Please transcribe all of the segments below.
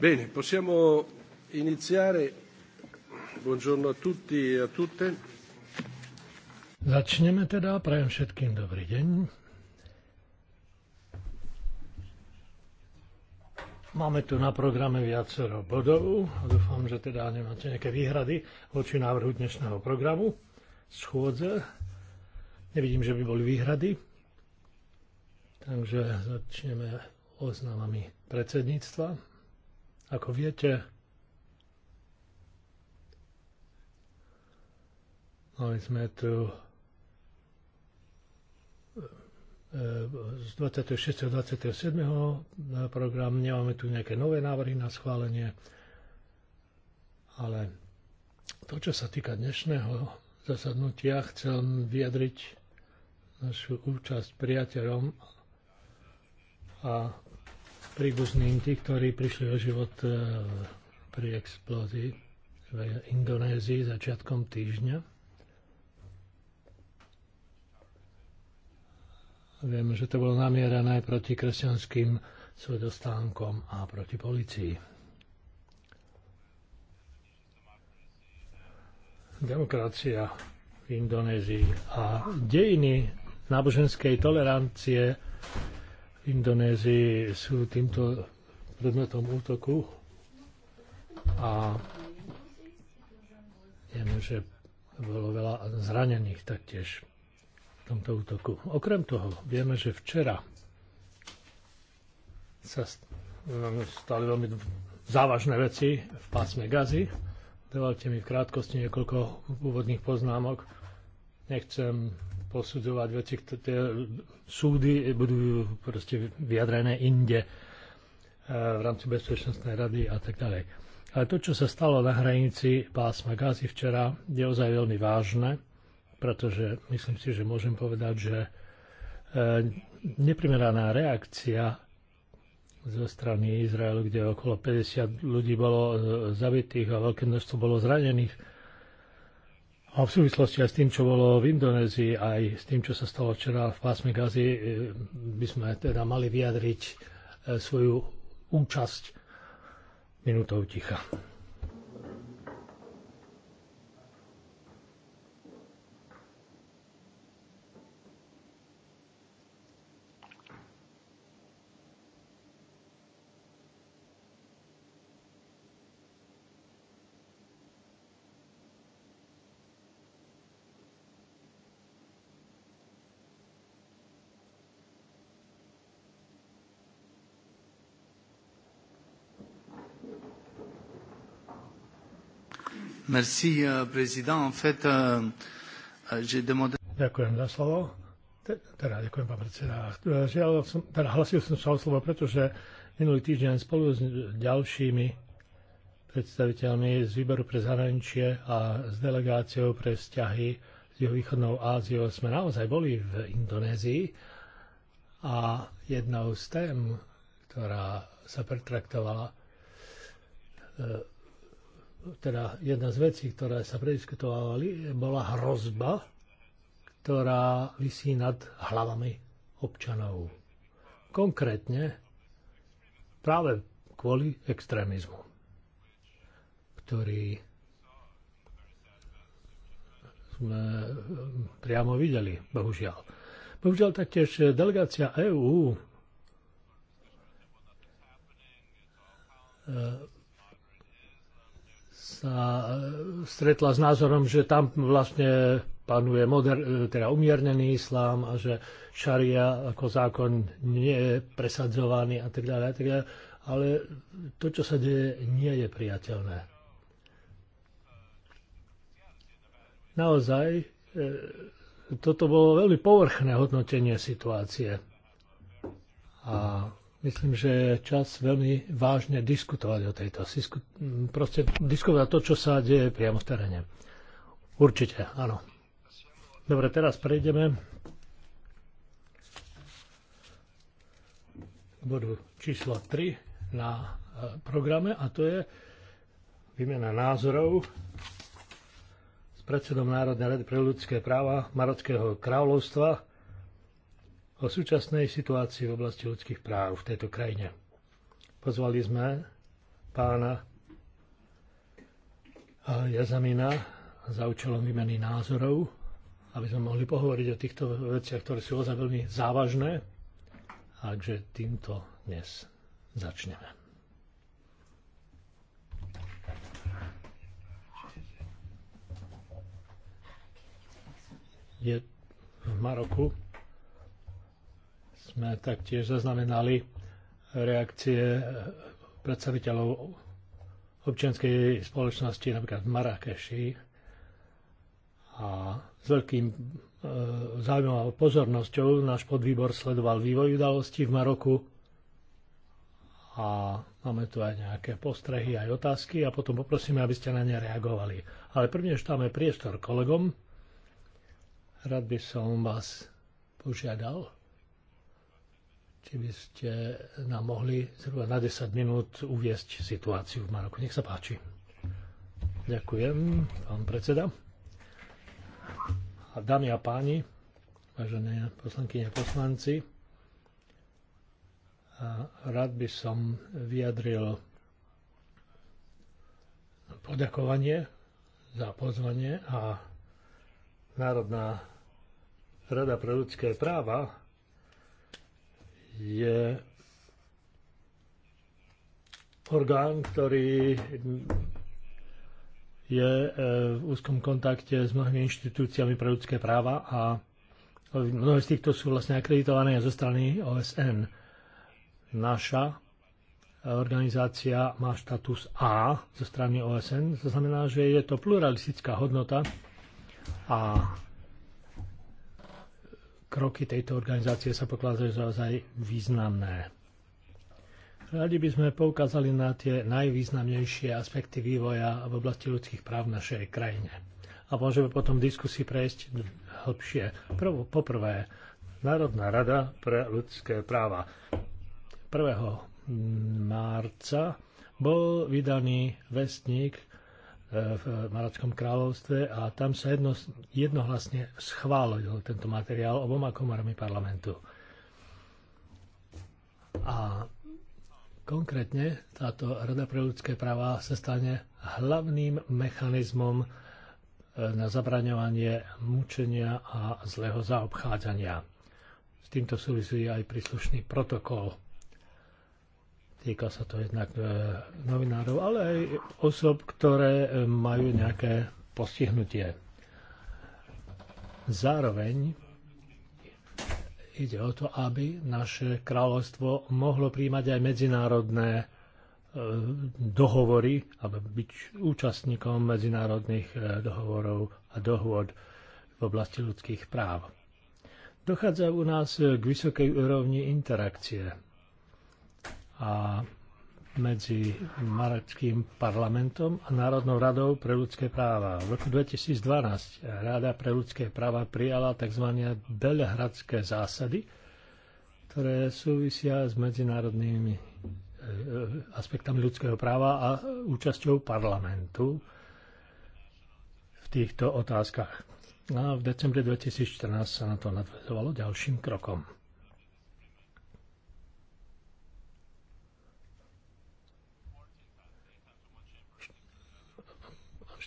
Bene, possiamo iniziare. Buongiorno a tutti e a tutte. Začneme teda, prajem všetkým dobrý deň. Máme tu na programe viacero bodov. Dúfam, že teda nemáte nejaké výhrady voči návrhu dnešného programu schôdze. Nevidím, že by boli výhrady. Takže začneme oznámami predsedníctva. Ako viete, mali sme tu e, z 26. a 27. program. Nemáme tu nejaké nové návrhy na schválenie, ale to, čo sa týka dnešného zasadnutia, chcem vyjadriť našu účasť priateľom a príbuzným tí, ktorí prišli o život e, pri explózii v Indonézii začiatkom týždňa. Viem, že to bolo namierané proti kresťanským svedostánkom a proti policii. Demokracia v Indonézii a dejiny náboženskej tolerancie Indonézii sú týmto predmetom útoku a vieme, že bolo veľa zranených taktiež v tomto útoku. Okrem toho, vieme, že včera sa e, stali veľmi závažné veci v pásme gazy. Dovolte mi v krátkosti niekoľko úvodných poznámok. Nechcem posudzovať veci, ktoré súdy budú proste vyjadrené inde e, v rámci Bezpečnostnej rady a tak ďalej. Ale to, čo sa stalo na hranici pásma Gazi včera, je ozaj veľmi vážne, pretože myslím si, že môžem povedať, že e, neprimeraná reakcia zo strany Izraelu, kde okolo 50 ľudí bolo e, zabitých a veľké množstvo bolo zranených, a v súvislosti aj s tým, čo bolo v Indonézii, aj s tým, čo sa stalo včera v pásme Gazy, e, by sme teda mali vyjadriť e, svoju účasť minútou ticha. Merci, euh, prezident. En fait, euh, euh, j'ai demandé... Ďakujem za slovo. Teda, ďakujem, pán predseda. E, žiaľ, som, teda hlasil som sa o slovo, pretože minulý týždeň spolu s ďalšími predstaviteľmi z výboru pre zahraničie a s delegáciou pre vzťahy s juhovýchodnou Áziou sme naozaj boli v Indonézii a jednou z tém, ktorá sa pretraktovala e, teda jedna z vecí, ktoré sa prediskutovali, bola hrozba, ktorá vysí nad hlavami občanov. Konkrétne práve kvôli extrémizmu, ktorý sme eh, priamo videli, bohužiaľ. Bohužiaľ taktiež delegácia EÚ sa e, stretla s názorom, že tam vlastne panuje moder, e, teda umiernený islám a že šaria ako zákon nie je presadzovaný a tak ďalej a tak ďalej. Ale to, čo sa deje, nie je priateľné. Naozaj, e, toto bolo veľmi povrchné hodnotenie situácie. A Myslím, že je čas veľmi vážne diskutovať o tejto. Proste diskutovať to, čo sa deje priamo v teréne. Určite, áno. Dobre, teraz prejdeme k bodu číslo 3 na e, programe a to je výmena názorov s predsedom Národnej rady pre ľudské práva Marockého kráľovstva o súčasnej situácii v oblasti ľudských práv v tejto krajine. Pozvali sme pána Jazamina za účelom výmeny názorov, aby sme mohli pohovoriť o týchto veciach, ktoré sú ozaj veľmi závažné. Takže týmto dnes začneme. Je v Maroku sme taktiež zaznamenali reakcie predstaviteľov občianskej spoločnosti napríklad v Marrakeši a s veľkým e, zaujímavou pozornosťou náš podvýbor sledoval vývoj udalostí v Maroku a máme tu aj nejaké postrehy, aj otázky a potom poprosíme, aby ste na ne reagovali. Ale prvne, dáme priestor kolegom, rád by som vás požiadal, či by ste nám mohli zhruba na 10 minút uviesť situáciu v Maroku. Nech sa páči. Ďakujem, pán predseda. A dámy a páni, vážené poslankyne a poslanci, a rád by som vyjadril poďakovanie za pozvanie a Národná rada pre ľudské práva je orgán, ktorý je e, v úzkom kontakte s mnohými inštitúciami pre ľudské práva a mnohé z týchto sú vlastne akreditované zo strany OSN. Naša e, organizácia má status A zo strany OSN, to znamená, že je to pluralistická hodnota a kroky tejto organizácie sa pokladajú za ozaj významné. Radi by sme poukázali na tie najvýznamnejšie aspekty vývoja v oblasti ľudských práv v našej krajine. A môžeme potom v diskusii prejsť hlbšie. poprvé, Národná rada pre ľudské práva. 1. marca bol vydaný vestník v Maradskom kráľovstve a tam sa jedno, jednohlasne schválil tento materiál oboma komorami parlamentu. A konkrétne táto Rada pre ľudské práva sa stane hlavným mechanizmom e, na zabraňovanie mučenia a zlého zaobchádzania. S týmto súvisí aj príslušný protokol Týka sa to jednak e, novinárov, ale aj osob, ktoré e, majú nejaké postihnutie. Zároveň ide o to, aby naše kráľovstvo mohlo príjmať aj medzinárodné e, dohovory, aby byť účastníkom medzinárodných dohovorov a dohôd v oblasti ľudských práv. Dochádza u nás k vysokej úrovni interakcie a medzi Marockým parlamentom a Národnou radou pre ľudské práva. V roku 2012 Rada pre ľudské práva prijala tzv. belehradské zásady, ktoré súvisia s medzinárodnými e, e, aspektami ľudského práva a účasťou parlamentu v týchto otázkach. A v decembri 2014 sa na to nadvezovalo ďalším krokom.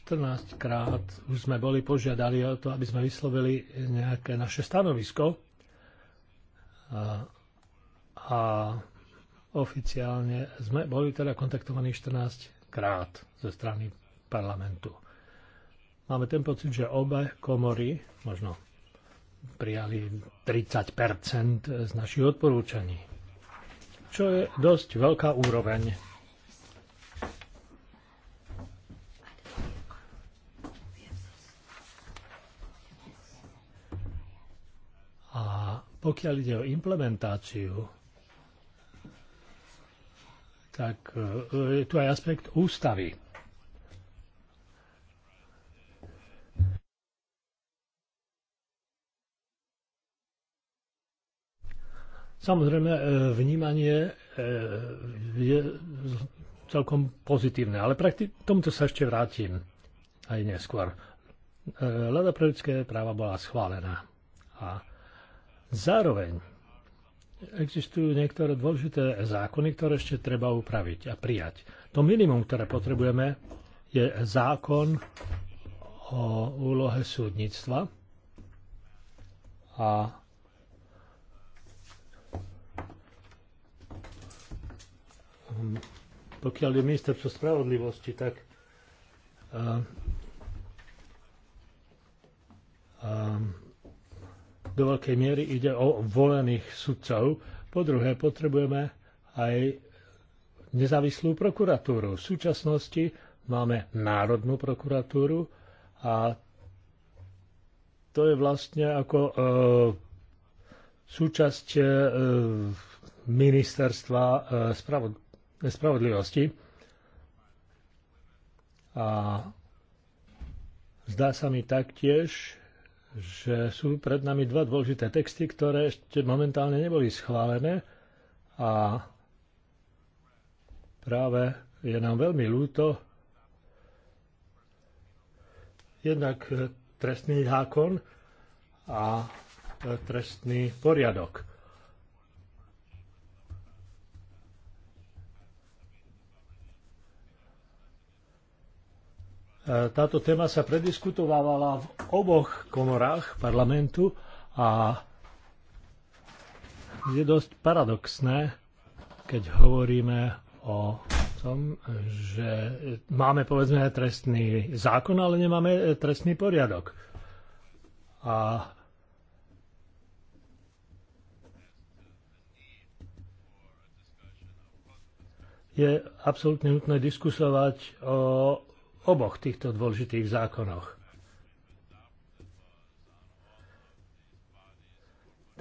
14 krát už sme boli požiadali o to, aby sme vyslovili nejaké naše stanovisko. A, a oficiálne sme boli teda kontaktovaní 14 krát ze strany parlamentu. Máme ten pocit, že obe komory možno prijali 30 z našich odporúčaní, čo je dosť veľká úroveň Pokiaľ ide o implementáciu, tak e, je tu aj aspekt ústavy. Samozrejme, e, vnímanie e, je celkom pozitívne, ale prakti- tomuto sa ešte vrátim aj neskôr. Lada pre ľudské práva bola schválená a Zároveň existujú niektoré dôležité zákony, ktoré ešte treba upraviť a prijať. To minimum, ktoré potrebujeme, je zákon o úlohe súdnictva a pokiaľ je ministerstvo spravodlivosti, tak um, um, do veľkej miery ide o volených sudcov. Po druhé, potrebujeme aj nezávislú prokuratúru. V súčasnosti máme národnú prokuratúru a to je vlastne ako e, súčasť e, ministerstva e, spravod- spravodlivosti. A zdá sa mi taktiež, že sú pred nami dva dôležité texty, ktoré ešte momentálne neboli schválené a práve je nám veľmi ľúto jednak trestný zákon a trestný poriadok. E, táto téma sa prediskutovávala v oboch komorách parlamentu a je dosť paradoxné, keď hovoríme o tom, že máme povedzme trestný zákon, ale nemáme trestný poriadok. A je absolútne nutné diskusovať o oboch týchto dôležitých zákonoch.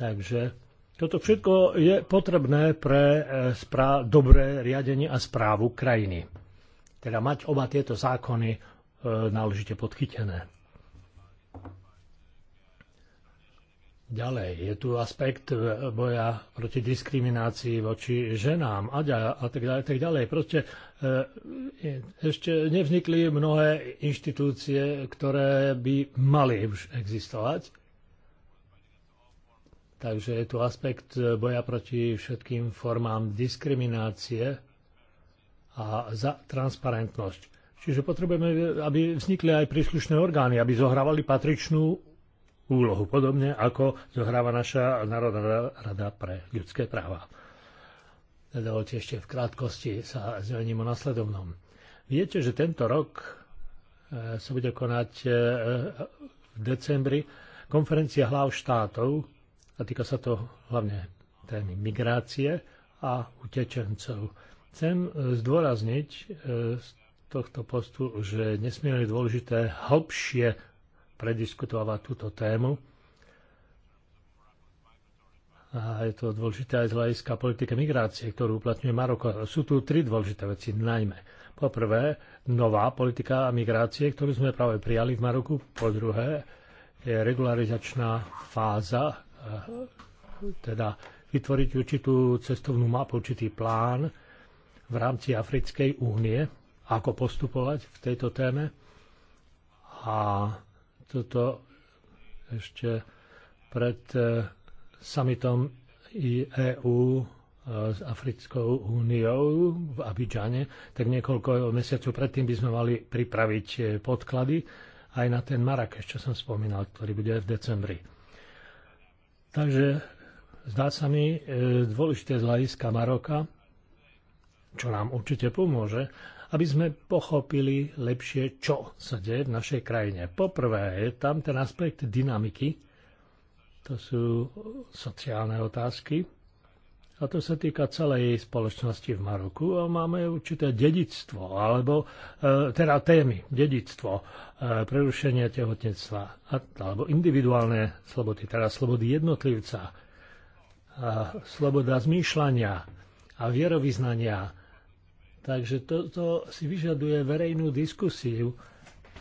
Takže toto všetko je potrebné pre e, dobré riadenie a správu krajiny. Teda mať oba tieto zákony e, náležite podchytené. Ďalej, je tu aspekt boja proti diskriminácii voči ženám a, a tak ďalej. Tak ďalej. Proste e, e, ešte nevznikli mnohé inštitúcie, ktoré by mali už existovať. Takže je tu aspekt boja proti všetkým formám diskriminácie a za transparentnosť. Čiže potrebujeme, aby vznikli aj príslušné orgány, aby zohrávali patričnú úlohu, podobne ako zohráva naša Národná rada pre ľudské práva. Dovolte ešte v krátkosti sa zmením o nasledovnom. Viete, že tento rok e, sa bude konať e, v decembri konferencia hlav štátov, a týka sa to hlavne témy migrácie a utečencov. Chcem e, zdôrazniť z tohto postu, že nesmierne dôležité hlbšie prediskutovať túto tému. A je to dôležité aj z hľadiska politiky migrácie, ktorú uplatňuje Maroko. Sú tu tri dôležité veci najmä. Po prvé, nová politika migrácie, ktorú sme práve prijali v Maroku. Po druhé, je regularizačná fáza, eh, teda vytvoriť určitú cestovnú mapu, určitý plán v rámci Africkej únie, ako postupovať v tejto téme. A toto ešte pred e, summitom EU e, s Africkou úniou v Abidžane, tak niekoľko mesiacov predtým by sme mali pripraviť e, podklady aj na ten Marrakeš, čo som spomínal, ktorý bude v decembri. Takže zdá sa mi dôležité z hľadiska Maroka, čo nám určite pomôže, aby sme pochopili lepšie, čo sa deje v našej krajine. Poprvé je tam ten aspekt dynamiky, to sú sociálne otázky, a to sa týka celej spoločnosti v Maroku a máme určité dedictvo, alebo e, teda témy, dedictvo, e, prerušenie tehotnictva, alebo individuálne slobody, teda slobody jednotlivca, a sloboda zmýšľania a vierovýznania, Takže toto si vyžaduje verejnú diskusiu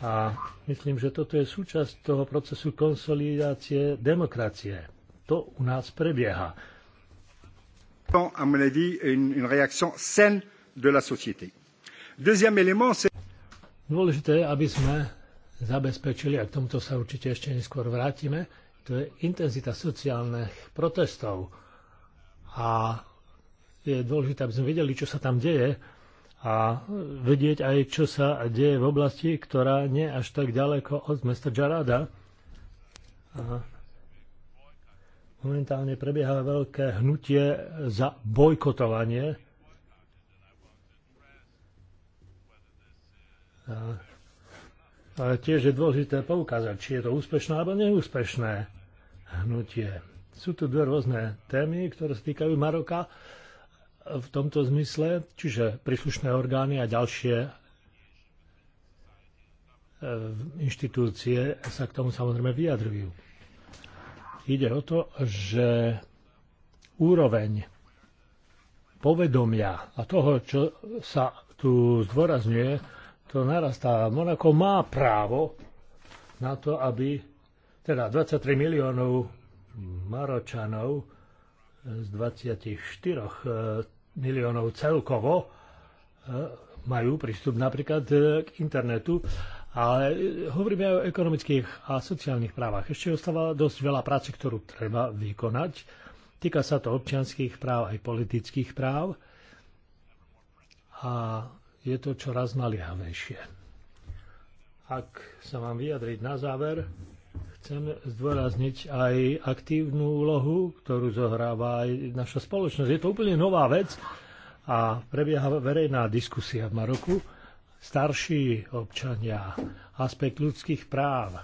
a myslím, že toto je súčasť toho procesu konsolidácie demokracie. To u nás prebieha. Dôležité je, aby sme zabezpečili, a k tomuto sa určite ešte neskôr vrátime, to je intenzita sociálnych protestov. A je dôležité, aby sme vedeli, čo sa tam deje, a vedieť aj, čo sa deje v oblasti, ktorá nie až tak ďaleko od mesta Džarada. A momentálne prebieha veľké hnutie za bojkotovanie. A ale tiež je dôležité poukázať, či je to úspešné alebo neúspešné hnutie. Sú tu dve rôzne témy, ktoré sa týkajú Maroka v tomto zmysle, čiže príslušné orgány a ďalšie e, inštitúcie sa k tomu samozrejme vyjadrujú. Ide o to, že úroveň povedomia a toho, čo sa tu zdôrazňuje, to narastá. Monako má právo na to, aby teda 23 miliónov Maročanov z 24 miliónov celkovo e, majú prístup napríklad e, k internetu, ale e, hovoríme aj o ekonomických a sociálnych právach. Ešte ostáva dosť veľa práce, ktorú treba vykonať. Týka sa to občianských práv aj politických práv a je to čoraz naliehavejšie. Ak sa mám vyjadriť na záver, Chcem zdôrazniť aj aktívnu úlohu, ktorú zohráva aj naša spoločnosť. Je to úplne nová vec a prebieha verejná diskusia v Maroku. Starší občania, aspekt ľudských práv, e,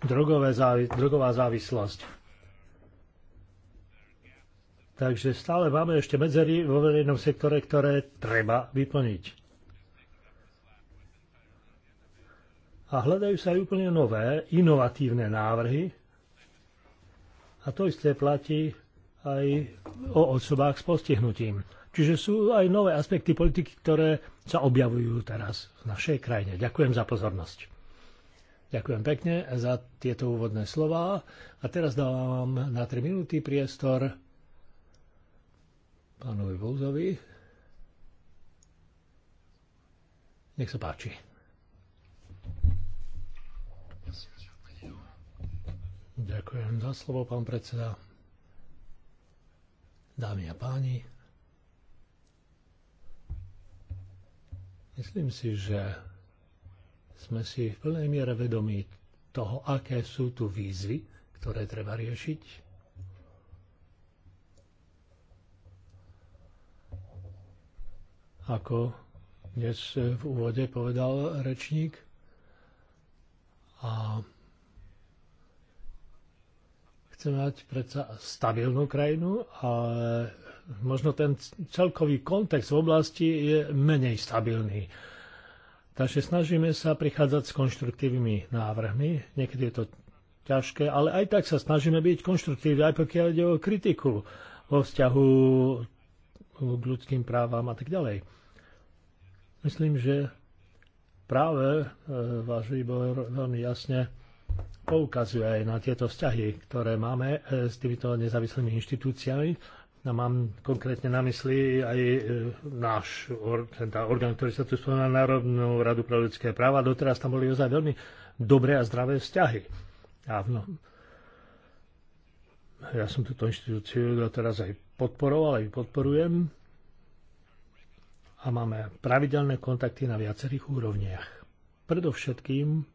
drogové závi- drogová závislosť. Takže stále máme ešte medzery vo verejnom sektore, ktoré treba vyplniť. a hľadajú sa aj úplne nové, inovatívne návrhy. A to isté platí aj o osobách s postihnutím. Čiže sú aj nové aspekty politiky, ktoré sa objavujú teraz v našej krajine. Ďakujem za pozornosť. Ďakujem pekne za tieto úvodné slova. A teraz dávam na 3 minúty priestor pánovi Vulzovi. Nech sa páči. Ďakujem za slovo, pán predseda. Dámy a páni, myslím si, že sme si v plnej miere vedomí toho, aké sú tu výzvy, ktoré treba riešiť ako dnes v úvode povedal rečník. A chce mať predsa stabilnú krajinu, ale možno ten celkový kontext v oblasti je menej stabilný. Takže snažíme sa prichádzať s konštruktívnymi návrhmi. Niekedy je to ťažké, ale aj tak sa snažíme byť konštruktívni, aj pokiaľ ide o kritiku vo vzťahu k ľudským právam a tak ďalej. Myslím, že práve e, váš výbor veľmi jasne poukazuje aj na tieto vzťahy, ktoré máme e, s týmito nezávislými inštitúciami. A mám konkrétne na mysli aj e, náš tá teda orgán, ktorý sa tu spomína, Národnú radu pre ľudské práva. Doteraz tam boli ozaj veľmi dobré a zdravé vzťahy. A no, ja som túto inštitúciu doteraz aj podporoval, aj podporujem. A máme pravidelné kontakty na viacerých úrovniach. Predovšetkým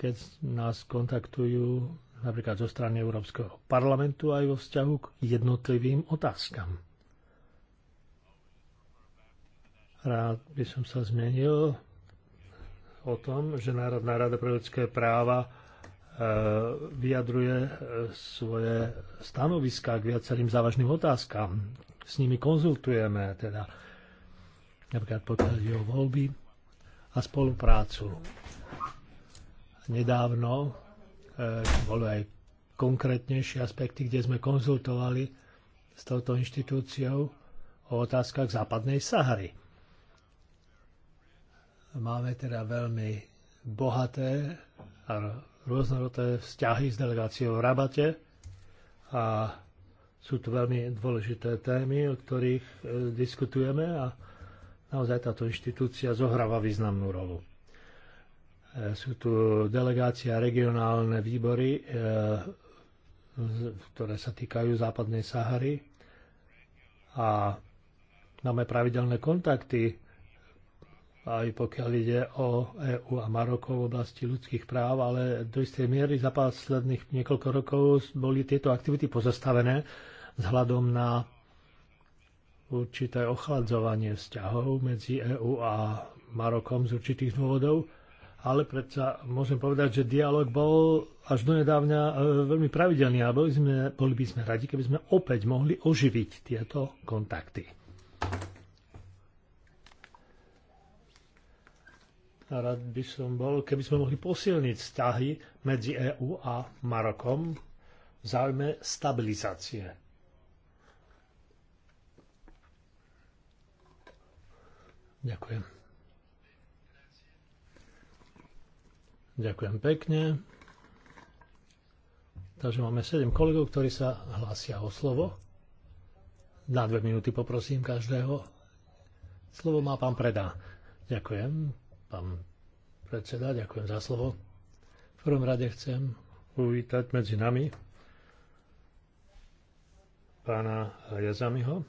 keď nás kontaktujú napríklad zo strany Európskeho parlamentu aj vo vzťahu k jednotlivým otázkam. Rád by som sa zmenil o tom, že Národná rada pre ľudské práva e, vyjadruje e, svoje stanoviská k viacerým závažným otázkam. S nimi konzultujeme, teda napríklad podľa ide voľby a spoluprácu nedávno. E, boli aj konkrétnejšie aspekty, kde sme konzultovali s touto inštitúciou o otázkach západnej Sahary. Máme teda veľmi bohaté a rôznorodé vzťahy s delegáciou v Rabate a sú tu veľmi dôležité témy, o ktorých e, diskutujeme a naozaj táto inštitúcia zohráva významnú rolu. E, sú tu delegácia regionálne výbory, e, ktoré sa týkajú západnej Sahary a máme pravidelné kontakty aj pokiaľ ide o EU a Maroko v oblasti ľudských práv, ale do istej miery za posledných niekoľko rokov boli tieto aktivity pozastavené vzhľadom na určité ochladzovanie vzťahov medzi EU a Marokom z určitých dôvodov ale predsa môžem povedať, že dialog bol až do nedávna e, veľmi pravidelný a boli, sme, boli by sme radi, keby sme opäť mohli oživiť tieto kontakty. A rád by som bol, keby sme mohli posilniť vzťahy medzi EÚ a Marokom v záujme stabilizácie. Ďakujem. Ďakujem pekne. Takže máme 7 kolegov, ktorí sa hlásia o slovo. Na dve minúty poprosím každého. Slovo má pán Preda. Ďakujem, pán predseda, ďakujem za slovo. V prvom rade chcem uvítať medzi nami pána Jazamiho,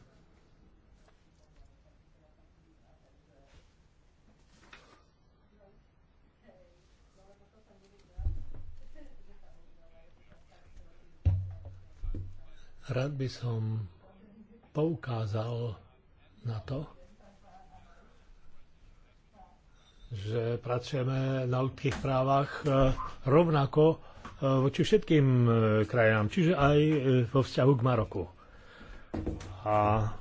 Rád by som poukázal na to, že pracujeme na ľudských právach e, rovnako e, voči všetkým e, krajinám, čiže aj vo vzťahu k Maroku. A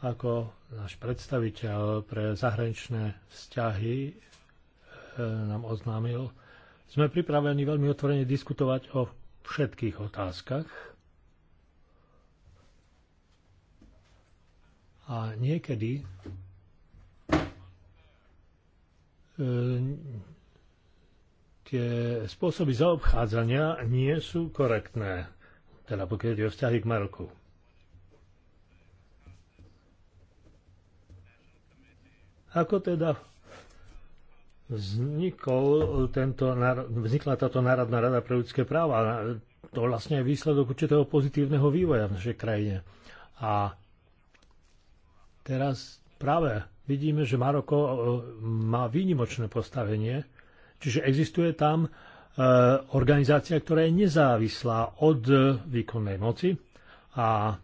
ako náš predstaviteľ pre zahraničné vzťahy nám oznámil, sme pripravení veľmi otvorene diskutovať o všetkých otázkach, A niekedy e, tie spôsoby zaobchádzania nie sú korektné, teda pokiaľ ide o vzťahy k Maroku. Ako teda vznikol tento, vznikla táto Národná rada pre ľudské práva? To vlastne je výsledok určitého pozitívneho vývoja v našej krajine. A Teraz práve vidíme, že Maroko e, má výnimočné postavenie, čiže existuje tam e, organizácia, ktorá je nezávislá od výkonnej moci a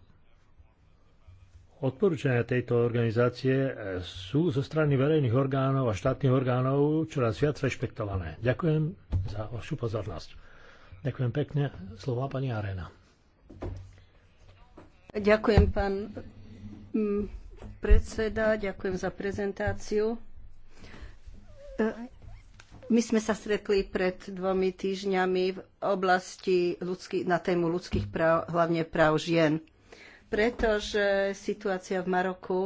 odporúčania tejto organizácie e, sú zo strany verejných orgánov a štátnych orgánov čoraz viac rešpektované. Ďakujem za vašu pozornosť. Ďakujem pekne. Slova pani Arena. Ďakujem, pán predseda, ďakujem za prezentáciu. E, my sme sa stretli pred dvomi týždňami v oblasti ľudský, na tému ľudských práv, hlavne práv žien. Pretože situácia v Maroku,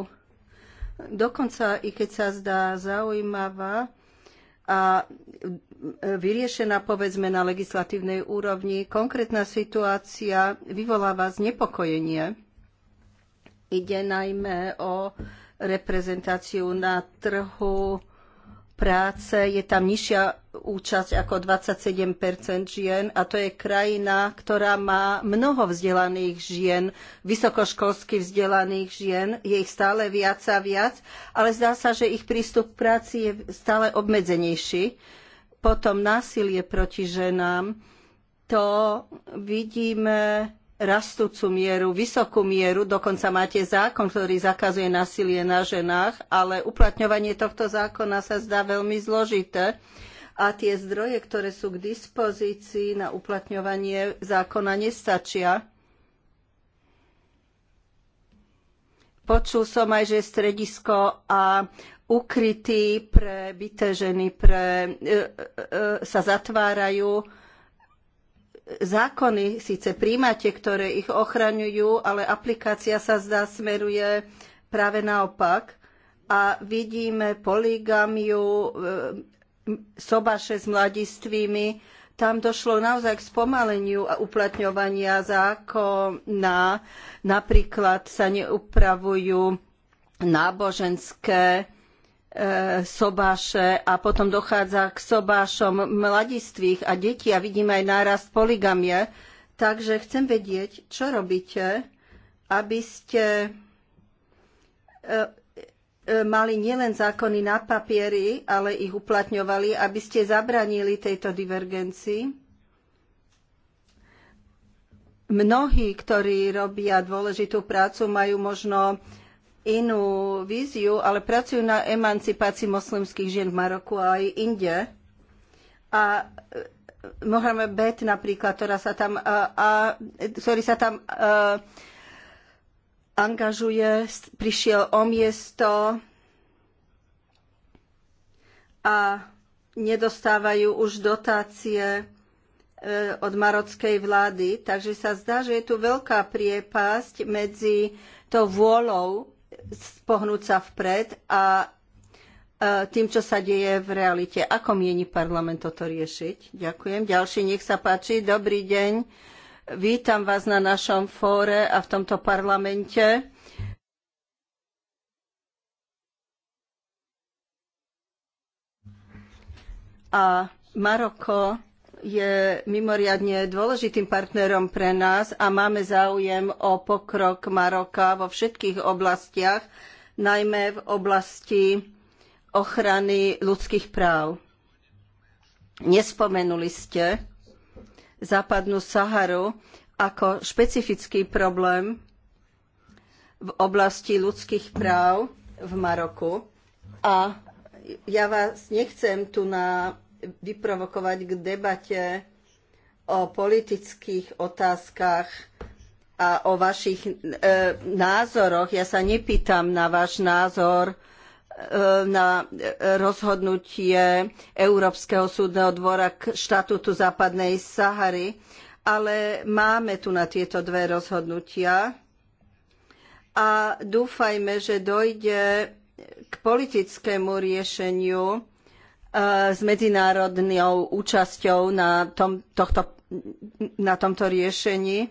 dokonca i keď sa zdá zaujímavá a vyriešená povedzme na legislatívnej úrovni, konkrétna situácia vyvoláva znepokojenie Ide najmä o reprezentáciu na trhu práce. Je tam nižšia účasť ako 27 žien a to je krajina, ktorá má mnoho vzdelaných žien, vysokoškolsky vzdelaných žien. Je ich stále viac a viac, ale zdá sa, že ich prístup k práci je stále obmedzenejší. Potom násilie proti ženám. To vidíme rastúcu mieru, vysokú mieru, dokonca máte zákon, ktorý zakazuje násilie na ženách, ale uplatňovanie tohto zákona sa zdá veľmi zložité a tie zdroje, ktoré sú k dispozícii na uplatňovanie zákona, nestačia. Počul som aj, že stredisko a ukrytí pre byté ženy pre, e, e, e, sa zatvárajú zákony síce príjmate, ktoré ich ochraňujú, ale aplikácia sa zdá smeruje práve naopak. A vidíme poligamiu, e, sobaše s mladistvými. Tam došlo naozaj k spomaleniu a uplatňovania zákona. Napríklad sa neupravujú náboženské sobáše a potom dochádza k sobášom mladistvých a detí a vidíme aj nárast poligamie. Takže chcem vedieť, čo robíte, aby ste e, e, mali nielen zákony na papieri, ale ich uplatňovali, aby ste zabranili tejto divergencii? Mnohí, ktorí robia dôležitú prácu, majú možno inú víziu, ale pracujú na emancipácii moslimských žien v Maroku a aj inde. A e, Mohamed Bet napríklad, ktorá sa tam, a, e, a, ktorý sa tam a, e, angažuje, prišiel o miesto a nedostávajú už dotácie od marockej vlády. Takže sa zdá, že je tu veľká priepasť medzi tou vôľou pohnúť sa vpred a e, tým, čo sa deje v realite. Ako mieni parlament toto riešiť? Ďakujem. Ďalší, nech sa páči. Dobrý deň. Vítam vás na našom fóre a v tomto parlamente. A Maroko je mimoriadne dôležitým partnerom pre nás a máme záujem o pokrok Maroka vo všetkých oblastiach, najmä v oblasti ochrany ľudských práv. Nespomenuli ste západnú Saharu ako špecifický problém v oblasti ľudských práv v Maroku. A ja vás nechcem tu na vyprovokovať k debate o politických otázkach a o vašich e, názoroch. Ja sa nepýtam na váš názor e, na rozhodnutie Európskeho súdneho dvora k štatútu západnej Sahary, ale máme tu na tieto dve rozhodnutia a dúfajme, že dojde k politickému riešeniu E, s medzinárodnou účasťou na, tom, tohto, na tomto riešení.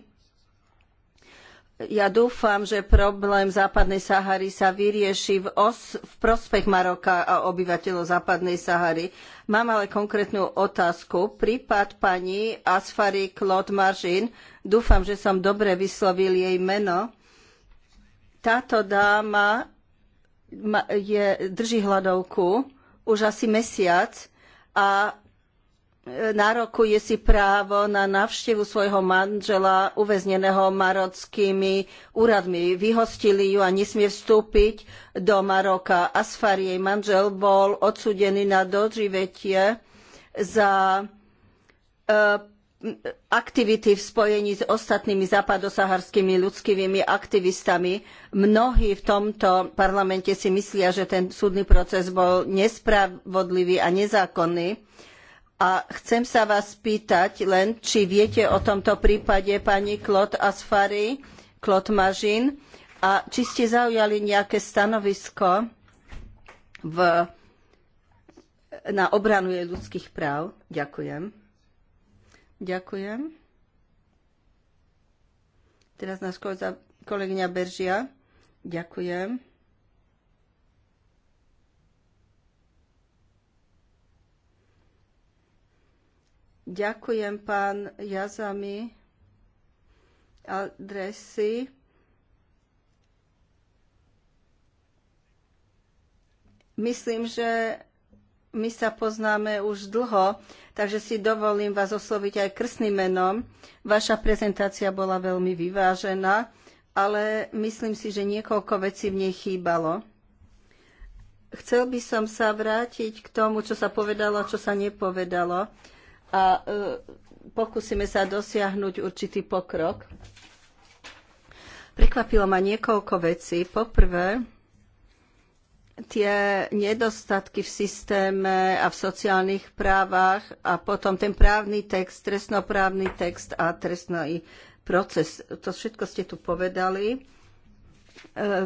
Ja dúfam, že problém západnej Sahary sa vyrieši v, os, v prospech Maroka a obyvateľov západnej Sahary. Mám ale konkrétnu otázku. Prípad pani Asfari Claude Maržin, dúfam, že som dobre vyslovil jej meno. Táto dáma je, drží hladovku už asi mesiac a e, nárokuje si právo na návštevu svojho manžela uväzneného marockými úradmi. Vyhostili ju a nesmie vstúpiť do Maroka. Asfar, jej manžel, bol odsúdený na doživetie za e, aktivity v spojení s ostatnými západosaharskými ľudskými aktivistami. Mnohí v tomto parlamente si myslia, že ten súdny proces bol nespravodlivý a nezákonný. A chcem sa vás spýtať len, či viete o tomto prípade pani Klot Asfari, Klot Mažin, a či ste zaujali nejaké stanovisko v, na obranu jej ľudských práv. Ďakujem. Ďakujem. Teraz nás kolegyňa Beržia. Ďakujem. Ďakujem pán Jazami adresy. Myslím, že my sa poznáme už dlho takže si dovolím vás osloviť aj krstným menom. Vaša prezentácia bola veľmi vyvážená, ale myslím si, že niekoľko vecí v nej chýbalo. Chcel by som sa vrátiť k tomu, čo sa povedalo, a čo sa nepovedalo a e, pokúsime sa dosiahnuť určitý pokrok. Prekvapilo ma niekoľko vecí. Poprvé, tie nedostatky v systéme a v sociálnych právach a potom ten právny text, trestnoprávny text a trestný proces. To všetko ste tu povedali. E,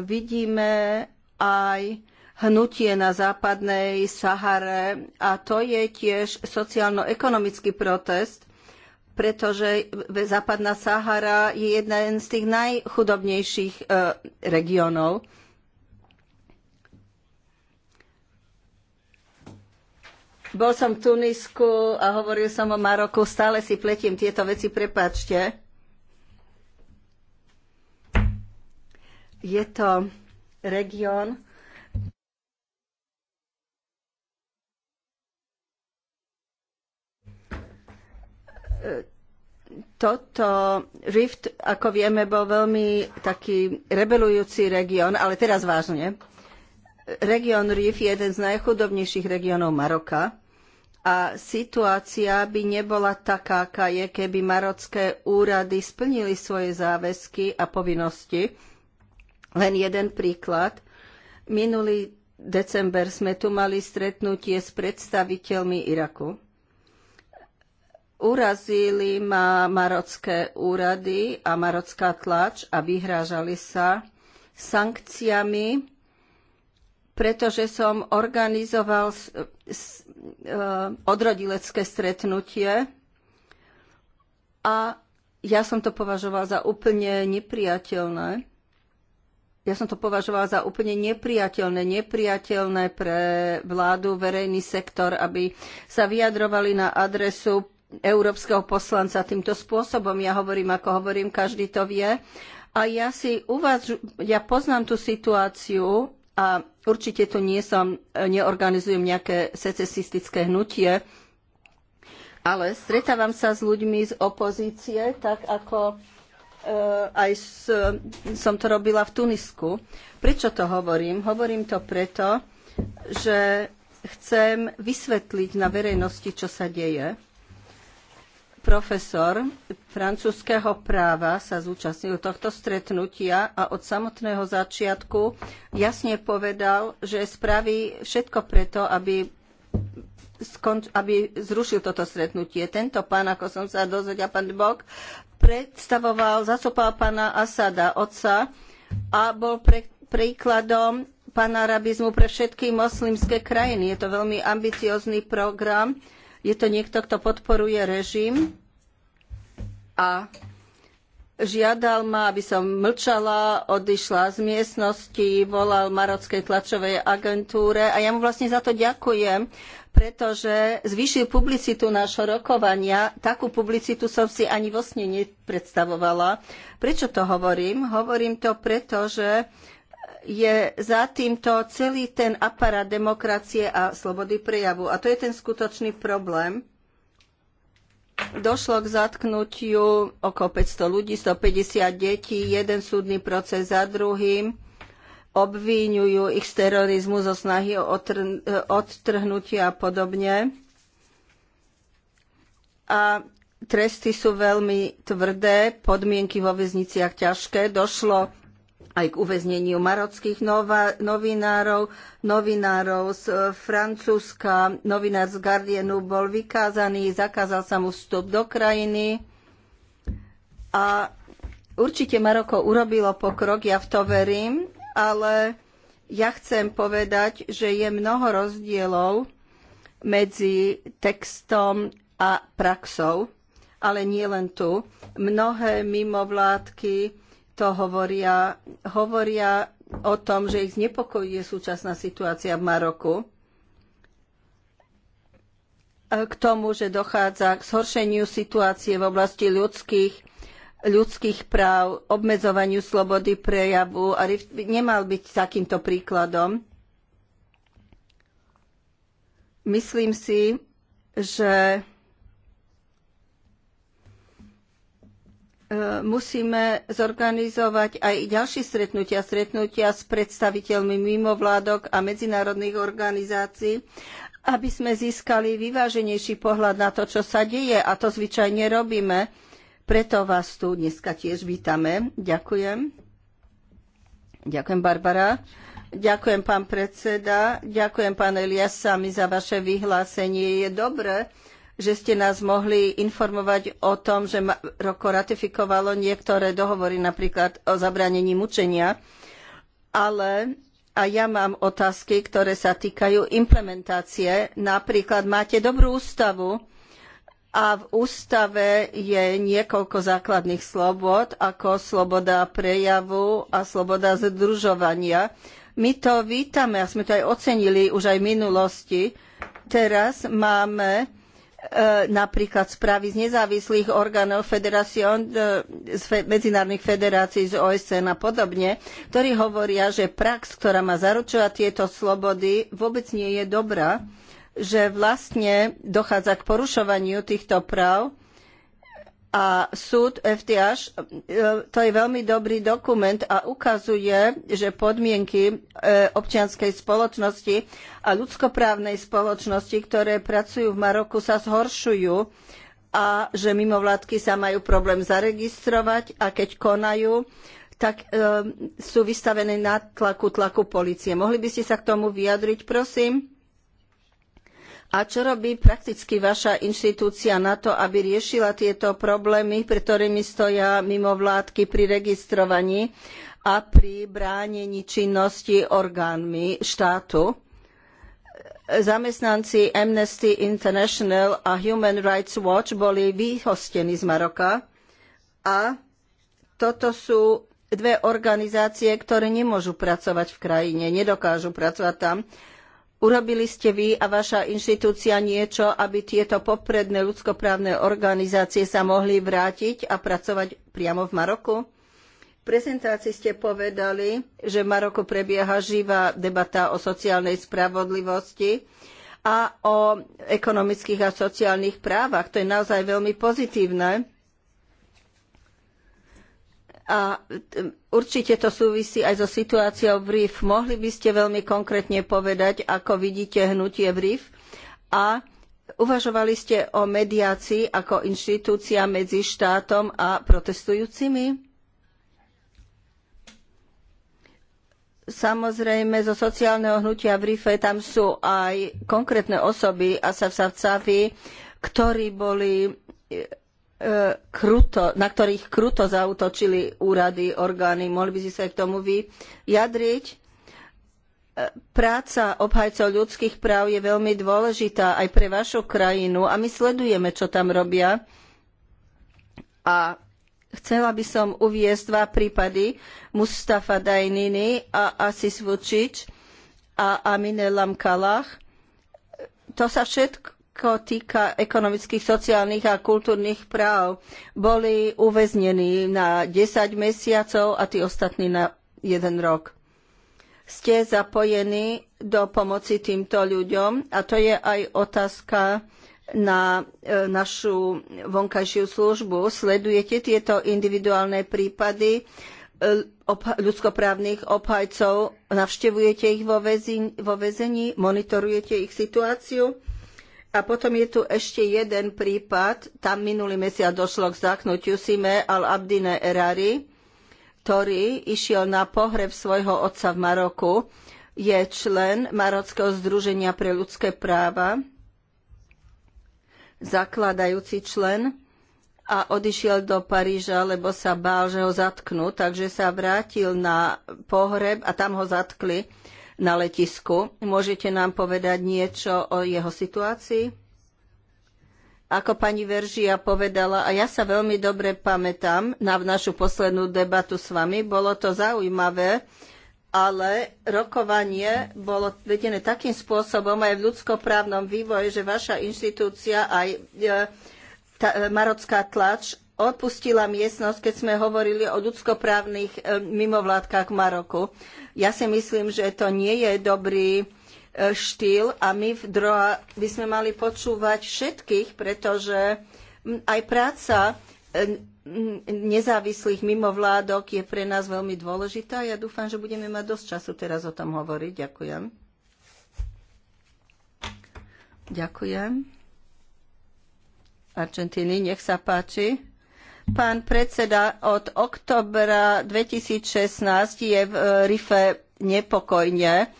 vidíme aj hnutie na západnej Sahare a to je tiež sociálno-ekonomický protest, pretože západná Sahara je jeden z tých najchudobnejších e, regiónov. Bol som v Tunisku a hovoril som o Maroku. Stále si pletím tieto veci, prepáčte. Je to región, toto Rift, ako vieme, bol veľmi taký rebelujúci región, ale teraz vážne. Región Rift je jeden z najchudobnejších regiónov Maroka a situácia by nebola taká, aká je, keby marocké úrady splnili svoje záväzky a povinnosti. Len jeden príklad. Minulý december sme tu mali stretnutie s predstaviteľmi Iraku. Urazili ma marocké úrady a marocká tlač a vyhrážali sa sankciami pretože som organizoval Eh, odrodilecké stretnutie a ja som to považovala za úplne nepriateľné. Ja som to považovala za úplne nepriateľné, nepriateľné pre vládu, verejný sektor, aby sa vyjadrovali na adresu európskeho poslanca týmto spôsobom. Ja hovorím, ako hovorím, každý to vie. A ja si uvaž... ja poznám tú situáciu a určite tu nie som, e, neorganizujem nejaké secesistické hnutie, ale stretávam sa s ľuďmi z opozície, tak ako e, aj s, som to robila v Tunisku. Prečo to hovorím? Hovorím to preto, že chcem vysvetliť na verejnosti, čo sa deje profesor francúzského práva sa zúčastnil tohto stretnutia a od samotného začiatku jasne povedal, že spraví všetko preto, aby, aby zrušil toto stretnutie. Tento pán, ako som sa dozvedel, pán Bok, predstavoval, zastupoval pána Asada, otca, a bol pre, príkladom panarabizmu pre všetky moslimské krajiny. Je to veľmi ambiciózny program, je to niekto, kto podporuje režim a žiadal ma, aby som mlčala, odišla z miestnosti, volal marockej tlačovej agentúre a ja mu vlastne za to ďakujem, pretože zvýšil publicitu nášho rokovania. Takú publicitu som si ani vo sne nepredstavovala. Prečo to hovorím? Hovorím to preto, že je za týmto celý ten aparát demokracie a slobody prejavu. A to je ten skutočný problém. Došlo k zatknutiu okolo 500 ľudí, 150 detí, jeden súdny proces za druhým. Obvíňujú ich z terorizmu, zo snahy o odtrhnutie a podobne. A tresty sú veľmi tvrdé, podmienky vo väzniciach ťažké. Došlo aj k uväzneniu marockých nova, novinárov. Novinárov z e, Francúzska, novinár z Guardianu bol vykázaný, zakázal sa mu vstup do krajiny. A určite Maroko urobilo pokrok, ja v to verím, ale ja chcem povedať, že je mnoho rozdielov medzi textom a praxou, ale nie len tu. Mnohé mimovládky to hovoria, hovoria o tom, že ich znepokojuje súčasná situácia v Maroku k tomu, že dochádza k zhoršeniu situácie v oblasti ľudských, ľudských práv, obmedzovaniu slobody prejavu a nemal byť takýmto príkladom. Myslím si, že E, musíme zorganizovať aj ďalšie stretnutia, stretnutia s predstaviteľmi mimovládok a medzinárodných organizácií, aby sme získali vyváženejší pohľad na to, čo sa deje a to zvyčajne robíme. Preto vás tu dneska tiež vítame. Ďakujem. Ďakujem, Barbara. Ďakujem, pán predseda. Ďakujem, pán Eliasami, za vaše vyhlásenie. Je dobré, že ste nás mohli informovať o tom, že Roko ratifikovalo niektoré dohovory, napríklad o zabranení mučenia. Ale a ja mám otázky, ktoré sa týkajú implementácie. Napríklad máte dobrú ústavu a v ústave je niekoľko základných slobod, ako sloboda prejavu a sloboda združovania. My to vítame a sme to aj ocenili už aj v minulosti. Teraz máme E, napríklad správy z nezávislých orgánov federácion, e, z medzinárodných federácií, z OSN a podobne, ktorí hovoria, že prax, ktorá má zaručovať tieto slobody, vôbec nie je dobrá, že vlastne dochádza k porušovaniu týchto práv a súd FTH, e, to je veľmi dobrý dokument a ukazuje, že podmienky e, občianskej spoločnosti a ľudskoprávnej spoločnosti, ktoré pracujú v Maroku, sa zhoršujú a že mimovládky sa majú problém zaregistrovať a keď konajú, tak e, sú vystavené na tlaku, tlaku policie. Mohli by ste sa k tomu vyjadriť, prosím? A čo robí prakticky vaša inštitúcia na to, aby riešila tieto problémy, pre ktorými stoja mimovládky pri registrovaní a pri bránení činnosti orgánmi štátu? Zamestnanci Amnesty International a Human Rights Watch boli vyhostení z Maroka a toto sú dve organizácie, ktoré nemôžu pracovať v krajine, nedokážu pracovať tam Urobili ste vy a vaša inštitúcia niečo, aby tieto popredné ľudskoprávne organizácie sa mohli vrátiť a pracovať priamo v Maroku? V prezentácii ste povedali, že v Maroku prebieha živá debata o sociálnej spravodlivosti a o ekonomických a sociálnych právach. To je naozaj veľmi pozitívne. A um, určite to súvisí aj so situáciou v RIF. Mohli by ste veľmi konkrétne povedať, ako vidíte hnutie v RIF a uvažovali ste o mediácii ako inštitúcia medzi štátom a protestujúcimi? Samozrejme, zo sociálneho hnutia v RIFE tam sú aj konkrétne osoby, Asaf Savcavi, ktorí boli E, kruto, na ktorých kruto zautočili úrady, orgány. Mohli by ste sa aj k tomu vyjadriť? E, práca obhajcov ľudských práv je veľmi dôležitá aj pre vašu krajinu a my sledujeme, čo tam robia. A chcela by som uviezť dva prípady Mustafa Dajniny a Asis Vučič a Amine Lamkalach. To sa všetko ako týka ekonomických, sociálnych a kultúrnych práv, boli uväznení na 10 mesiacov a tí ostatní na jeden rok. Ste zapojení do pomoci týmto ľuďom a to je aj otázka na e, našu vonkajšiu službu. Sledujete tieto individuálne prípady e, ľudskoprávnych obhajcov, navštevujete ich vo väzení, monitorujete ich situáciu? A potom je tu ešte jeden prípad, tam minulý mesiac došlo k zaknutiu Sime al-Abdine Erari, ktorý išiel na pohreb svojho otca v Maroku. Je člen Marockého združenia pre ľudské práva, zakladajúci člen a odišiel do Paríža, lebo sa bál, že ho zatknú, takže sa vrátil na pohreb a tam ho zatkli na letisku. Môžete nám povedať niečo o jeho situácii? Ako pani Veržia povedala, a ja sa veľmi dobre pamätám na našu poslednú debatu s vami, bolo to zaujímavé, ale rokovanie bolo vedené takým spôsobom aj v ľudskoprávnom vývoji, že vaša inštitúcia aj e, tá, e, marocká tlač opustila miestnosť, keď sme hovorili o ľudskoprávnych e, mimovládkach v Maroku. Ja si myslím, že to nie je dobrý e, štýl a my v DROA by sme mali počúvať všetkých, pretože aj práca e, nezávislých mimovládok je pre nás veľmi dôležitá. Ja dúfam, že budeme mať dosť času teraz o tom hovoriť. Ďakujem. Ďakujem. Argentíny, nech sa páči. Pán predseda, od oktobra 2016 je v e, Rife nepokojne.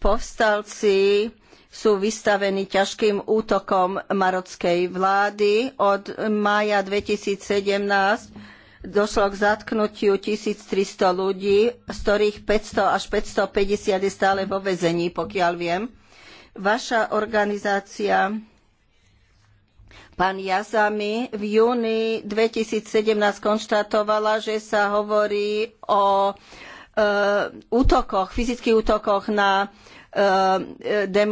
Povstalci sú vystavení ťažkým útokom marockej vlády. Od mája 2017 došlo k zatknutiu 1300 ľudí, z ktorých 500 až 550 je stále vo väzení, pokiaľ viem. Vaša organizácia Pán Jazami v júni 2017 konštatovala, že sa hovorí o e, útokoch, fyzických útokoch na e, e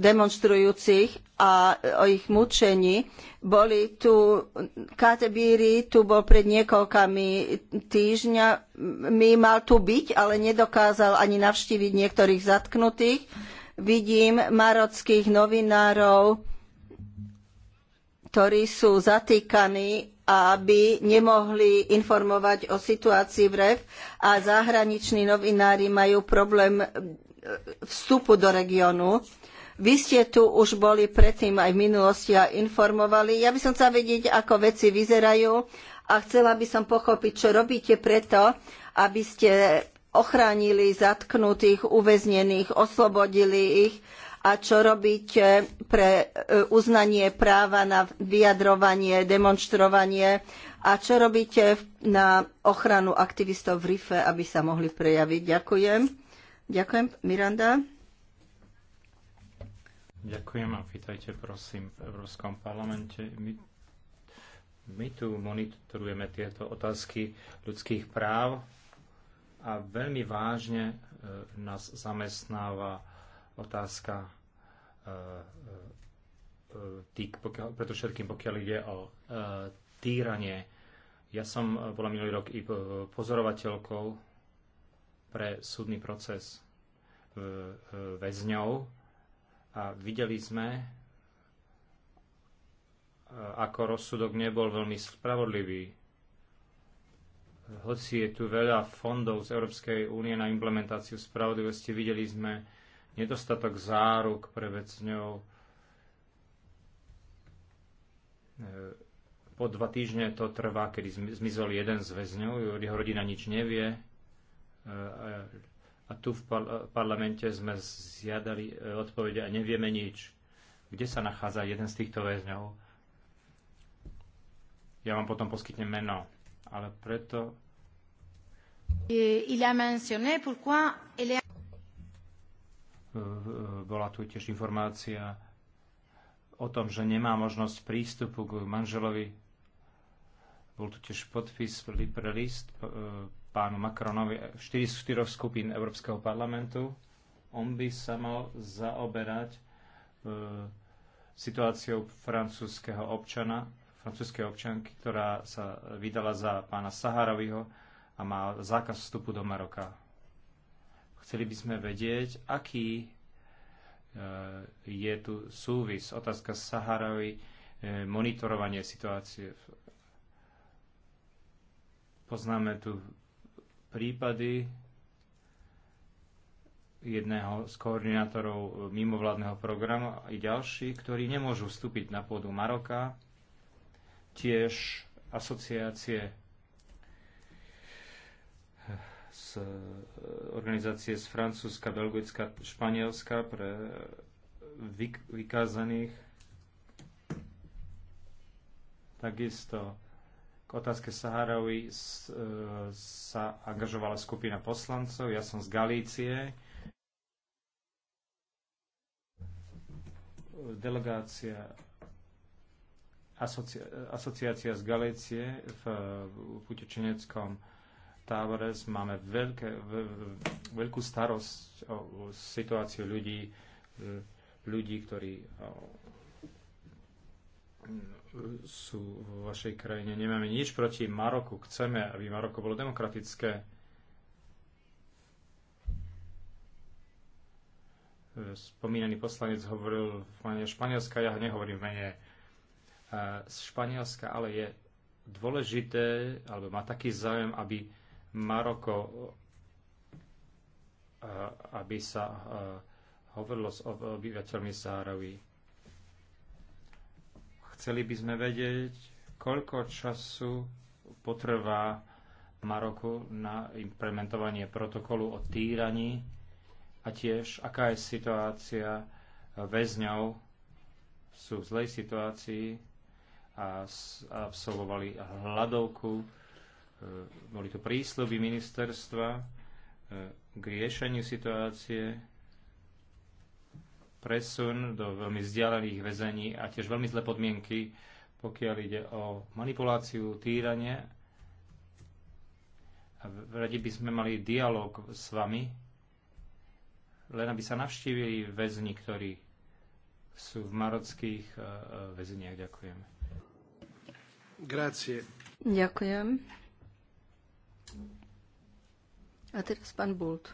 demonštrujúcich a o ich mučení. Boli tu Katebíry, tu bol pred niekoľkami týždňami, mal tu byť, ale nedokázal ani navštíviť niektorých zatknutých. Vidím marockých novinárov, ktorí sú zatýkaní aby nemohli informovať o situácii v REF a zahraniční novinári majú problém e, vstupu do regiónu. Vy ste tu už boli predtým aj v minulosti a informovali. Ja by som chcela vedieť, ako veci vyzerajú a chcela by som pochopiť, čo robíte preto, aby ste ochránili zatknutých, uväznených, oslobodili ich a čo robíte eh, pre eh, uznanie práva na vyjadrovanie, demonštrovanie a čo robíte eh, na ochranu aktivistov v RIFE, aby sa mohli prejaviť. Ďakujem. Ďakujem, Miranda. Ďakujem a vítajte prosím v Európskom parlamente. My, my tu monitorujeme tieto otázky ľudských práv a veľmi vážne nás zamestnáva otázka týk, pokiaľ, preto všetkým, pokiaľ ide o e, týranie. Ja som e, bola minulý rok i e, pozorovateľkou pre súdny proces väzňov a videli sme, ako rozsudok nebol veľmi spravodlivý. Hoci je tu veľa fondov z Európskej únie na implementáciu spravodlivosti, videli sme, nedostatok záruk pre vecňov. E, po dva týždne to trvá, kedy zmizol jeden z väzňov, jeho rodina nič nevie. E, a tu v parlamente sme zjadali e, odpovede a nevieme nič. Kde sa nachádza jeden z týchto väzňov? Ja vám potom poskytnem meno. Ale preto... Eh, il a mentionné pourquoi... Eh, bola tu tiež informácia o tom, že nemá možnosť prístupu k manželovi. Bol tu tiež podpis pre list eh, pánu Macronovi 4 4 skupín Európskeho parlamentu. On by sa mal zaoberať eh, situáciou francúzského občana, francúzskej občanky, ktorá sa vydala za pána Saharoviho a má zákaz vstupu do Maroka. Chceli by sme vedieť, aký e, je tu súvis. Otázka Saharovi, e, monitorovanie situácie. Poznáme tu prípady jedného z koordinátorov mimovládneho programu i ďalší, ktorí nemôžu vstúpiť na pôdu Maroka. Tiež asociácie z e, organizácie z Francúzska, Belgická, Španielska pre vykázaných. Takisto k otázke Saharovi e, sa angažovala skupina poslancov. Ja som z Galície. Delegácia asoci, asociácia z Galície v, v utečeneckom Tavares máme veľké, veľkú starosť o situáciu ľudí, e, ľudí, ktorí e, sú v vašej krajine. Nemáme nič proti Maroku. Chceme, aby Maroko bolo demokratické. E, spomínaný poslanec hovoril v mene Španielska, ja nehovorím v mene Španielska, ale je dôležité, alebo má taký záujem, aby Maroko, aby sa hovorilo s obyvateľmi Sáravi. Chceli by sme vedieť, koľko času potrvá Maroku na implementovanie protokolu o týraní a tiež aká je situácia väzňov, sú v zlej situácii a absolvovali hladovku E, boli to prísľuby ministerstva e, k riešeniu situácie, presun do veľmi vzdialených väzení a tiež veľmi zlé podmienky, pokiaľ ide o manipuláciu, týranie. A radi by sme mali dialog s vami, len aby sa navštívili väzni, ktorí sú v marockých e, väzeniach. Ďakujem. Grazie. Ďakujem. A teraz pán Bult.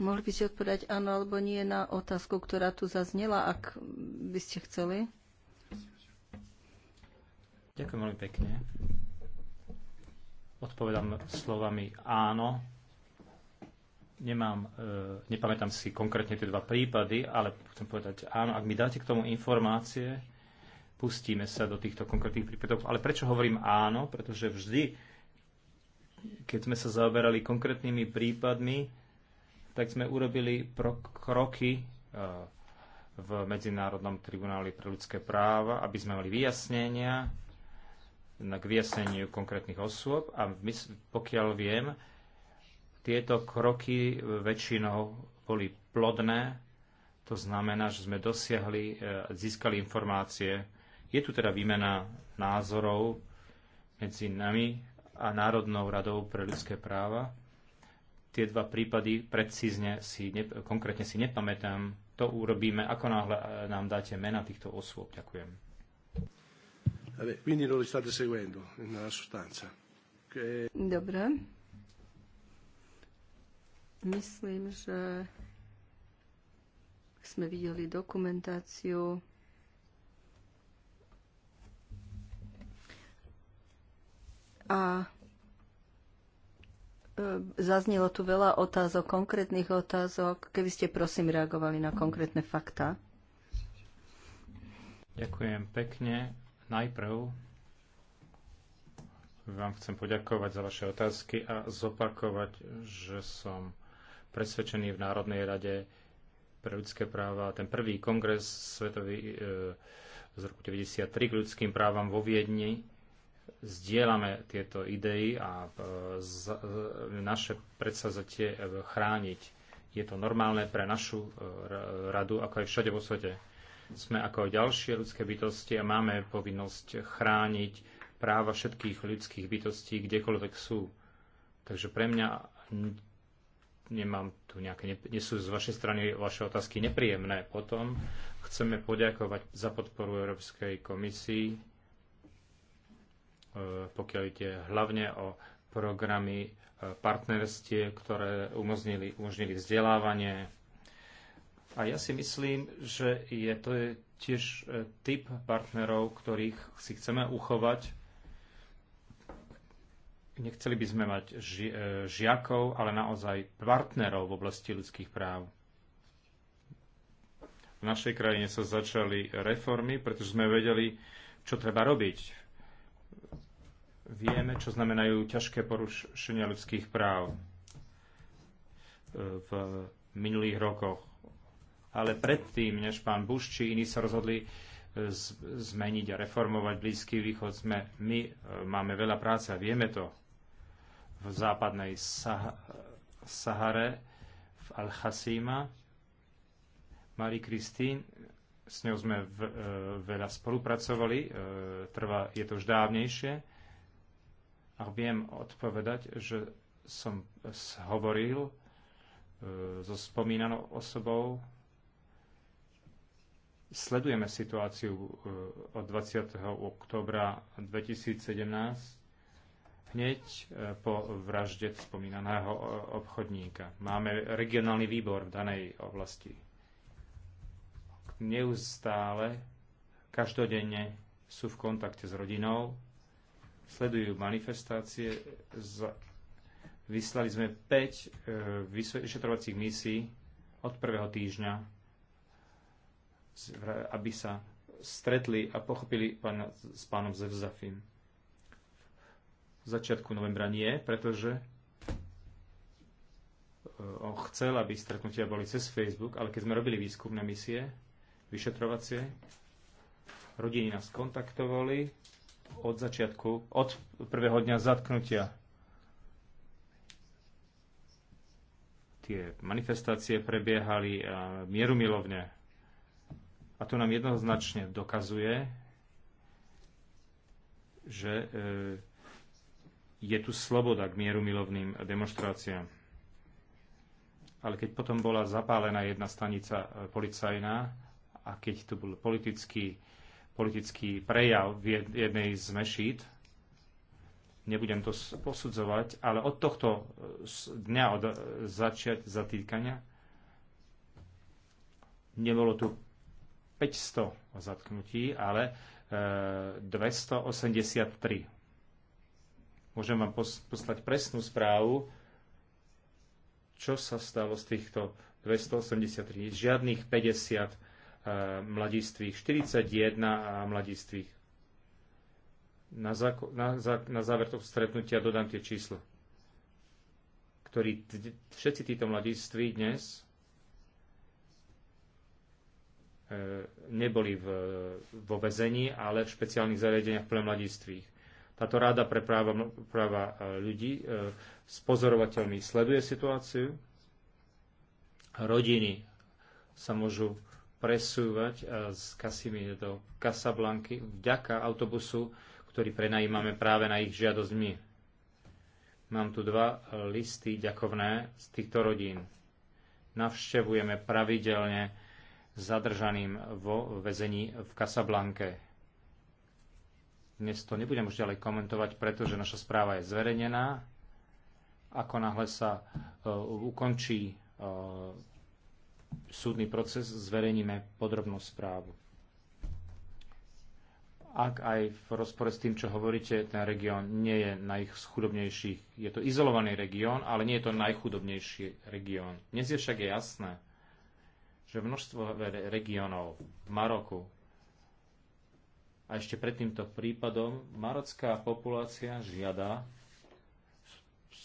Mohli by ste odpovedať áno alebo nie na otázku, ktorá tu zaznela, ak by ste chceli? Ďakujem veľmi pekne. Odpovedám slovami áno. Nemám, e, nepamätám si konkrétne tie dva prípady, ale chcem povedať áno, ak mi dáte k tomu informácie, pustíme sa do týchto konkrétnych prípadov. Ale prečo hovorím áno? Pretože vždy, keď sme sa zaoberali konkrétnymi prípadmi, tak sme urobili kroky e, v Medzinárodnom tribunáli pre ľudské práva, aby sme mali vyjasnenia k vyjasneniu konkrétnych osôb a my, pokiaľ viem, tieto kroky väčšinou boli plodné, to znamená, že sme dosiahli, e, získali informácie, je tu teda výmena názorov medzi nami a Národnou radou pre ľudské práva. Tie dva prípady precízne si, ne, konkrétne si nepamätám. To urobíme, ako náhle e, nám dáte mena týchto osôb. Ďakujem. Quindi state seguendo nella sostanza. Che... Dobre. Myslím, že sme videli dokumentáciu A e, zaznelo tu veľa otázok, konkrétnych otázok. Keby ste prosím reagovali na konkrétne fakta. Ďakujem pekne. Najprv vám chcem poďakovať za vaše otázky a zopakovať, že som presvedčený v Národnej rade pre ľudské práva. Ten prvý kongres svetový e, z roku 1993 k ľudským právam vo Viedni zdieľame tieto idei a e, e, naše predsazatie e, chrániť. Je to normálne pre našu radu, ako aj všade vo svete. Sme ako ďalšie ľudské bytosti a máme povinnosť chrániť práva všetkých ľudských bytostí, kdekoľvek sú. Takže pre mňa nemám tu nejaké, nie sú z vašej strany vaše otázky nepríjemné. Potom chceme poďakovať za podporu Európskej komisii E, pokiaľ ide hlavne o programy e, partnerstie, ktoré umožnili, umožnili vzdelávanie. A ja si myslím, že je, to je tiež e, typ partnerov, ktorých si chceme uchovať. Nechceli by sme mať ži, žiakov, ale naozaj partnerov v oblasti ľudských práv. V našej krajine sa začali reformy, pretože sme vedeli, čo treba robiť Vieme, čo znamenajú ťažké porušenia ľudských práv e, v minulých rokoch. Ale predtým, než pán Bush či iní sa rozhodli e, zmeniť a reformovať Blízky východ, sme, my e, máme veľa práce a vieme to. V západnej Sah- Sahare, v Al-Hasima, Marie Christine s ňou sme v, e, veľa spolupracovali, e, trvá, je to už dávnejšie. A viem odpovedať, že som hovoril e, so spomínanou osobou. Sledujeme situáciu e, od 20. oktobra 2017 hneď e, po vražde spomínaného obchodníka. Máme regionálny výbor v danej oblasti neustále, každodenne sú v kontakte s rodinou, sledujú manifestácie. Vyslali sme 5 e, vyšetrovacích misií od prvého týždňa, aby sa stretli a pochopili pána, s pánom Zevzafim. V začiatku novembra nie, pretože e, on chcel, aby stretnutia boli cez Facebook, ale keď sme robili výskumné misie, vyšetrovacie. Rodiny nás kontaktovali od začiatku, od prvého dňa zatknutia. Tie manifestácie prebiehali mierumilovne. A to nám jednoznačne dokazuje, že e, je tu sloboda k mierumilovným demonstráciám ale keď potom bola zapálená jedna stanica e, policajná, a keď tu bol politický, politický prejav v jednej z mešít, nebudem to posudzovať, ale od tohto e, dňa, od e, začiat zatýkania, nebolo tu 500 zatknutí, ale 283. E, Môžem vám poslať presnú správu, čo sa stalo z týchto 283. Žiadnych 50 Eh, mladistvých, 41 mladistvých. Na, záko, na, na záver toho stretnutia dodám tie čísla, ktorí všetci títo mladiství dnes eh, neboli v, vo vezení, ale v špeciálnych zariadeniach pre mladistvých. Táto ráda pre práva, práva eh, ľudí e, s pozorovateľmi sleduje situáciu. Rodiny sa môžu presúvať z kasimi do Casablanky vďaka autobusu, ktorý prenajímame práve na ich žiadosť my. Mám tu dva listy ďakovné z týchto rodín. Navštevujeme pravidelne zadržaným vo vezení v Casablanke. Dnes to nebudem už ďalej komentovať, pretože naša správa je zverejnená. Ako náhle sa uh, ukončí uh, súdny proces zverejníme podrobnú správu. Ak aj v rozpore s tým, čo hovoríte, ten región nie je najchudobnejší. Je to izolovaný región, ale nie je to najchudobnejší región. Dnes je však jasné, že množstvo regiónov v Maroku a ešte pred týmto prípadom marocká populácia žiada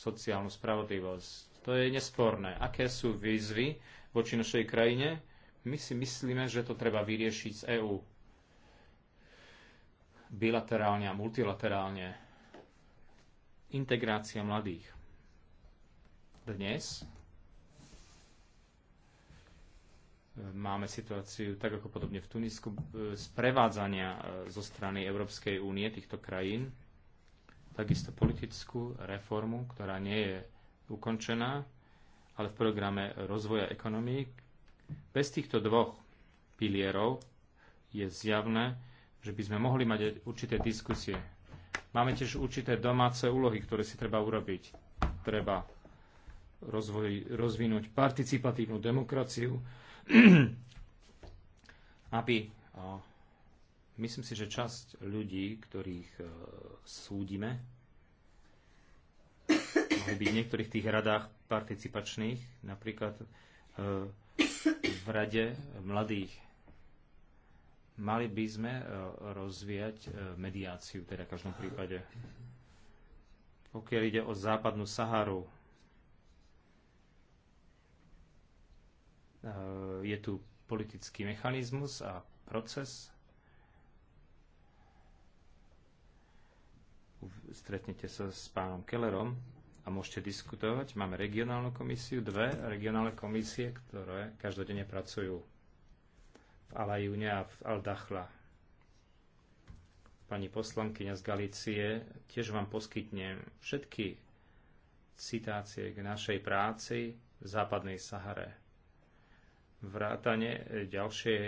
sociálnu spravodlivosť. To je nesporné. Aké sú výzvy voči našej krajine, my si myslíme, že to treba vyriešiť z EÚ. Bilaterálne a multilaterálne. Integrácia mladých. Dnes máme situáciu, tak ako podobne v Tunisku, sprevádzania e, zo strany Európskej únie týchto krajín, takisto politickú reformu, ktorá nie je ukončená, ale v programe rozvoja ekonomík. Bez týchto dvoch pilierov je zjavné, že by sme mohli mať určité diskusie. Máme tiež určité domáce úlohy, ktoré si treba urobiť. Treba rozvoj, rozvinúť participatívnu demokraciu, aby myslím si, že časť ľudí, ktorých e, súdime, mohli byť v niektorých tých radách participačných, napríklad e, v Rade mladých. Mali by sme e, rozvíjať e, mediáciu, teda v každom prípade. Pokiaľ ide o západnú Saharu, je tu politický mechanizmus a proces. Stretnete sa s pánom Kellerom, a môžete diskutovať. Máme regionálnu komisiu, dve regionálne komisie, ktoré každodenne pracujú v Alajúne a v Aldachla. Pani poslankyňa z Galície tiež vám poskytnem všetky citácie k našej práci v západnej Sahare. Vrátane ďalšej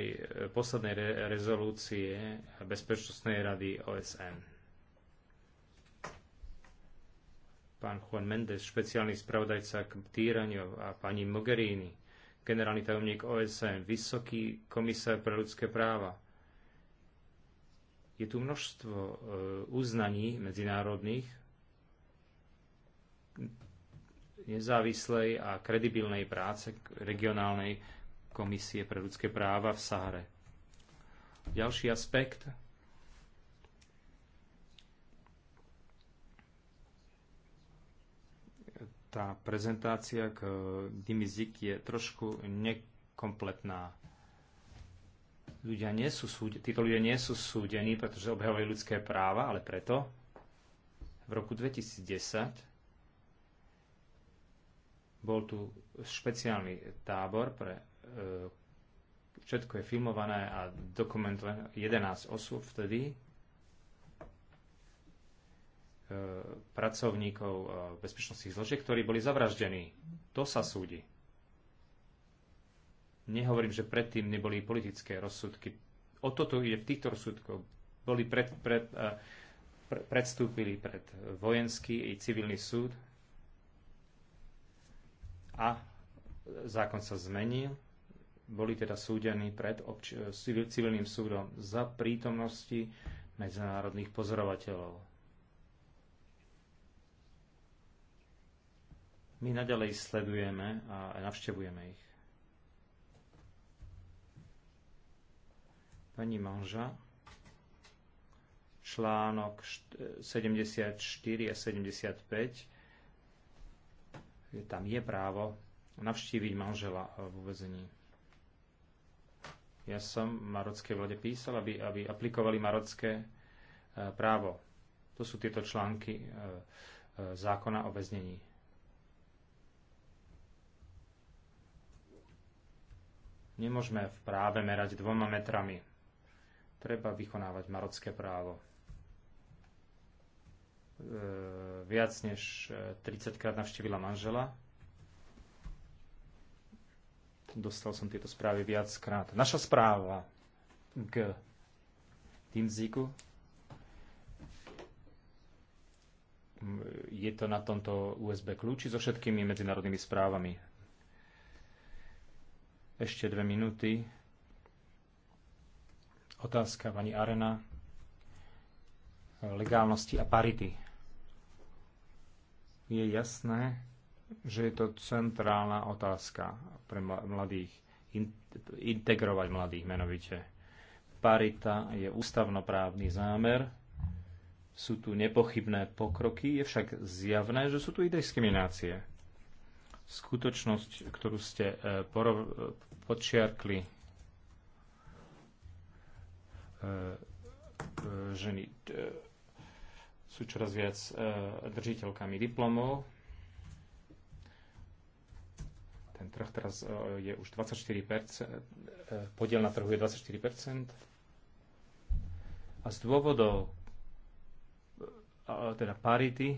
poslednej re- rezolúcie Bezpečnostnej rady OSN. pán Juan Mendes, špeciálny spravodajca k týraniu a pani Mogherini, generálny tajomník OSN, vysoký komisár pre ľudské práva. Je tu množstvo e, uznaní medzinárodných, nezávislej a kredibilnej práce regionálnej komisie pre ľudské práva v Sahare. Ďalší aspekt tá prezentácia k e, Dimizik je trošku nekompletná. Ľudia nie sú súde, títo ľudia nie sú súdení, pretože obhajovali ľudské práva, ale preto v roku 2010 bol tu špeciálny tábor pre e, všetko je filmované a dokumentované 11 osôb vtedy E, pracovníkov e, bezpečnostných zložiek, ktorí boli zavraždení. To sa súdi. Nehovorím, že predtým neboli politické rozsudky. O toto ide v týchto rozsudkoch. Boli pred, pred, e, pred, predstúpili pred vojenský i civilný súd a zákon sa zmenil. Boli teda súdení pred obč- civilným súdom za prítomnosti medzinárodných pozorovateľov My naďalej sledujeme a navštevujeme ich. Pani manža, článok 74 a 75, tam je právo navštíviť manžela v uväzení. Ja som marocké vlade písal, aby, aby aplikovali marocké e, právo. To sú tieto články e, e, zákona o väznení. Nemôžeme v práve merať dvoma metrami. Treba vykonávať marocké právo. E, viac než 30 e, krát navštívila manžela. Dostal som tieto správy viackrát. Naša správa k Dimziku mm, je to na tomto USB kľúči so všetkými medzinárodnými správami ešte dve minúty. Otázka pani Arena legálnosti a parity. Je jasné, že je to centrálna otázka pre mladých. Integrovať mladých menovite. Parita je ústavnoprávny zámer, sú tu nepochybné pokroky, je však zjavné, že sú tu i diskriminácie. Skutočnosť, ktorú ste e, podčiarkli e, e, ženy e, sú čoraz viac držiteľkami diplomov. Ten trh teraz je už 24%, podiel na trhu je 24%. A z dôvodov teda parity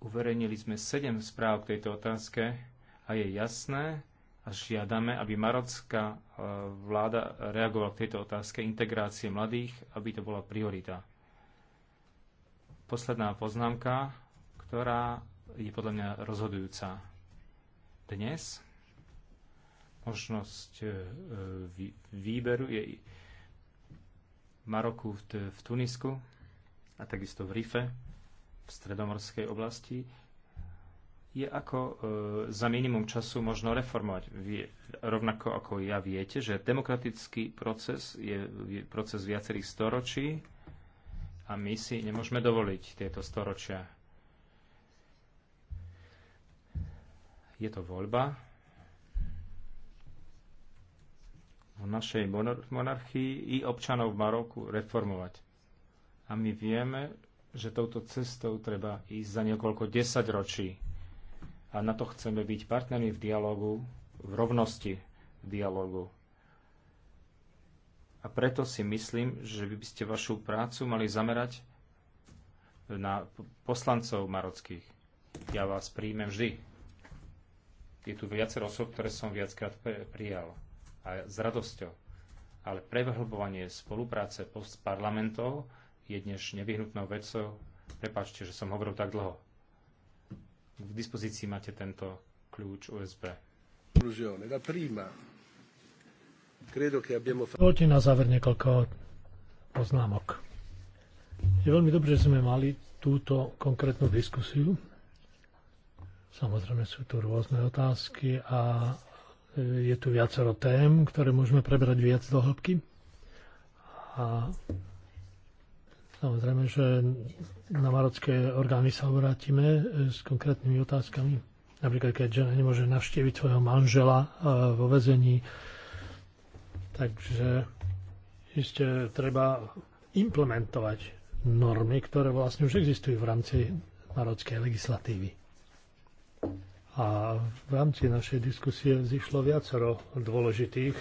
uverejnili sme 7 správ k tejto otázke a je jasné, a žiadame, aby marocká e, vláda reagovala k tejto otázke integrácie mladých, aby to bola priorita. Posledná poznámka, ktorá je podľa mňa rozhodujúca. Dnes možnosť e, výberu je v Maroku, v Tunisku a takisto v Rife, v stredomorskej oblasti, je ako e, za minimum času možno reformovať. Vy, rovnako ako ja viete, že demokratický proces je proces viacerých storočí a my si nemôžeme dovoliť tieto storočia. Je to voľba. V našej monarchii i občanov v Maroku reformovať. A my vieme, že touto cestou treba ísť za niekoľko desaťročí. ročí a na to chceme byť partnermi v dialogu, v rovnosti v dialogu. A preto si myslím, že vy by ste vašu prácu mali zamerať na poslancov marockých. Ja vás príjmem vždy. Je tu viacero osob, ktoré som viackrát prijal. A s radosťou. Ale prehlbovanie spolupráce s parlamentov je dnes nevyhnutnou vecou. Prepačte, že som hovoril tak dlho. K dispozícii máte tento kľúč USB. Dovolte na záver niekoľko poznámok. Je veľmi dobré, že sme mali túto konkrétnu diskusiu. Samozrejme sú tu rôzne otázky a e, je tu viacero tém, ktoré môžeme prebrať viac do hĺbky. A Samozrejme, že na marocké orgány sa obrátime e, s konkrétnymi otázkami. Napríklad, keď žena nemôže navštíviť svojho manžela e, vo vezení. Takže ešte treba implementovať normy, ktoré vlastne už existujú v rámci marockej legislatívy. A v rámci našej diskusie zišlo viacero dôležitých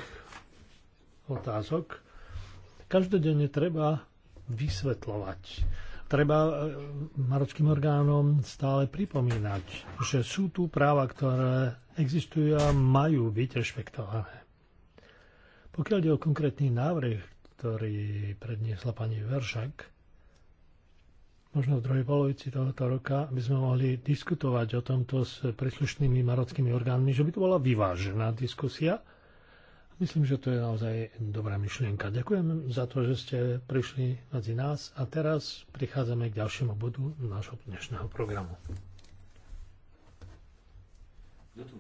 otázok. Každodenne treba vysvetľovať. Treba e, maročkým orgánom stále pripomínať, že sú tu práva, ktoré existujú a majú byť rešpektované. Pokiaľ ide o konkrétny návrh, ktorý predniesla pani Veršak, možno v druhej polovici tohoto roka by sme mohli diskutovať o tomto s príslušnými marockými orgánmi, že by to bola vyvážená diskusia, Myslím, že to je naozaj dobrá myšlienka. Ďakujem za to, že ste prišli medzi nás a teraz prichádzame k ďalšiemu bodu nášho dnešného programu. Kto tu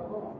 Gracias.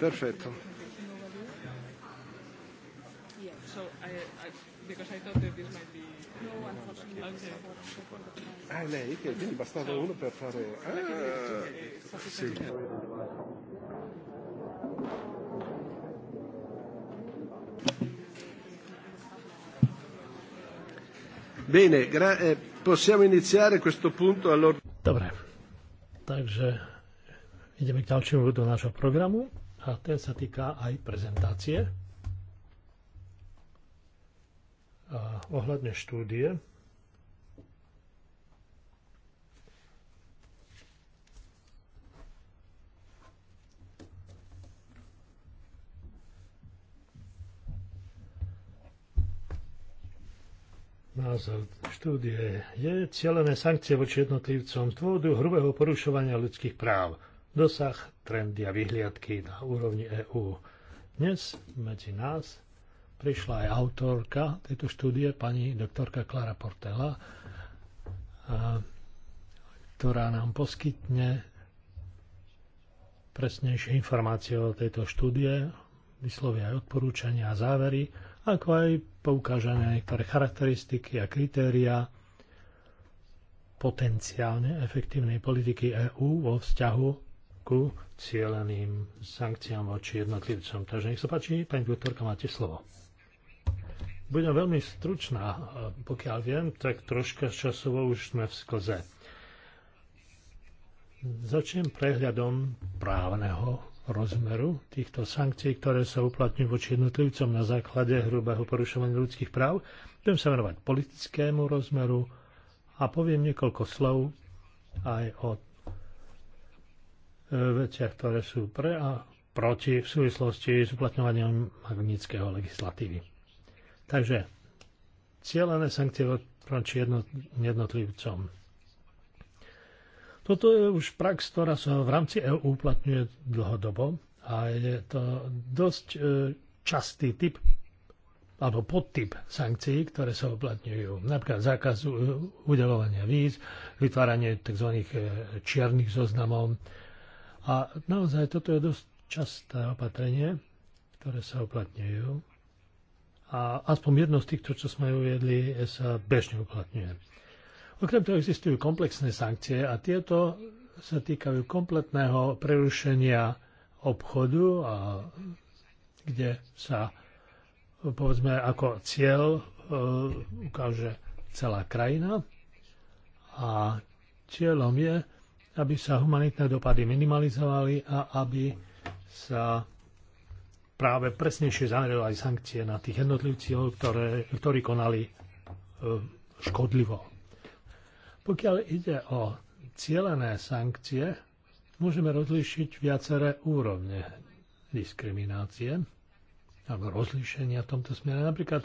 Perfetto. Ah, lei, che quindi bastava uno per fare... Ah, sì. Bene, gra- eh, possiamo iniziare questo punto allora. Dobre, takže ideme k ďalšiemu bodu nášho programu a ten sa týka aj prezentácie. A ohľadne štúdie, názov štúdie je cieľené sankcie voči jednotlivcom z dôvodu hrubého porušovania ľudských práv. Dosah trendy a vyhliadky na úrovni EÚ. Dnes medzi nás prišla aj autorka tejto štúdie, pani doktorka Klara Portela, ktorá nám poskytne presnejšie informácie o tejto štúdie, vyslovia aj odporúčania a závery, ako aj poukáže na niektoré charakteristiky a kritéria potenciálne efektívnej politiky EÚ vo vzťahu ku cieleným sankciám voči jednotlivcom. Takže nech sa páči, pani doktorka, máte slovo. Budem veľmi stručná, pokiaľ viem, tak troška časovo už sme v skoze. Začnem prehľadom právneho rozmeru týchto sankcií, ktoré sa uplatňujú voči jednotlivcom na základe hrubého porušovania ľudských práv. Budem sa venovať politickému rozmeru a poviem niekoľko slov aj o veciach, ktoré sú pre a proti v súvislosti s uplatňovaním magnického legislatívy. Takže cieľené sankcie proti jednotlivcom. Toto je už prax, ktorá sa v rámci EU uplatňuje dlhodobo a je to dosť e, častý typ alebo podtyp sankcií, ktoré sa uplatňujú. Napríklad zákaz e, udelovania víz, vytváranie tzv. E, čiernych zoznamov, a naozaj toto je dosť časté opatrenie, ktoré sa uplatňujú. A aspoň jedno z týchto, čo sme uviedli, sa bežne uplatňuje. Okrem toho existujú komplexné sankcie a tieto sa týkajú kompletného prerušenia obchodu, a kde sa povedzme ako cieľ e, ukáže celá krajina a cieľom je aby sa humanitné dopady minimalizovali a aby sa práve presnejšie zamerali aj sankcie na tých jednotlivcov, ktoré, ktorí konali e, škodlivo. Pokiaľ ide o cielené sankcie, môžeme rozlíšiť viaceré úrovne diskriminácie alebo rozlíšenia v tomto smere. Napríklad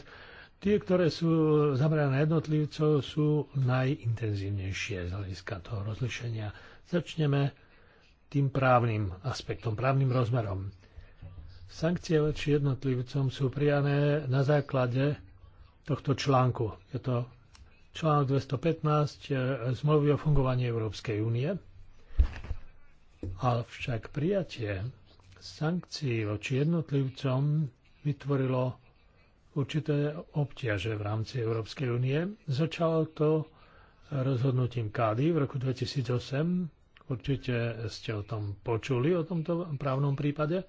tie, ktoré sú zamerané na jednotlivcov, sú najintenzívnejšie z hľadiska toho rozlíšenia. Začneme tým právnym aspektom, právnym rozmerom. Sankcie voči jednotlivcom sú prijané na základe tohto článku. Je to článok 215 e, zmluvy o fungovaní Európskej únie. Avšak prijatie sankcií voči jednotlivcom vytvorilo určité obťaže v rámci Európskej únie. Začalo to rozhodnutím Kády v roku 2008 Určite ste o tom počuli, o tomto právnom prípade.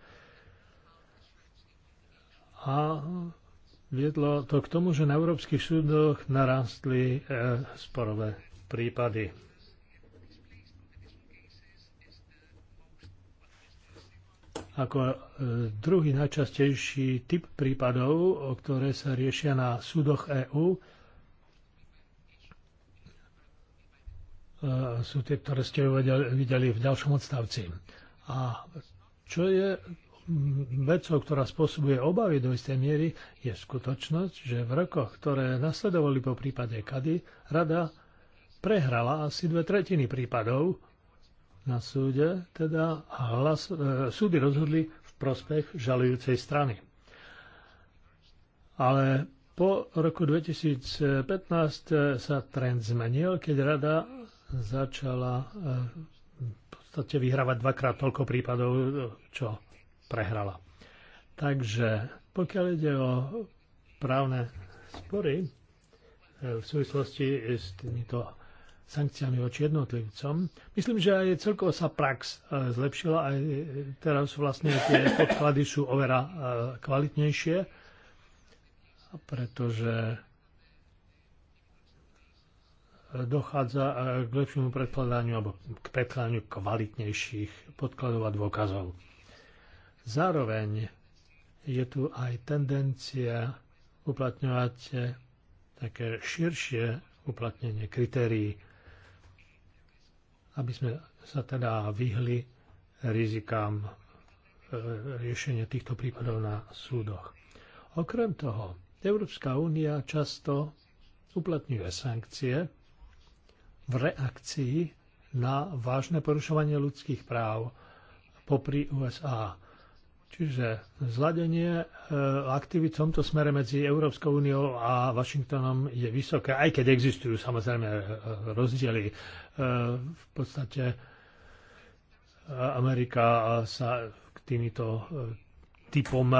A viedlo to k tomu, že na európskych súdoch narastli e, sporové prípady. Ako e, druhý najčastejší typ prípadov, o ktoré sa riešia na súdoch EÚ, E, sú tie, ktoré ste videli v ďalšom odstavci. A čo je vecou, ktorá spôsobuje obavy do istej miery, je skutočnosť, že v rokoch, ktoré nasledovali po prípade Kady, rada prehrala asi dve tretiny prípadov na súde, teda hlas, e, súdy rozhodli v prospech žalujúcej strany. Ale po roku 2015 e, sa trend zmenil, keď rada začala eh, v podstate vyhrávať dvakrát toľko prípadov, čo prehrala. Takže pokiaľ ide o právne spory eh, v súvislosti s týmito sankciami voči jednotlivcom. Myslím, že aj celkovo sa prax eh, zlepšila, aj teraz vlastne tie podklady sú oveľa kvalitnejšie, pretože dochádza e, k lepšiemu predkladaniu alebo k predkladaniu kvalitnejších podkladov a dôkazov. Zároveň je tu aj tendencia uplatňovať také širšie uplatnenie kritérií, aby sme sa teda vyhli rizikám e, riešenia týchto prípadov na súdoch. Okrem toho, Európska únia často uplatňuje sankcie v reakcii na vážne porušovanie ľudských práv popri USA. Čiže zladenie e, aktivít v tomto smere medzi Európskou úniou a Washingtonom je vysoké, aj keď existujú samozrejme e, rozdiely. E, v podstate Amerika sa k týmito typom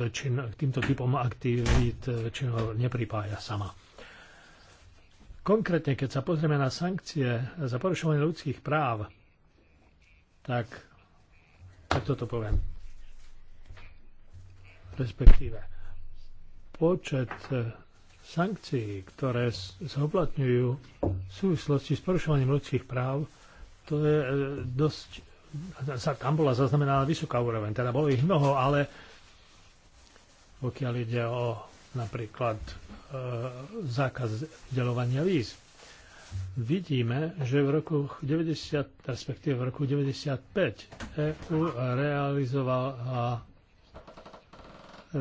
väčšin, k týmto typom aktivít väčšinou nepripája sama. Konkrétne, keď sa pozrieme na sankcie za porušovanie ľudských práv, tak, tak toto poviem. Respektíve, počet sankcií, ktoré sa v súvislosti s porušovaním ľudských práv, to je e, dosť... Tam bola zaznamenaná vysoká úroveň, teda bolo ich mnoho, ale pokiaľ ide o napríklad e, zákaz delovania víz. Vidíme, že v roku 90, respektíve v roku 95 EU realizovala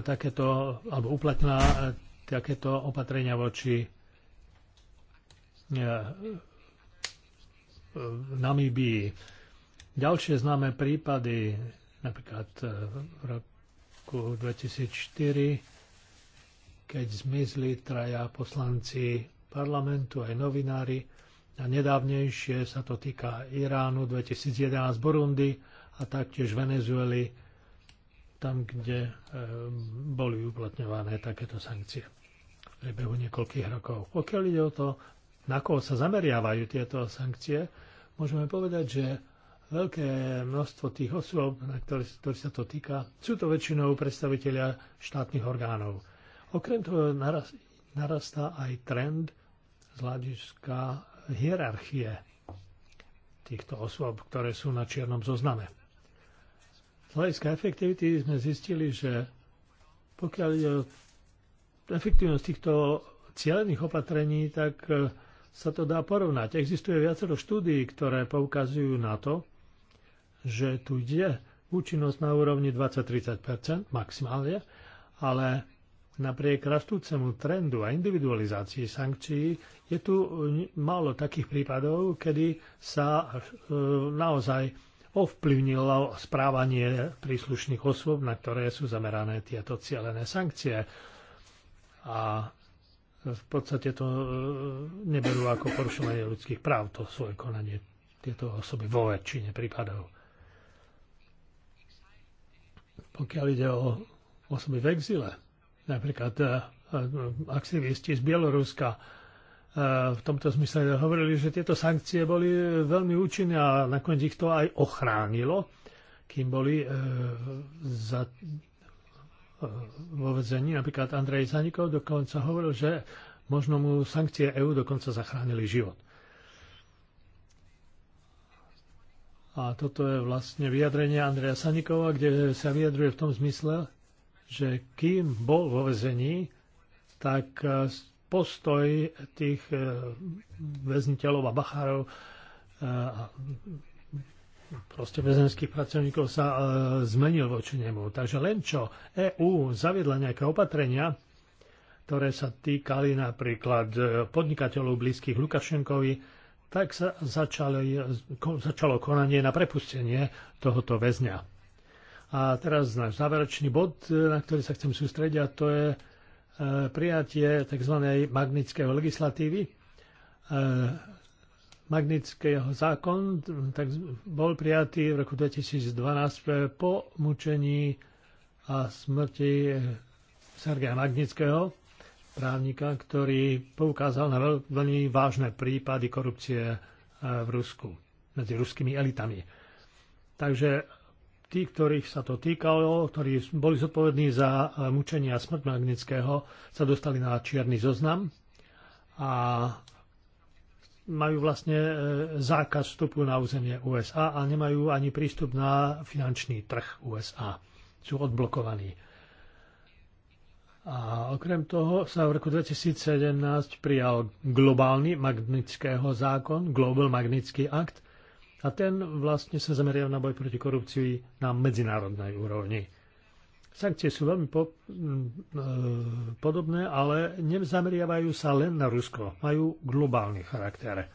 takéto, alebo uplatnila takéto opatrenia voči e, Namíbii. Ďalšie známe prípady, napríklad e, v roku 2004 keď zmizli traja poslanci parlamentu aj novinári. A nedávnejšie sa to týka Iránu 2011 Burundi a taktiež Venezueli, tam, kde e, boli uplatňované takéto sankcie v priebehu niekoľkých rokov. Pokiaľ ide o to, na koho sa zameriavajú tieto sankcie, môžeme povedať, že veľké množstvo tých osôb, na ktorých sa to týka, sú to väčšinou predstavitelia štátnych orgánov. Okrem toho narastá aj trend z hľadiska hierarchie týchto osôb, ktoré sú na čiernom zozname. Z hľadiska efektivity sme zistili, že pokiaľ ide o efektivnosť týchto cieľených opatrení, tak e, sa to dá porovnať. Existuje viacero štúdií, ktoré poukazujú na to, že tu je účinnosť na úrovni 20-30 maximálne, ale Napriek rastúcemu trendu a individualizácii sankcií je tu málo takých prípadov, kedy sa e, naozaj ovplyvnilo správanie príslušných osôb, na ktoré sú zamerané tieto cielené sankcie. A v podstate to e, neberú ako porušovanie ľudských práv, to svoje konanie tieto osoby vo väčšine prípadov. Pokiaľ ide o osoby v exile, Napríklad eh, eh, aktivisti z Bieloruska eh, v tomto zmysle hovorili, že tieto sankcie boli veľmi účinné a nakoniec ich to aj ochránilo, kým boli za, vo vezení. Napríklad Andrej Zanikov dokonca hovoril, že možno mu sankcie EÚ dokonca zachránili život. A toto je vlastne vyjadrenie Andreja Sanikova, kde sa vyjadruje v tom zmysle, že kým bol vo vezení, tak e, postoj tých e, väzniteľov a bachárov e, a proste väzenských pracovníkov sa zmenil voči nemu. Takže len čo EÚ zaviedla nejaké opatrenia, ktoré sa týkali napríklad podnikateľov blízkych Lukašenkovi, tak sa začalo, začalo konanie na prepustenie tohoto väzňa. A teraz náš záverečný bod, e, na ktorý sa chcem sústrediť, a to je e, prijatie tzv. magnického legislatívy. E, magnického zákon tak bol prijatý v roku 2012 po mučení a smrti Sergeja Magnického, právnika, ktorý poukázal na veľmi vážne prípady korupcie v Rusku medzi ruskými elitami. Takže tí, ktorých sa to týkalo, ktorí boli zodpovední za eh, mučenie a smrť Magnického, sa dostali na čierny zoznam a majú vlastne eh, zákaz vstupu na územie USA a nemajú ani prístup na finančný trh USA. Sú odblokovaní. A okrem toho sa v roku 2017 prijal globálny magnického zákon, Global Magnický akt, a ten vlastne sa zameriava na boj proti korupcii na medzinárodnej úrovni. Sankcie sú veľmi po, e, podobné, ale nezameriavajú sa len na Rusko. Majú globálny charakter.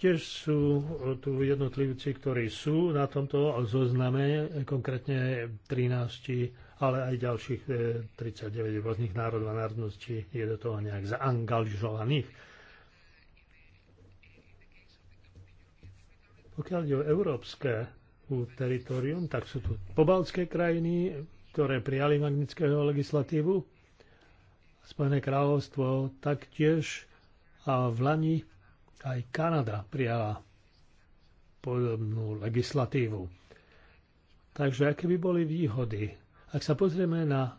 Tiež sú tu jednotlivci, ktorí sú na tomto zozname, konkrétne 13, ale aj ďalších 39 e, rôznych národov a národností je do toho nejak zaangažovaných. Pokiaľ ide o európske teritorium, tak sú tu pobalské krajiny, ktoré prijali magnického legislatívu, Spojené kráľovstvo taktiež a v Lani aj Kanada prijala podobnú legislatívu. Takže aké by boli výhody? Ak sa pozrieme na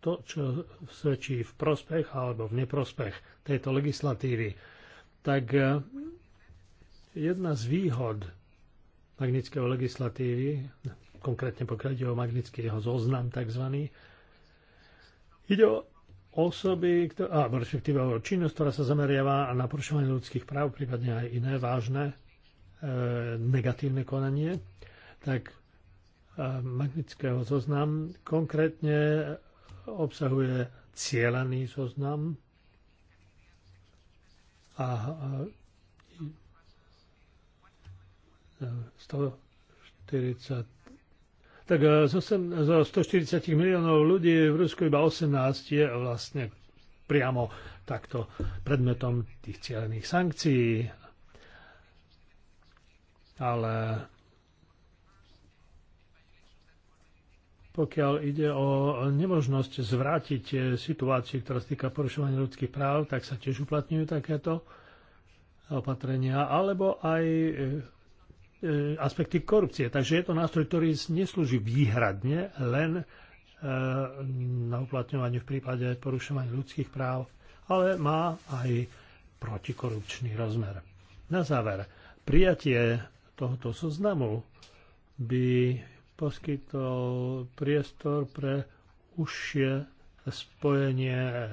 to, čo svedčí v prospech alebo v neprospech tejto legislatívy, tak Jedna z výhod magnického legislatívy, konkrétne pokiaľ ide o magnický jeho zoznam tzv., ide o osoby, ktoré, alebo respektíve o činnosť, ktorá sa zameriava na porušovanie ľudských práv, prípadne aj iné vážne e, negatívne konanie, tak e, magnického zoznam konkrétne obsahuje cieľaný zoznam a 140 tak eh, z, 140 miliónov ľudí v Rusku iba 18 je vlastne priamo takto predmetom tých cieľených sankcií. Ale pokiaľ ide o nemožnosť zvrátiť eh, situáciu, ktorá sa týka porušovania ľudských práv, tak sa tiež uplatňujú takéto opatrenia, alebo aj eh, E, aspekty korupcie. Takže je to nástroj, ktorý neslúži výhradne len e, na uplatňovanie v prípade porušovania ľudských práv, ale má aj protikorupčný rozmer. Na záver, prijatie tohoto zoznamu by poskytol priestor pre užšie spojenie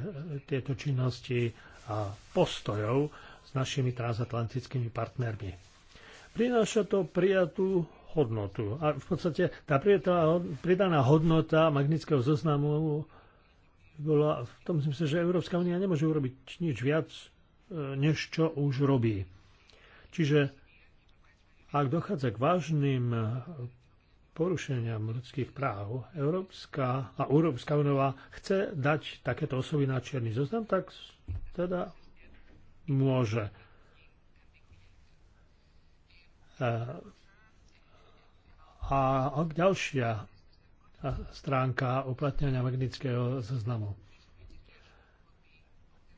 tieto činnosti a postojov s našimi transatlantickými partnermi prináša to prijatú hodnotu. A v podstate tá pridaná hodnota magnického zoznamu bola v tom zmysle, že Európska únia nemôže urobiť nič viac, e, než čo už robí. Čiže ak dochádza k vážnym porušeniam ľudských práv, Európska a Európska únia chce dať takéto osoby na čierny zoznam, tak teda môže. Eh, a ďalšia eh, stránka uplatňania magnického zoznamu.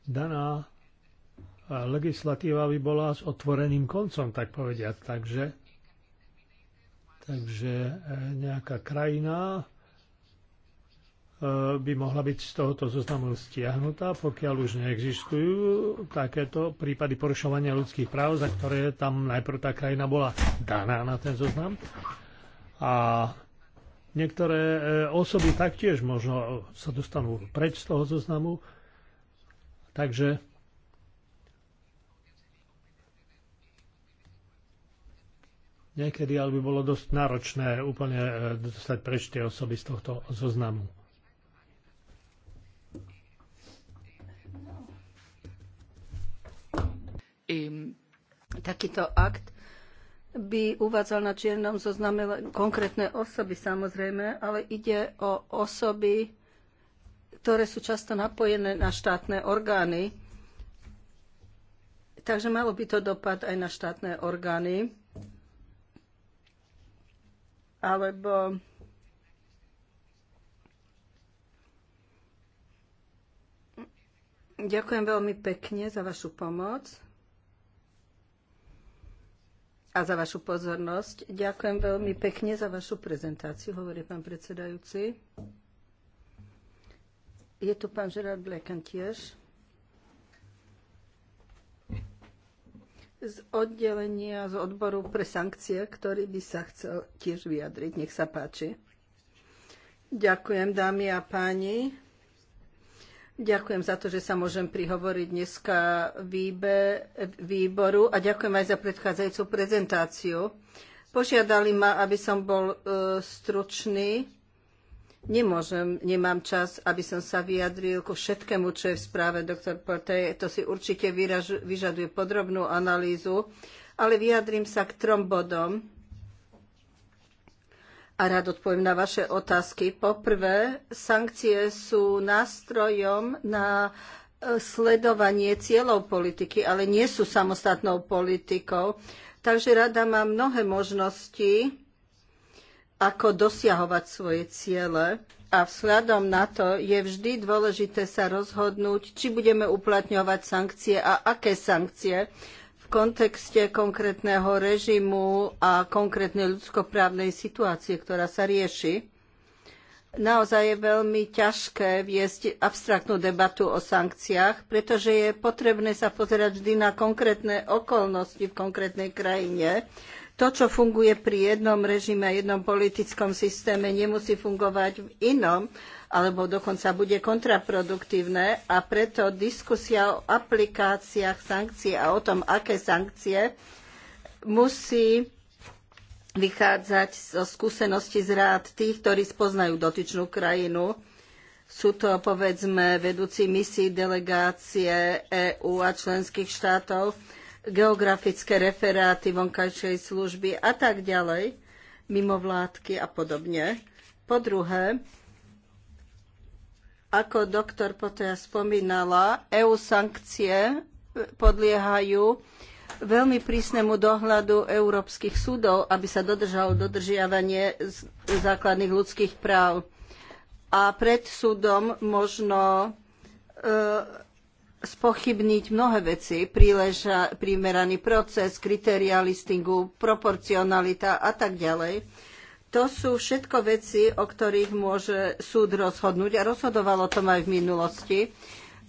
Daná eh, legislatíva by bola s otvoreným koncom, tak povediať. Takže, takže nejaká krajina E, by mohla byť z tohoto zoznamu stiahnutá, pokiaľ už neexistujú takéto prípady porušovania ľudských práv, za ktoré tam najprv tá krajina bola daná na ten zoznam. A niektoré e, osoby taktiež možno sa dostanú preč z toho zoznamu. Takže niekedy ale by bolo dosť náročné úplne e, dostať preč tie osoby z tohto zoznamu. takýto akt by uvádzal na čiernom zozname len konkrétne osoby samozrejme, ale ide o osoby, ktoré sú často napojené na štátne orgány. Takže malo by to dopad aj na štátne orgány. Alebo Ďakujem veľmi pekne za vašu pomoc a za vašu pozornosť. Ďakujem veľmi pekne za vašu prezentáciu, hovorí pán predsedajúci. Je tu pán Gerard Blekan tiež. z oddelenia, z odboru pre sankcie, ktorý by sa chcel tiež vyjadriť. Nech sa páči. Ďakujem, dámy a páni. Ďakujem za to, že sa môžem prihovoriť dneska výbe, výboru a ďakujem aj za predchádzajúcu prezentáciu. Požiadali ma, aby som bol e, stručný. Nemôžem, nemám čas, aby som sa vyjadril ku všetkému, čo je v správe doktor Portej. To si určite vyraž, vyžaduje podrobnú analýzu, ale vyjadrím sa k trom bodom a rád odpoviem na vaše otázky. Poprvé, sankcie sú nástrojom na e, sledovanie cieľov politiky, ale nie sú samostatnou politikou. Takže rada má mnohé možnosti, ako dosiahovať svoje ciele. A vzhľadom na to je vždy dôležité sa rozhodnúť, či budeme uplatňovať sankcie a aké sankcie kontexte konkrétneho režimu a konkrétnej ľudskoprávnej situácie, ktorá sa rieši. Naozaj je veľmi ťažké viesť abstraktnú debatu o sankciách, pretože je potrebné sa pozerať vždy na konkrétne okolnosti v konkrétnej krajine. To, čo funguje pri jednom režime a jednom politickom systéme, nemusí fungovať v inom alebo dokonca bude kontraproduktívne a preto diskusia o aplikáciách sankcií a o tom, aké sankcie musí vychádzať zo skúsenosti z rád tých, ktorí spoznajú dotyčnú krajinu. Sú to, povedzme, vedúci misií delegácie EÚ a členských štátov, geografické referáty vonkajšej služby a tak ďalej, mimovládky a podobne. Po druhé, ako doktor Potea spomínala, EU sankcie podliehajú veľmi prísnemu dohľadu európskych súdov, aby sa dodržalo dodržiavanie základných ľudských práv. A pred súdom možno e, spochybniť mnohé veci, príleža, primeraný proces, kritéria listingu, proporcionalita a tak ďalej. To sú všetko veci, o ktorých môže súd rozhodnúť a rozhodovalo to aj v minulosti.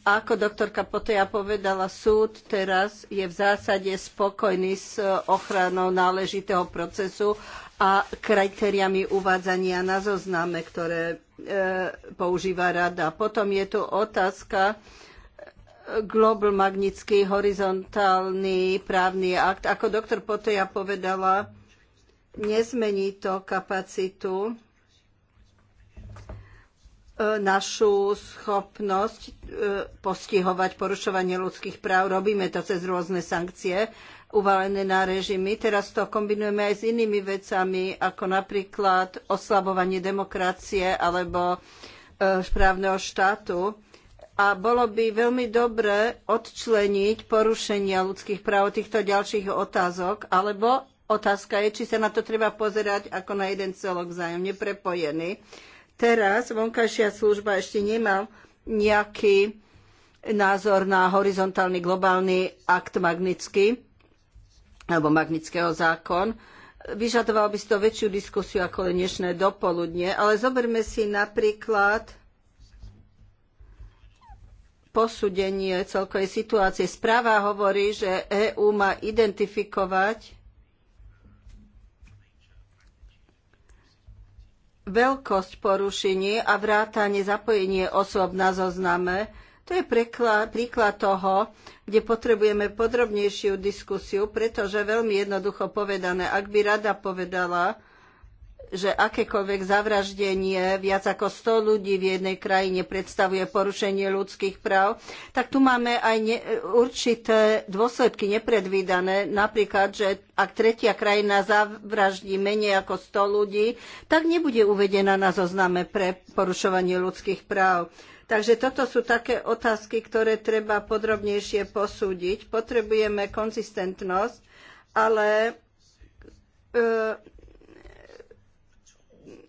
A ako doktorka Poteja povedala, súd teraz je v zásade spokojný s ochranou náležitého procesu a kritériami uvádzania na zozname, ktoré e, používa rada. Potom je tu otázka e, Global Magnický horizontálny právny akt. Ako doktor Poteja povedala, nezmení to kapacitu, e, našu schopnosť e, postihovať porušovanie ľudských práv. Robíme to cez rôzne sankcie uvalené na režimy. Teraz to kombinujeme aj s inými vecami, ako napríklad oslabovanie demokracie alebo správneho e, štátu. A bolo by veľmi dobre odčleniť porušenia ľudských práv od týchto ďalších otázok, alebo Otázka je, či sa na to treba pozerať ako na jeden celok vzájomne prepojený. Teraz vonkajšia služba ešte nemá nejaký názor na horizontálny globálny akt magnický alebo magnického zákon. Vyžadoval by si to väčšiu diskusiu ako dnešné dopoludne, ale zoberme si napríklad posúdenie celkovej situácie. Správa hovorí, že EÚ má identifikovať veľkosť porušenie a vrátanie zapojenie osôb na zozname. To je príklad, príklad toho, kde potrebujeme podrobnejšiu diskusiu, pretože veľmi jednoducho povedané, ak by rada povedala, že akékoľvek zavraždenie viac ako 100 ľudí v jednej krajine predstavuje porušenie ľudských práv, tak tu máme aj ne, určité dôsledky nepredvídané. Napríklad, že ak tretia krajina zavraždí menej ako 100 ľudí, tak nebude uvedená na zozname pre porušovanie ľudských práv. Takže toto sú také otázky, ktoré treba podrobnejšie posúdiť. Potrebujeme konzistentnosť, ale e,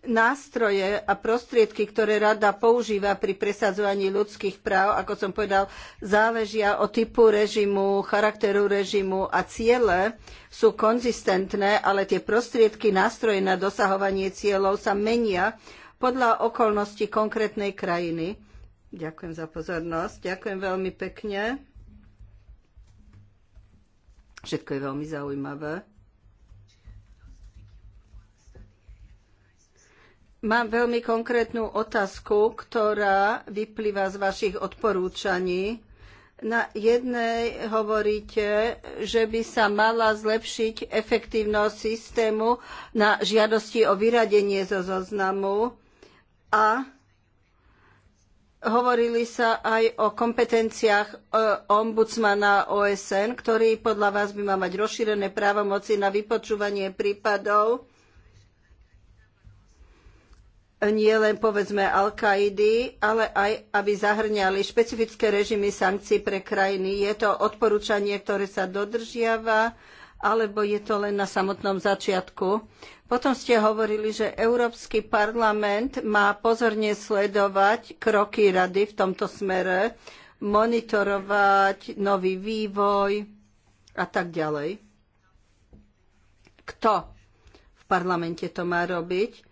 nástroje a prostriedky, ktoré rada používa pri presadzovaní ľudských práv, ako som povedal, záležia od typu režimu, charakteru režimu a ciele sú konzistentné, ale tie prostriedky, nástroje na dosahovanie cieľov sa menia podľa okolností konkrétnej krajiny. Ďakujem za pozornosť. Ďakujem veľmi pekne. Všetko je veľmi zaujímavé. Mám veľmi konkrétnu otázku, ktorá vyplýva z vašich odporúčaní. Na jednej hovoríte, že by sa mala zlepšiť efektívnosť systému na žiadosti o vyradenie zo zoznamu a hovorili sa aj o kompetenciách e, ombudsmana OSN, ktorý podľa vás by mal mať rozšírené právomoci na vypočúvanie prípadov nie len povedzme Al-Kaidy, ale aj aby zahrňali špecifické režimy sankcií pre krajiny. Je to odporúčanie, ktoré sa dodržiava, alebo je to len na samotnom začiatku? Potom ste hovorili, že Európsky parlament má pozorne sledovať kroky rady v tomto smere, monitorovať nový vývoj a tak ďalej. Kto v parlamente to má robiť?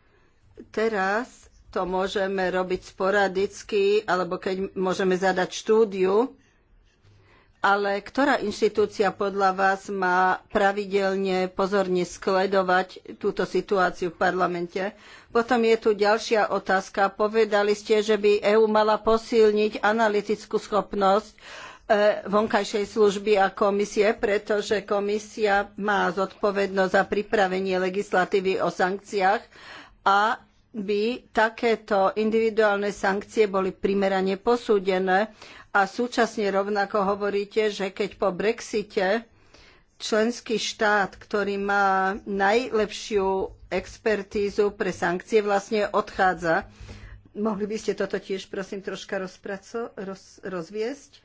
Teraz to môžeme robiť sporadicky, alebo keď môžeme zadať štúdiu, ale ktorá inštitúcia podľa vás má pravidelne pozorne skledovať túto situáciu v parlamente? Potom je tu ďalšia otázka. Povedali ste, že by EÚ mala posilniť analytickú schopnosť e, vonkajšej služby a komisie, pretože komisia má zodpovednosť za pripravenie legislatívy o sankciách a by takéto individuálne sankcie boli primerane posúdené a súčasne rovnako hovoríte, že keď po Brexite členský štát, ktorý má najlepšiu expertízu pre sankcie, vlastne odchádza. Mohli by ste toto tiež, prosím, troška rozpraco, roz, rozviesť?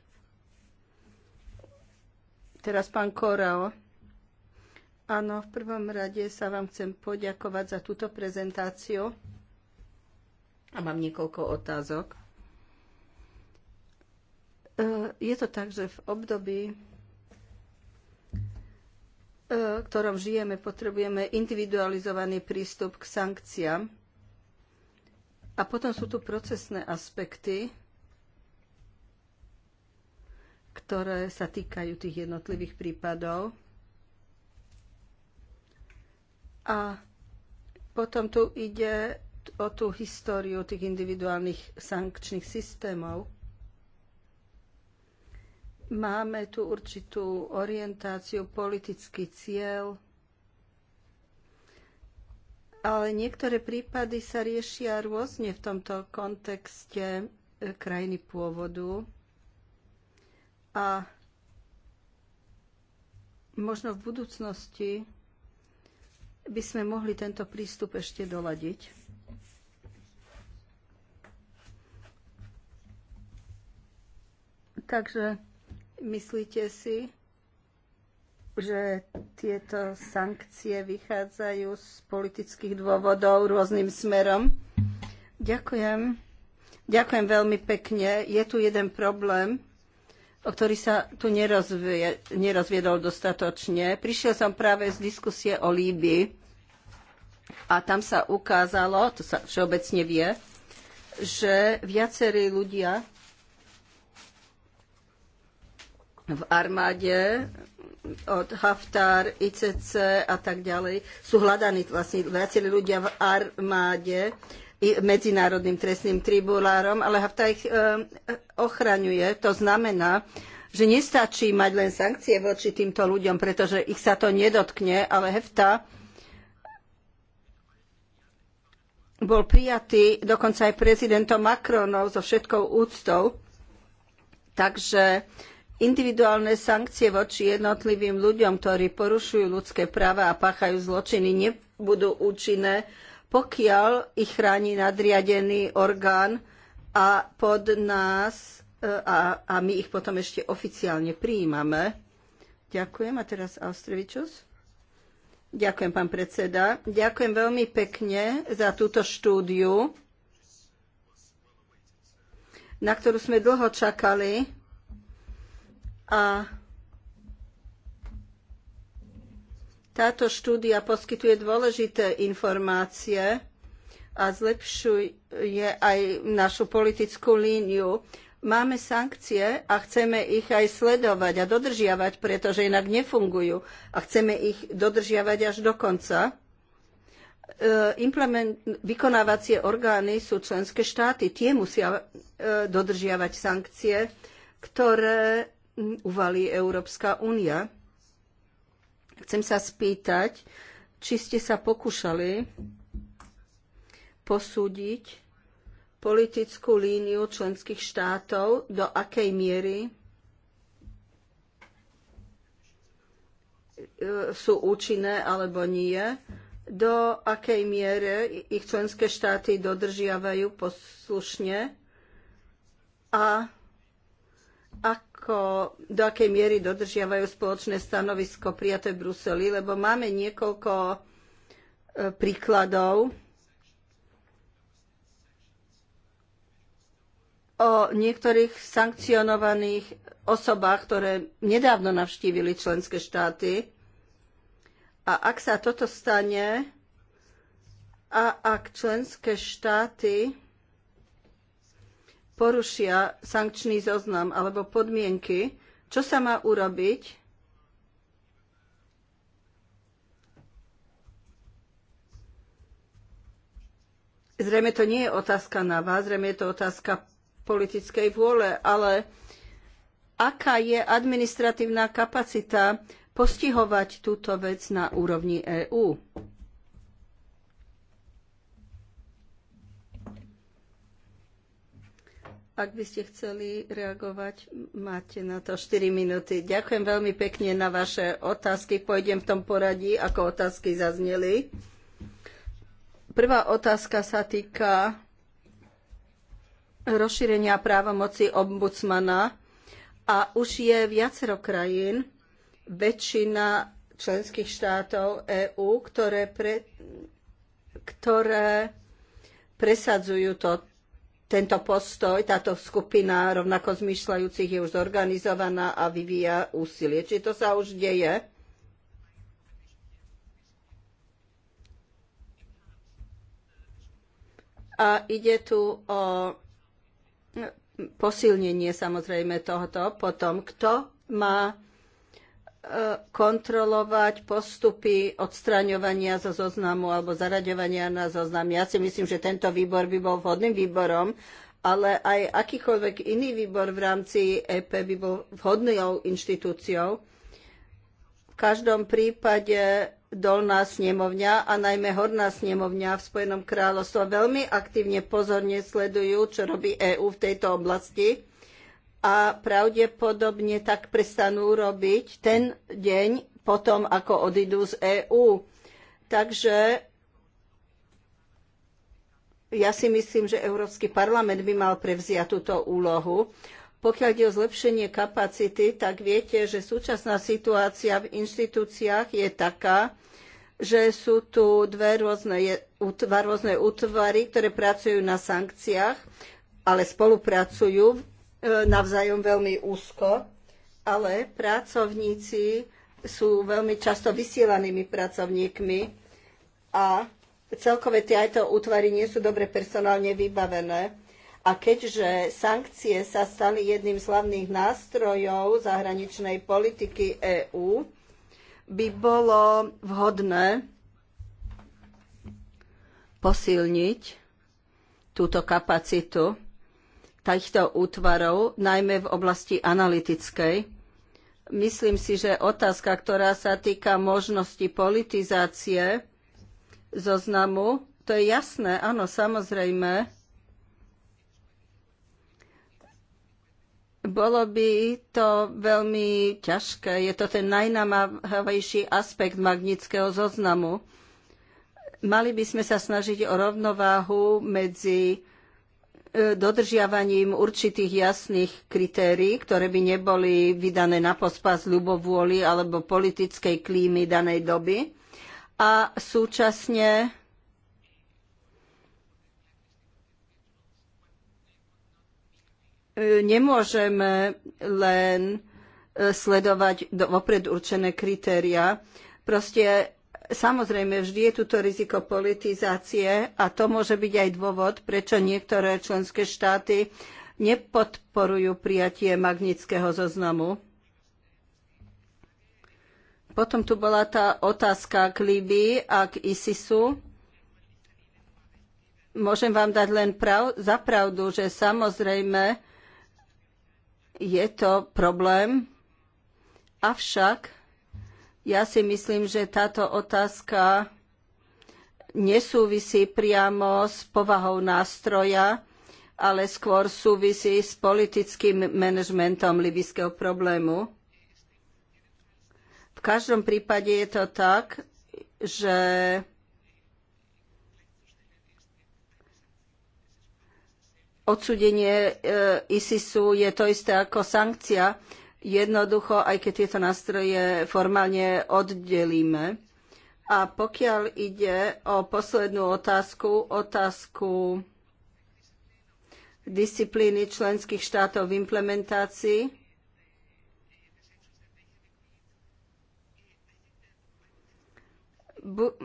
Teraz pán Korao. Áno, v prvom rade sa vám chcem poďakovať za túto prezentáciu. A mám niekoľko otázok. E, je to tak, že v období, e, v ktorom žijeme, potrebujeme individualizovaný prístup k sankciám. A potom sú tu procesné aspekty, ktoré sa týkajú tých jednotlivých prípadov. A potom tu ide o tú históriu tých individuálnych sankčných systémov. Máme tu určitú orientáciu, politický cieľ, ale niektoré prípady sa riešia rôzne v tomto kontexte e, krajiny pôvodu a možno v budúcnosti by sme mohli tento prístup ešte doladiť. Takže myslíte si, že tieto sankcie vychádzajú z politických dôvodov rôznym smerom? Ďakujem. Ďakujem veľmi pekne. Je tu jeden problém, o ktorý sa tu nerozvie, nerozviedol dostatočne. Prišiel som práve z diskusie o Líbii a tam sa ukázalo, to sa všeobecne vie, že viacerí ľudia v armáde od Haftar, ICC a tak ďalej sú hľadaní vlastne viacerí ľudia v armáde medzinárodným trestným tribulárom, ale Haftar ich e, ochraňuje. To znamená, že nestačí mať len sankcie voči týmto ľuďom, pretože ich sa to nedotkne, ale Hefta bol prijatý dokonca aj prezidentom Macronom so všetkou úctou. Takže Individuálne sankcie voči jednotlivým ľuďom, ktorí porušujú ľudské práva a páchajú zločiny, nebudú účinné, pokiaľ ich chráni nadriadený orgán a pod nás e, a, a my ich potom ešte oficiálne prijímame. Ďakujem. A teraz Austrevičus. Ďakujem, pán predseda. Ďakujem veľmi pekne za túto štúdiu, na ktorú sme dlho čakali a táto štúdia poskytuje dôležité informácie a zlepšuje aj našu politickú líniu. Máme sankcie a chceme ich aj sledovať a dodržiavať, pretože inak nefungujú. A chceme ich dodržiavať až do konca. E, implement, vykonávacie orgány sú členské štáty. Tie musia e, dodržiavať sankcie, ktoré uvalí Európska únia. Chcem sa spýtať, či ste sa pokúšali posúdiť politickú líniu členských štátov, do akej miery e, sú účinné alebo nie, do akej miery ich členské štáty dodržiavajú poslušne a ako, do akej miery dodržiavajú spoločné stanovisko prijaté v Bruseli, lebo máme niekoľko e, príkladov o niektorých sankcionovaných osobách, ktoré nedávno navštívili členské štáty. A ak sa toto stane, a ak členské štáty porušia sankčný zoznam alebo podmienky, čo sa má urobiť, Zrejme to nie je otázka na vás, zrejme je to otázka politickej vôle, ale aká je administratívna kapacita postihovať túto vec na úrovni EÚ? Ak by ste chceli reagovať, máte na to 4 minúty. Ďakujem veľmi pekne na vaše otázky. Pôjdem v tom poradí, ako otázky zazneli. Prvá otázka sa týka rozšírenia právomoci ombudsmana a už je viacero krajín, väčšina členských štátov EÚ, ktoré, pre, ktoré presadzujú to, tento postoj, táto skupina rovnako zmyšľajúcich je už zorganizovaná a vyvíja úsilie. Či to sa už deje? A ide tu o posilnenie samozrejme tohoto. Potom, kto má kontrolovať postupy odstraňovania zo zoznamu alebo zaraďovania na zoznam. Ja si myslím, že tento výbor by bol vhodným výborom, ale aj akýkoľvek iný výbor v rámci EP by bol vhodnou inštitúciou. V každom prípade dolná snemovňa a najmä horná snemovňa v Spojenom kráľovstve veľmi aktívne pozorne sledujú, čo robí EÚ v tejto oblasti a pravdepodobne tak prestanú robiť ten deň potom, ako odídu z EÚ. Takže ja si myslím, že Európsky parlament by mal prevziať túto úlohu. Pokiaľ ide o zlepšenie kapacity, tak viete, že súčasná situácia v inštitúciách je taká, že sú tu dve rôzne, dva rôzne útvary, ktoré pracujú na sankciách, ale spolupracujú E, navzájom veľmi úzko, ale pracovníci sú veľmi často vysielanými pracovníkmi a celkové tieto útvary nie sú dobre personálne vybavené. A keďže sankcie sa stali jedným z hlavných nástrojov zahraničnej politiky EÚ, by bolo vhodné posilniť túto kapacitu týchto útvarov, najmä v oblasti analytickej. Myslím si, že otázka, ktorá sa týka možnosti politizácie zoznamu, to je jasné, áno, samozrejme. Bolo by to veľmi ťažké. Je to ten najnamáhavejší aspekt magnického zoznamu. Mali by sme sa snažiť o rovnováhu medzi dodržiavaním určitých jasných kritérií, ktoré by neboli vydané na pospas ľubovôli alebo politickej klímy danej doby a súčasne nemôžeme len sledovať vopred určené kritéria. Proste Samozrejme, vždy je tuto riziko politizácie a to môže byť aj dôvod, prečo niektoré členské štáty nepodporujú prijatie magnického zoznamu. Potom tu bola tá otázka k Líbii a k ISISu. Môžem vám dať len prav- za pravdu, že samozrejme je to problém, avšak ja si myslím, že táto otázka nesúvisí priamo s povahou nástroja, ale skôr súvisí s politickým manažmentom libyského problému. V každom prípade je to tak, že odsúdenie e, ISISu je to isté ako sankcia, jednoducho, aj keď tieto nástroje formálne oddelíme. A pokiaľ ide o poslednú otázku, otázku disciplíny členských štátov v implementácii, bu-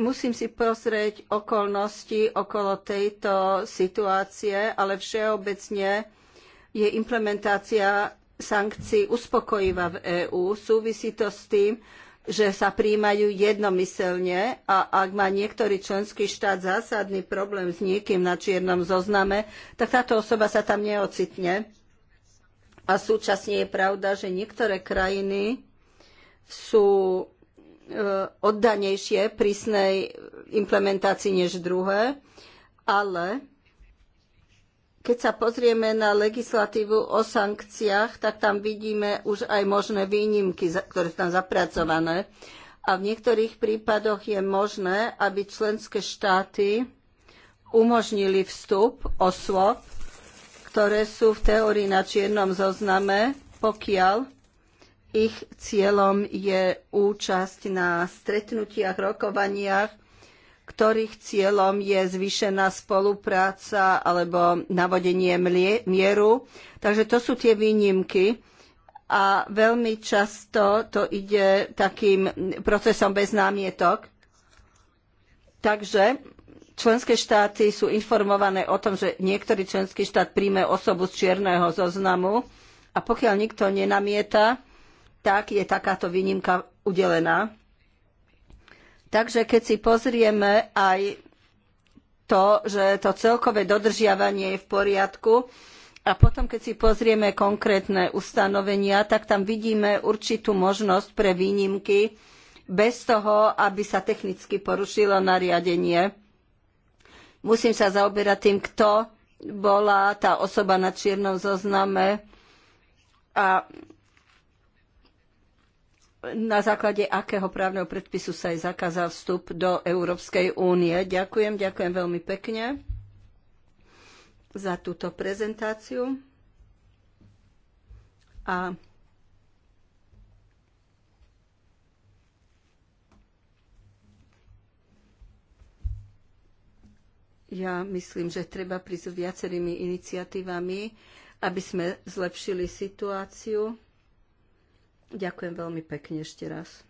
musím si pozrieť okolnosti okolo tejto situácie, ale všeobecne je implementácia sankcií uspokojivá v EÚ. Súvisí to s tým, že sa príjmajú jednomyselne a ak má niektorý členský štát zásadný problém s niekým na čiernom zozname, tak táto osoba sa tam neocitne. A súčasne je pravda, že niektoré krajiny sú e, oddanejšie prísnej implementácii než druhé, ale keď sa pozrieme na legislatívu o sankciách, tak tam vidíme už aj možné výnimky, ktoré sú tam zapracované. A v niektorých prípadoch je možné, aby členské štáty umožnili vstup osôb, ktoré sú v teórii na čiernom zozname, pokiaľ ich cieľom je účasť na stretnutiach, rokovaniach ktorých cieľom je zvýšená spolupráca alebo navodenie mieru. Takže to sú tie výnimky a veľmi často to ide takým procesom bez námietok. Takže členské štáty sú informované o tom, že niektorý členský štát príjme osobu z čierneho zoznamu a pokiaľ nikto nenamieta, tak je takáto výnimka udelená. Takže keď si pozrieme aj to, že to celkové dodržiavanie je v poriadku, a potom, keď si pozrieme konkrétne ustanovenia, tak tam vidíme určitú možnosť pre výnimky bez toho, aby sa technicky porušilo nariadenie. Musím sa zaoberať tým, kto bola tá osoba na čiernom zozname a na základe akého právneho predpisu sa aj zakázal vstup do Európskej únie. Ďakujem, ďakujem veľmi pekne za túto prezentáciu. A ja myslím, že treba prísť viacerými iniciatívami, aby sme zlepšili situáciu. Ďakujem veľmi pekne ešte raz.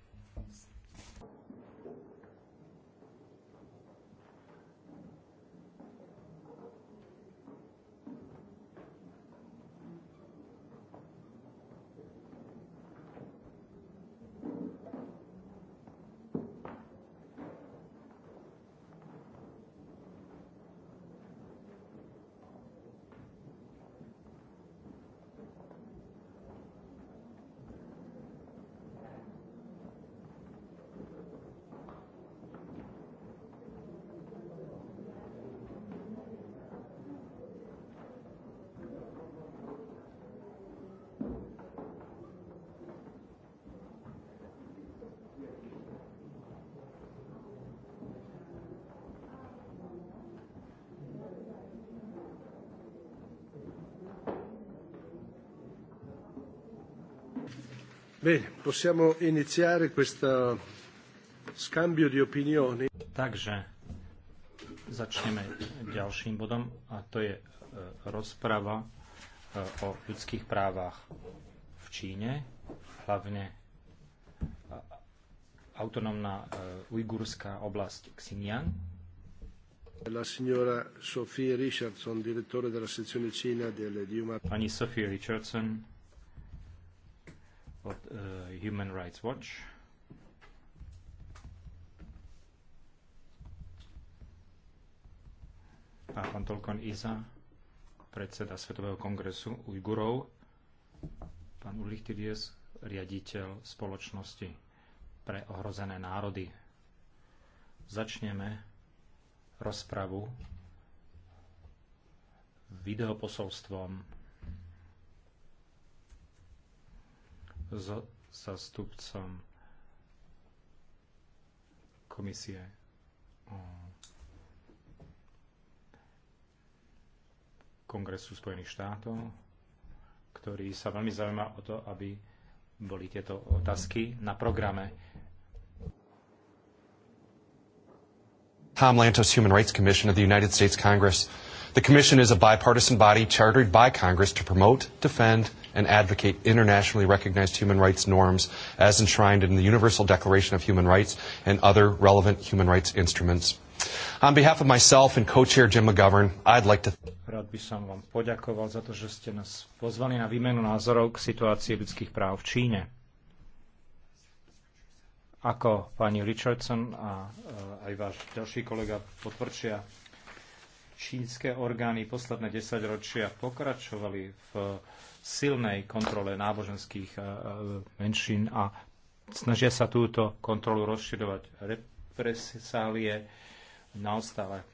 Bene, possiamo iniziare questo scambio di opinioni. Takže začneme ďalším bodom a to je e, rozprava e, o ľudských právach v Číne, hlavne e, autonómna ujgurská oblasť Xinjiang. La signora Sophie Richardson, direttore della sezione Cina del Pani Sophie Richardson, od eh, Human Rights Watch. A pán Tolkon Iza, predseda Svetového kongresu Ujgurov, pán Ulrich Tidies, riaditeľ spoločnosti pre ohrozené národy. Začneme rozpravu videoposolstvom so zastupcom komisie Kongresu Spojených štátov, ktorý sa veľmi zaujíma o to, aby boli tieto otázky na programe. Tom Lantos, Human Rights Commission of the United States Congress. The commission is a bipartisan body chartered by Congress to promote, defend, and advocate internationally recognized human rights norms as enshrined in the Universal Declaration of Human Rights and other relevant human rights instruments. On behalf of myself and co-chair Jim McGovern, I'd like to Rád by som vám poďakoval za to, že ste nás pozvali na výmenu názorov k situácii ľudských práv v Číne. Ako pani Richardson a e, aj váš ďalší kolega potvrčia, čínske orgány posledné desaťročia pokračovali v silnej kontrole náboženských e, e, menšín a snažia sa túto kontrolu rozširovať. Represálie naostále e,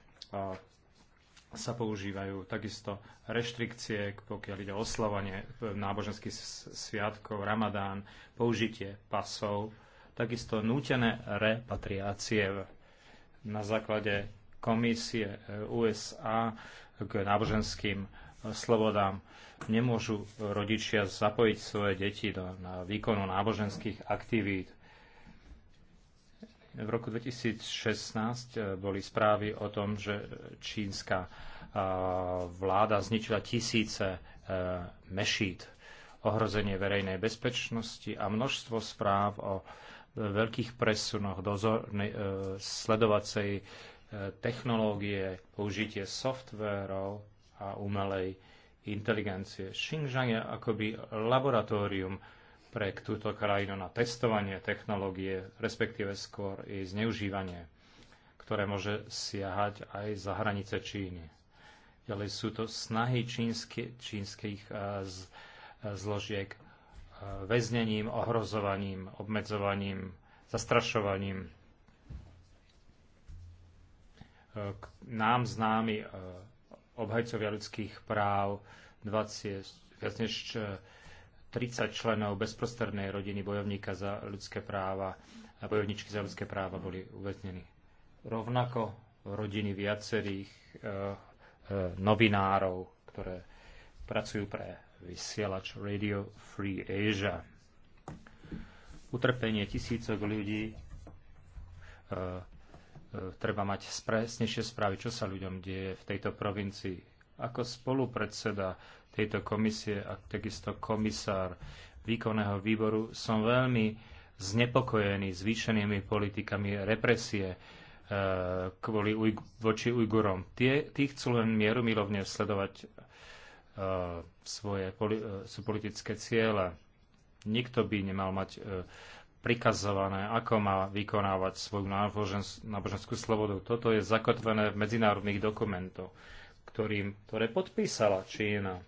sa používajú takisto reštrikcie, pokiaľ ide o oslavanie náboženských sviatkov, ramadán, použitie pasov, takisto nútené repatriácie na základe komisie USA k náboženským slobodám. Nemôžu rodičia zapojiť svoje deti do na výkonu náboženských aktivít. V roku 2016 eh, boli správy o tom, že čínska eh, vláda zničila tisíce eh, mešít, ohrozenie verejnej bezpečnosti a množstvo správ o veľkých presunoch dozornej, sledovacej technológie, použitie softverov a umelej inteligencie. Xinjiang je akoby laboratórium pre túto krajinu na testovanie technológie, respektíve skôr i zneužívanie, ktoré môže siahať aj za hranice Číny. Ďalej sú to snahy čínske, čínskych e, z, e, zložiek e, väznením, ohrozovaním, obmedzovaním, zastrašovaním. nám známy obhajcovia ľudských práv, 20, viac než 30 eh, členov bezprostrednej rodiny bojovníka za ľudské práva a bojovničky za ľudské práva boli uväznení. Rovnako rodiny viacerých e, e, novinárov, ktoré pracujú pre vysielač Radio Free Asia. Utrpenie tisícok ľudí E, treba mať presnejšie správy, čo sa ľuďom deje v tejto provincii. Ako spolupredseda tejto komisie a takisto komisár výkonného výboru som veľmi znepokojený zvýšenými politikami represie e, kvôli voči Ujgurom. Tie, tí chcú len mierumilovne sledovať e, svoje poli, politické ciele. Nikto by nemal mať prikazované, ako má vykonávať svoju náboženskú slobodu. Toto je zakotvené v medzinárodných dokumentoch, ktorým, ktoré podpísala Čína.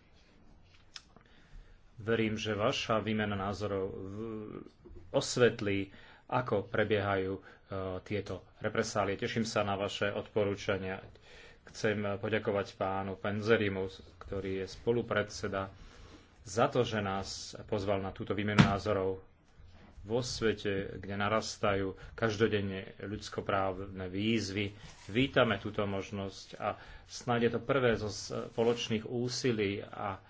Verím, že vaša výmena názorov osvetlí, ako prebiehajú e, tieto represálie. Teším sa na vaše odporúčania. Chcem poďakovať pánu Penzerimu, ktorý je spolupredseda, za to, že nás pozval na túto výmenu názorov vo svete, kde narastajú každodenne ľudskoprávne výzvy. Vítame túto možnosť a snáď je to prvé zo spoločných úsilí a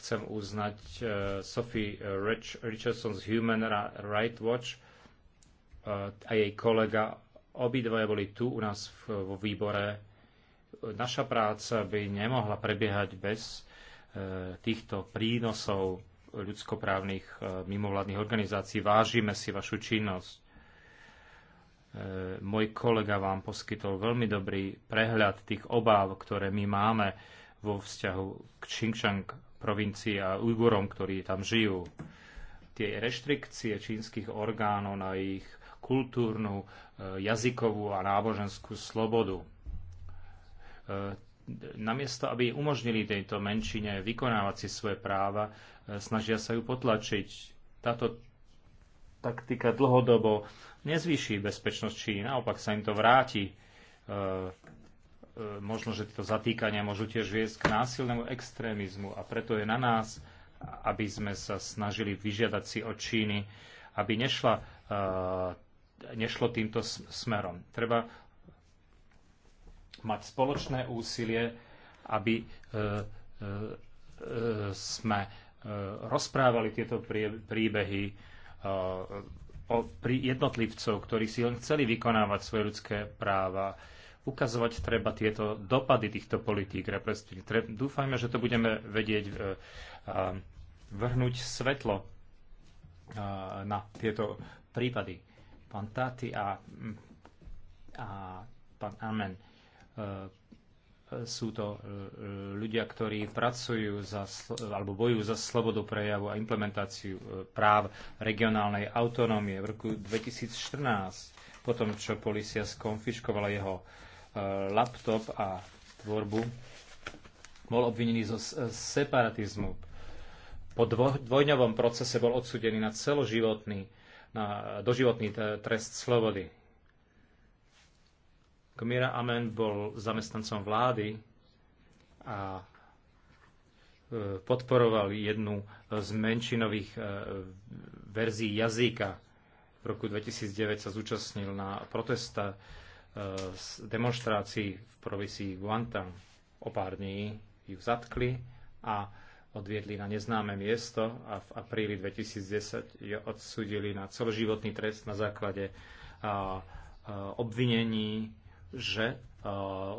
chcem uznať e, Sophie Richardson z Human Rights Watch e, a jej kolega. Obidvoje boli tu u nás vo výbore. Naša práca by nemohla prebiehať bez e, týchto prínosov ľudskoprávnych e, mimovládnych organizácií. Vážime si vašu činnosť. E, môj kolega vám poskytol veľmi dobrý prehľad tých obáv, ktoré my máme vo vzťahu k Xinjiang provincii a Ujgurom, ktorí tam žijú. Tie reštrikcie čínskych orgánov na ich kultúrnu, e, jazykovú a náboženskú slobodu namiesto, aby umožnili tejto menšine vykonávať si svoje práva, e, snažia sa ju potlačiť. Táto taktika dlhodobo nezvýši bezpečnosť Číny, naopak sa im to vráti. E, e, možno, že tieto zatýkania môžu tiež viesť k násilnému extrémizmu a preto je na nás, aby sme sa snažili vyžiadať si od Číny, aby nešla, nešlo týmto smerom. Treba mať spoločné úsilie, aby e, e, e, sme rozprávali tieto príbehy o jednotlivcov, ktorí si len chceli vykonávať svoje ľudské práva. Ukazovať treba tieto dopady týchto politík represívnych. Dúfajme, že to budeme vedieť vrhnúť svetlo na tieto prípady. Pán Tati a, a pán Amen E, sú to e, e, ľudia, ktorí pracujú za, alebo bojujú za slobodu prejavu a implementáciu práv regionálnej autonómie. V roku 2014, po tom, čo policia skonfiškovala jeho laptop a tvorbu, bol obvinený zo separatizmu. Po dvojňovom procese bol odsudený na celoživotný na doživotný trest slobody. Gomira Amen bol zamestnancom vlády a e, podporoval jednu z menšinových e, verzií jazyka. V roku 2009 sa zúčastnil na protesta z e, demonstrácií v provisii Guantan. O pár dní ju zatkli a odviedli na neznáme miesto a v apríli 2010 ju odsudili na celoživotný trest na základe obvinení že e,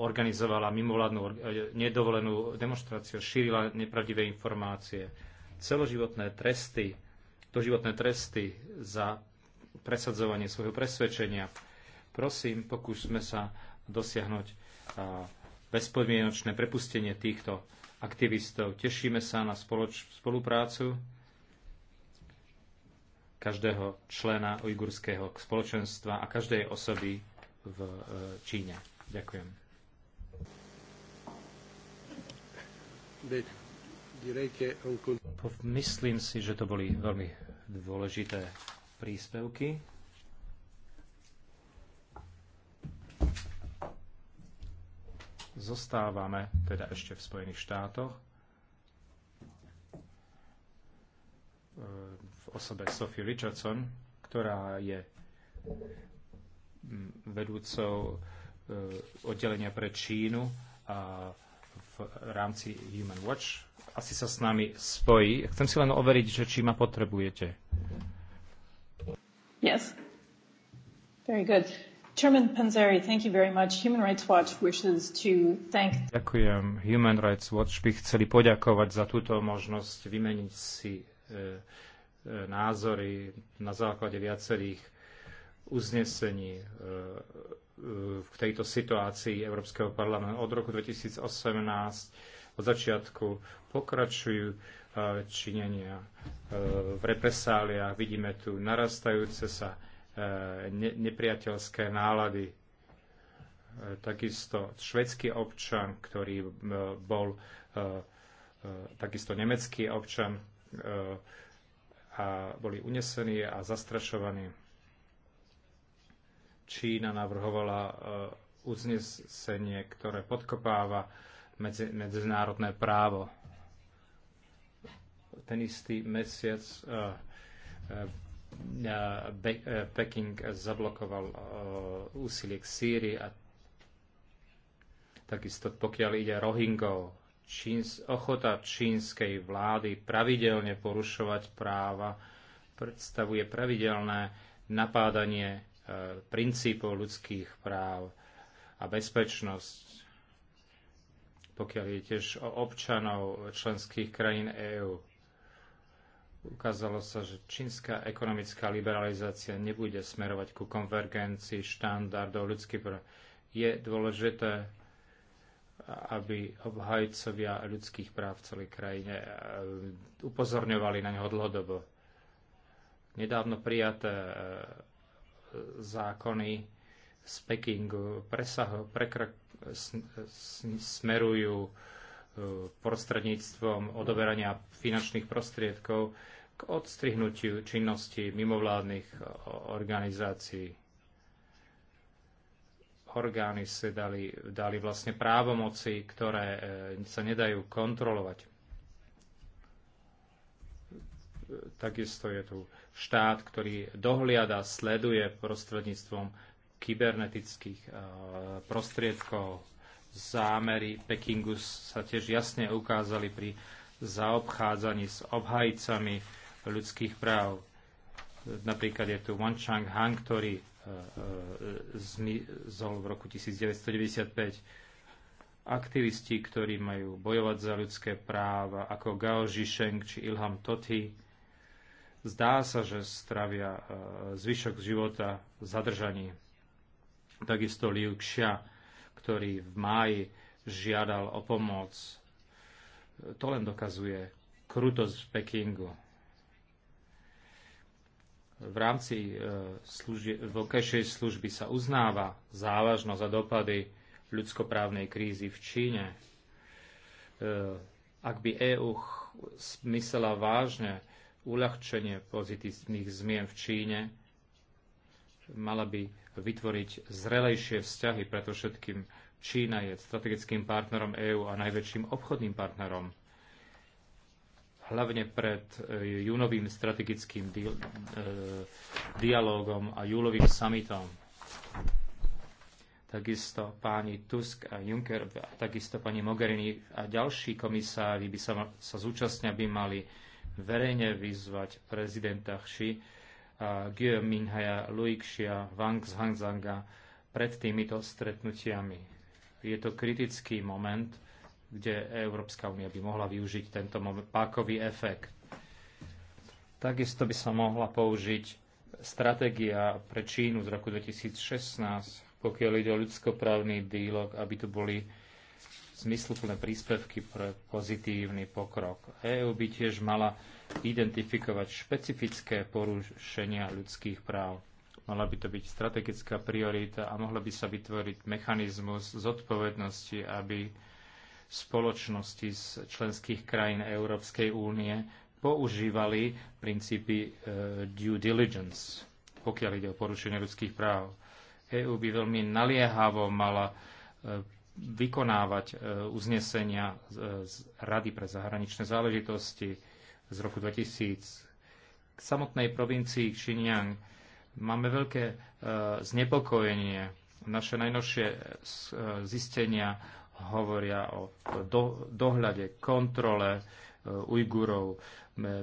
organizovala mimovládnu e, nedovolenú demonstráciu, šírila nepravdivé informácie. Celoživotné tresty, doživotné tresty za presadzovanie svojho presvedčenia. Prosím, pokúsme sa dosiahnuť e, bezpodmienočné prepustenie týchto aktivistov. Tešíme sa na spoloč- spoluprácu každého člena ujgurského spoločenstva a každej osoby, v e, Číne. Ďakujem. Myslím si, že to boli veľmi dôležité príspevky. Zostávame teda ešte v Spojených štátoch e, v osobe Sophie Richardson, ktorá je vedúcou e, oddelenia pre Čínu a v rámci Human Watch. Asi sa s nami spojí. Chcem si len overiť, že či ma potrebujete. Yes. Very good. Chairman Panzeri, thank you very much. Human Rights Watch wishes to thank... Ďakujem. Human Rights Watch by chceli poďakovať za túto možnosť vymeniť si e, e, názory na základe viacerých uznesení e, e, v tejto situácii Európskeho parlamentu od roku 2018 od začiatku pokračujú e, činenia v represáliách. Vidíme tu narastajúce sa nepriateľské nálady. Takisto švedský občan, ktorý bol takisto nemecký občan a boli unesení a zastrašovaní Čína navrhovala eh, uznesenie, ktoré podkopáva medzi, medzinárodné právo. Ten istý mesiac uh, uh, Be, uh, Peking zablokoval úsilie k Sýrii a takisto pokiaľ ide Rohingov, číns, ochota čínskej vlády pravidelne porušovať práva predstavuje pravidelné napádanie E, princípov ľudských práv a bezpečnosť, pokiaľ je tiež o občanov členských krajín EÚ. Ukázalo sa, že čínska ekonomická liberalizácia nebude smerovať ku konvergencii štandardov ľudských práv. Je dôležité, aby obhajcovia ľudských práv v celej krajine e, upozorňovali na neho dlhodobo. Nedávno prijaté e, zákony z Pekingu presaho, prekr- smerujú e, prostredníctvom odoberania finančných prostriedkov k odstrihnutiu činnosti mimovládnych organizácií. Orgány si dali, dali vlastne právomoci, ktoré e, sa nedajú kontrolovať. E, takisto je tu štát, ktorý dohliada, sleduje prostredníctvom kybernetických eh, prostriedkov. Zámery Pekingu sa tiež jasne ukázali pri zaobchádzaní s obhajcami ľudských práv. Napríklad je tu Wang Chang Han, ktorý eh, eh, zmizol v roku 1995. Aktivisti, ktorí majú bojovať za ľudské práva, ako Gao Zhisheng či Ilham Toti, Zdá sa, že stravia e, zvyšok života zadržaní. Takisto Liu Xia, ktorý v máji žiadal o pomoc. To len dokazuje krutosť v Pekingu. V rámci e, služi- vonkajšej služby sa uznáva závažnosť a dopady ľudskoprávnej krízy v Číne. E, ak by EU myslela vážne uľahčenie pozitívnych zmien v Číne mala by vytvoriť zrelejšie vzťahy, pretože všetkým Čína je strategickým partnerom EÚ a najväčším obchodným partnerom. Hlavne pred e, júnovým strategickým di- e, dialogom a júlovým summitom. Takisto páni Tusk a Juncker, a takisto pani Mogherini a ďalší komisári by sa, sa zúčastnia, by mali verejne vyzvať prezidenta Xi a Minhaja, Luixia, Wang Zhangzanga pred týmito stretnutiami. Je to kritický moment, kde Európska únia by mohla využiť tento pákový efekt. Takisto by sa mohla použiť stratégia pre Čínu z roku 2016, pokiaľ ide o ľudskoprávny dialog, aby tu boli zmysluplné príspevky pre pozitívny pokrok. EÚ by tiež mala identifikovať špecifické porušenia ľudských práv. Mala by to byť strategická priorita a mohla by sa vytvoriť mechanizmus zodpovednosti, aby spoločnosti z členských krajín Európskej únie používali princípy e, due diligence, pokiaľ ide o porušenie ľudských práv. EÚ by veľmi naliehavo mala e, vykonávať e, uznesenia e, z Rady pre zahraničné záležitosti z roku 2000. K samotnej provincii Xinjiang máme veľké e, znepokojenie. Naše najnovšie zistenia hovoria o dohľade, kontrole Ujgurov,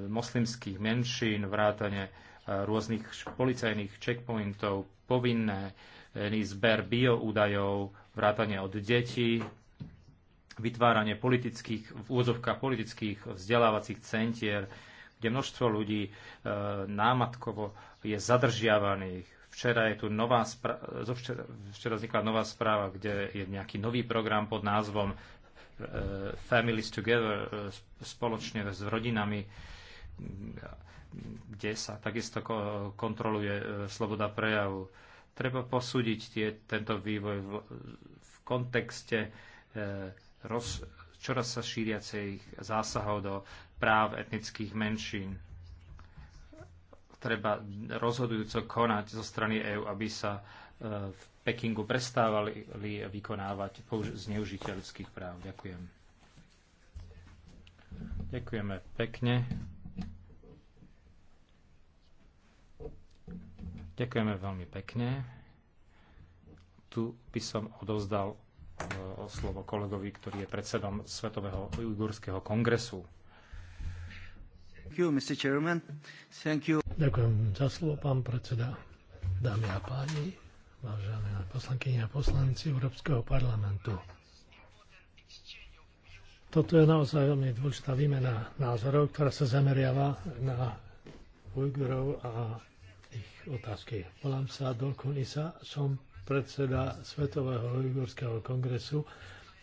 moslimských menšín, vrátane rôznych policajných checkpointov, povinné zber bioúdajov, vrátanie od detí, vytváranie politických, v úzovkách politických vzdelávacích centier, kde množstvo ľudí e, námatkovo je zadržiavaných. Včera je tu nová správa, včera, včera vznikla nová správa, kde je nejaký nový program pod názvom e, Families Together, e, spoločne s rodinami, kde sa takisto kontroluje e, sloboda prejavu. E, Treba posúdiť tie, tento vývoj v, v kontexte e, roz, čoraz sa šíriacej zásahov do práv etnických menšín. Treba rozhodujúco konať zo strany EÚ, aby sa e, v Pekingu prestávali vykonávať zneužiteľských práv. Ďakujem. Ďakujeme pekne. Ďakujeme veľmi pekne. Tu by som odovzdal e, slovo kolegovi, ktorý je predsedom Svetového ujgurského kongresu. Ďakujem za slovo, pán predseda. Dámy a páni, vážené poslankyne a poslanci Európskeho parlamentu. Toto je naozaj veľmi dôležitá výmena názorov, ktorá sa zameriava na Ujgurov a ich otázky. Volám sa Kunisa, som predseda Svetového Ujgurského kongresu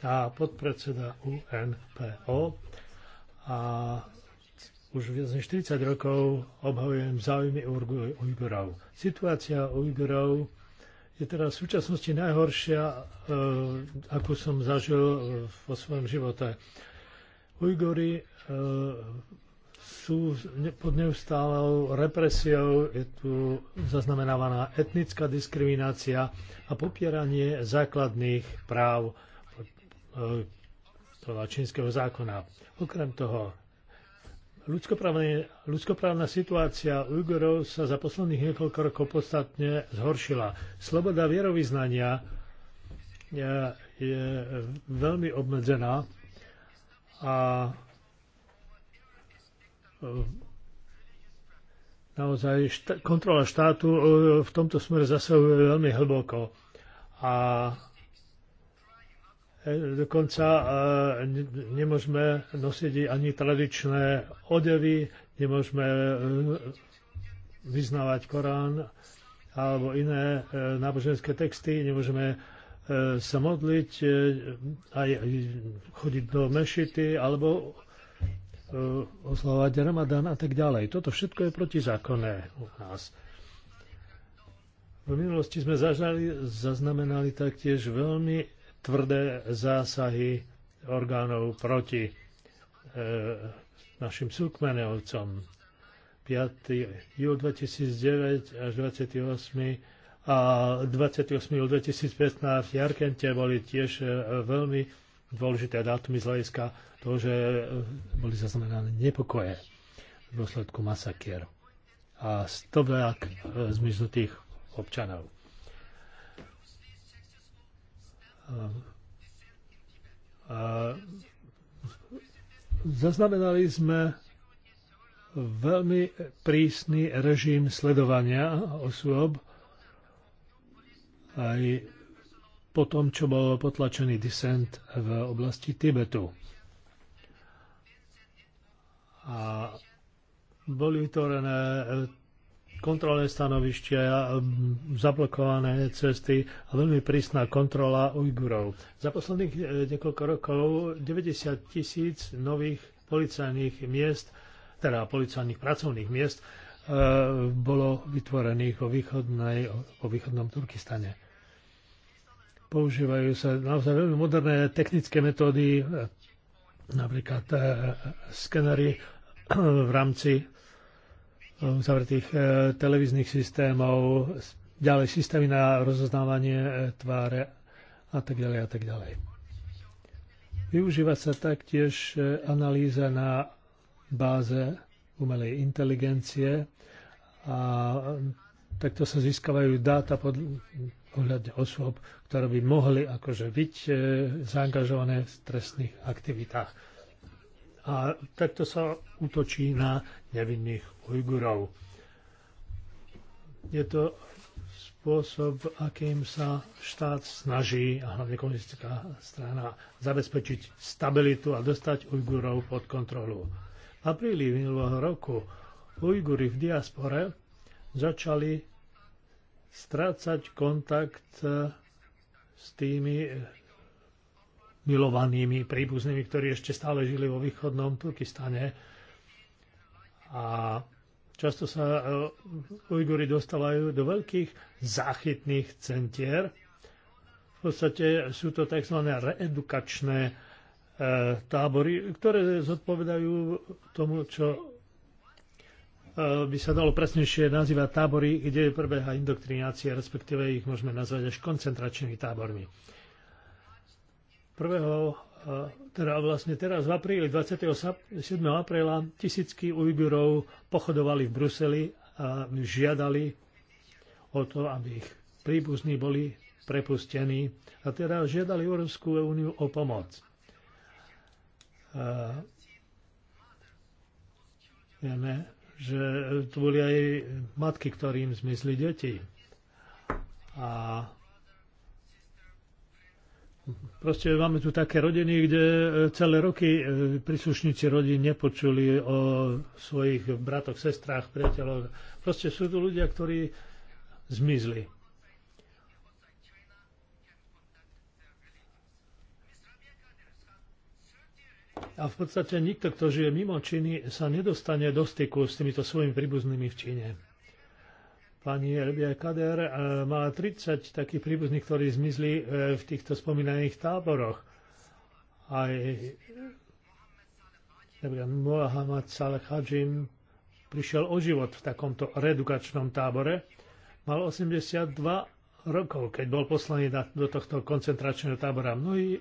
a podpredseda UNPO a už viac než 40 rokov obhajujem záujmy Ujgurov. Situácia Ujgurov je teraz v súčasnosti najhoršia, e, akú som zažil vo svojom živote. Ujgory e, sú pod neustálou represiou, je tu zaznamenávaná etnická diskriminácia a popieranie základných práv e, toho čínskeho zákona. Okrem toho, ľudskoprávna situácia Ujgurov sa za posledných niekoľko rokov podstatne zhoršila. Sloboda vierovýznania e, je, je veľmi obmedzená a Ehm, naozaj šta, kontrola štátu e, v tomto smere zasahuje veľmi hlboko. A e, dokonca e, nemôžeme nosiť ani tradičné odevy, nemôžeme vyznávať Korán alebo iné náboženské texty, nemôžeme sa modliť, aj chodiť do mešity alebo Eh, oslavovať Ramadán a tak ďalej. Toto všetko je protizákonné u nás. V minulosti sme zažali, zaznamenali taktiež veľmi tvrdé zásahy orgánov proti e, našim súkmenovcom. 5. júl 2009 až 28. a 28. júl 2015 v Jarkente boli tiež eh, veľmi dôležité dátumy z hľadiska to, že eh, boli zaznamenané nepokoje v dôsledku masakier a stovák eh, zmiznutých občanov. Eh, zaznamenali sme veľmi prísny režim sledovania osôb aj po tom, čo bol potlačený disent v oblasti Tibetu a boli vytvorené e, kontrolné stanovištia, e, zablokované cesty a veľmi prísna kontrola Ujgurov. Za posledných e, niekoľko rokov 90 tisíc nových policajných miest, teda policajných pracovných miest, bolo vytvorených vo, východnej, vo východnom Turkistane. Používajú sa naozaj veľmi moderné technické metódy, napríklad skenery v rámci uzavretých eh, eh, televíznych systémov, ďalej systémy na rozoznávanie eh, tváre a tak ďalej a tak ďalej. Využíva sa taktiež analýza na báze umelej inteligencie a takto sa získavajú dáta pod ohľadne osôb, ktoré by mohli akože byť zaangažované v trestných aktivitách a takto sa útočí na nevinných Ujgurov. Je to spôsob, akým sa štát snaží, a hlavne komunistická strana, zabezpečiť stabilitu a dostať Ujgurov pod kontrolu. V apríli minulého roku Ujguri v diaspore začali strácať kontakt s tými milovanými príbuznými, ktorí ešte stále žili vo východnom Turkistane. A často sa e, Ujguri dostávajú do veľkých záchytných centier. V podstate sú to tzv. reedukačné e, tábory, ktoré zodpovedajú tomu, čo e, by sa dalo presnejšie nazývať tábory, kde prebieha indoktrinácia, respektíve ich môžeme nazvať až koncentračnými tábormi. Prvého, teda vlastne teraz v apríli, 27. apríla, tisícky Ujgurov pochodovali v Bruseli a žiadali o to, aby ich príbuzní boli prepustení a teda žiadali Európsku úniu o pomoc. vieme, že tu boli aj matky, ktorým zmysli deti. A Proste máme tu také rodiny, kde e, celé roky e, príslušníci rodín nepočuli o svojich bratoch, sestrách, priateľoch. Proste sú tu ľudia, ktorí zmizli. A v podstate nikto, kto žije mimo Číny, sa nedostane do styku s týmito svojimi príbuznými v Číne. Pani Elbia Kader eh, má 30 takých príbuzných, ktorí zmizli eh, v týchto spomínaných táboroch. Aj Mohamed Saleh Hadžim prišiel o život v takomto redukačnom tábore. Mal 82 rokov, keď bol poslaný do tohto koncentračného tábora. Mnohí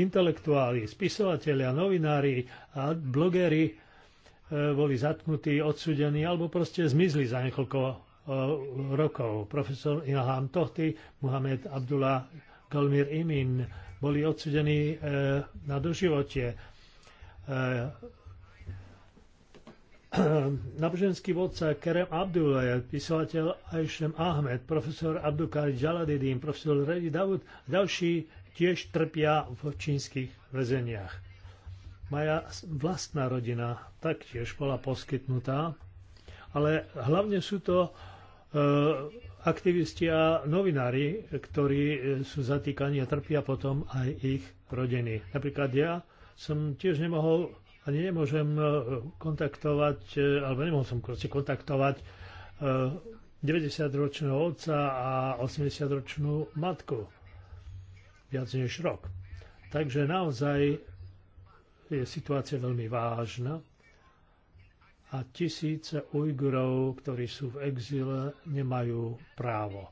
intelektuáli, spisovatelia, novinári a blogéri eh, boli zatknutí, odsudení alebo proste zmizli za niekoľko Eh, rokov. Profesor Ilham Tohty, Muhammad Abdullah Kalmir Imin boli odsudení eh, na doživotie. Eh, Naboženský vodca Kerem Abdullah, písateľ Aishem Ahmed, profesor Abdukar Jaladidin, profesor Redi Davud ďalší tiež trpia v čínskych väzeniach. Moja vlastná rodina taktiež bola poskytnutá, ale hlavne sú to Eh, aktivisti a novinári, ktorí eh, sú zatýkaní a trpia potom aj ich rodiny. Napríklad ja som tiež nemohol ani nemôžem eh, kontaktovať, alebo nemohol som proste kontaktovať 90-ročného otca a 80-ročnú matku. Viac než rok. Takže naozaj je situácia veľmi vážna a tisíce Ujgurov, ktorí sú v exile, nemajú právo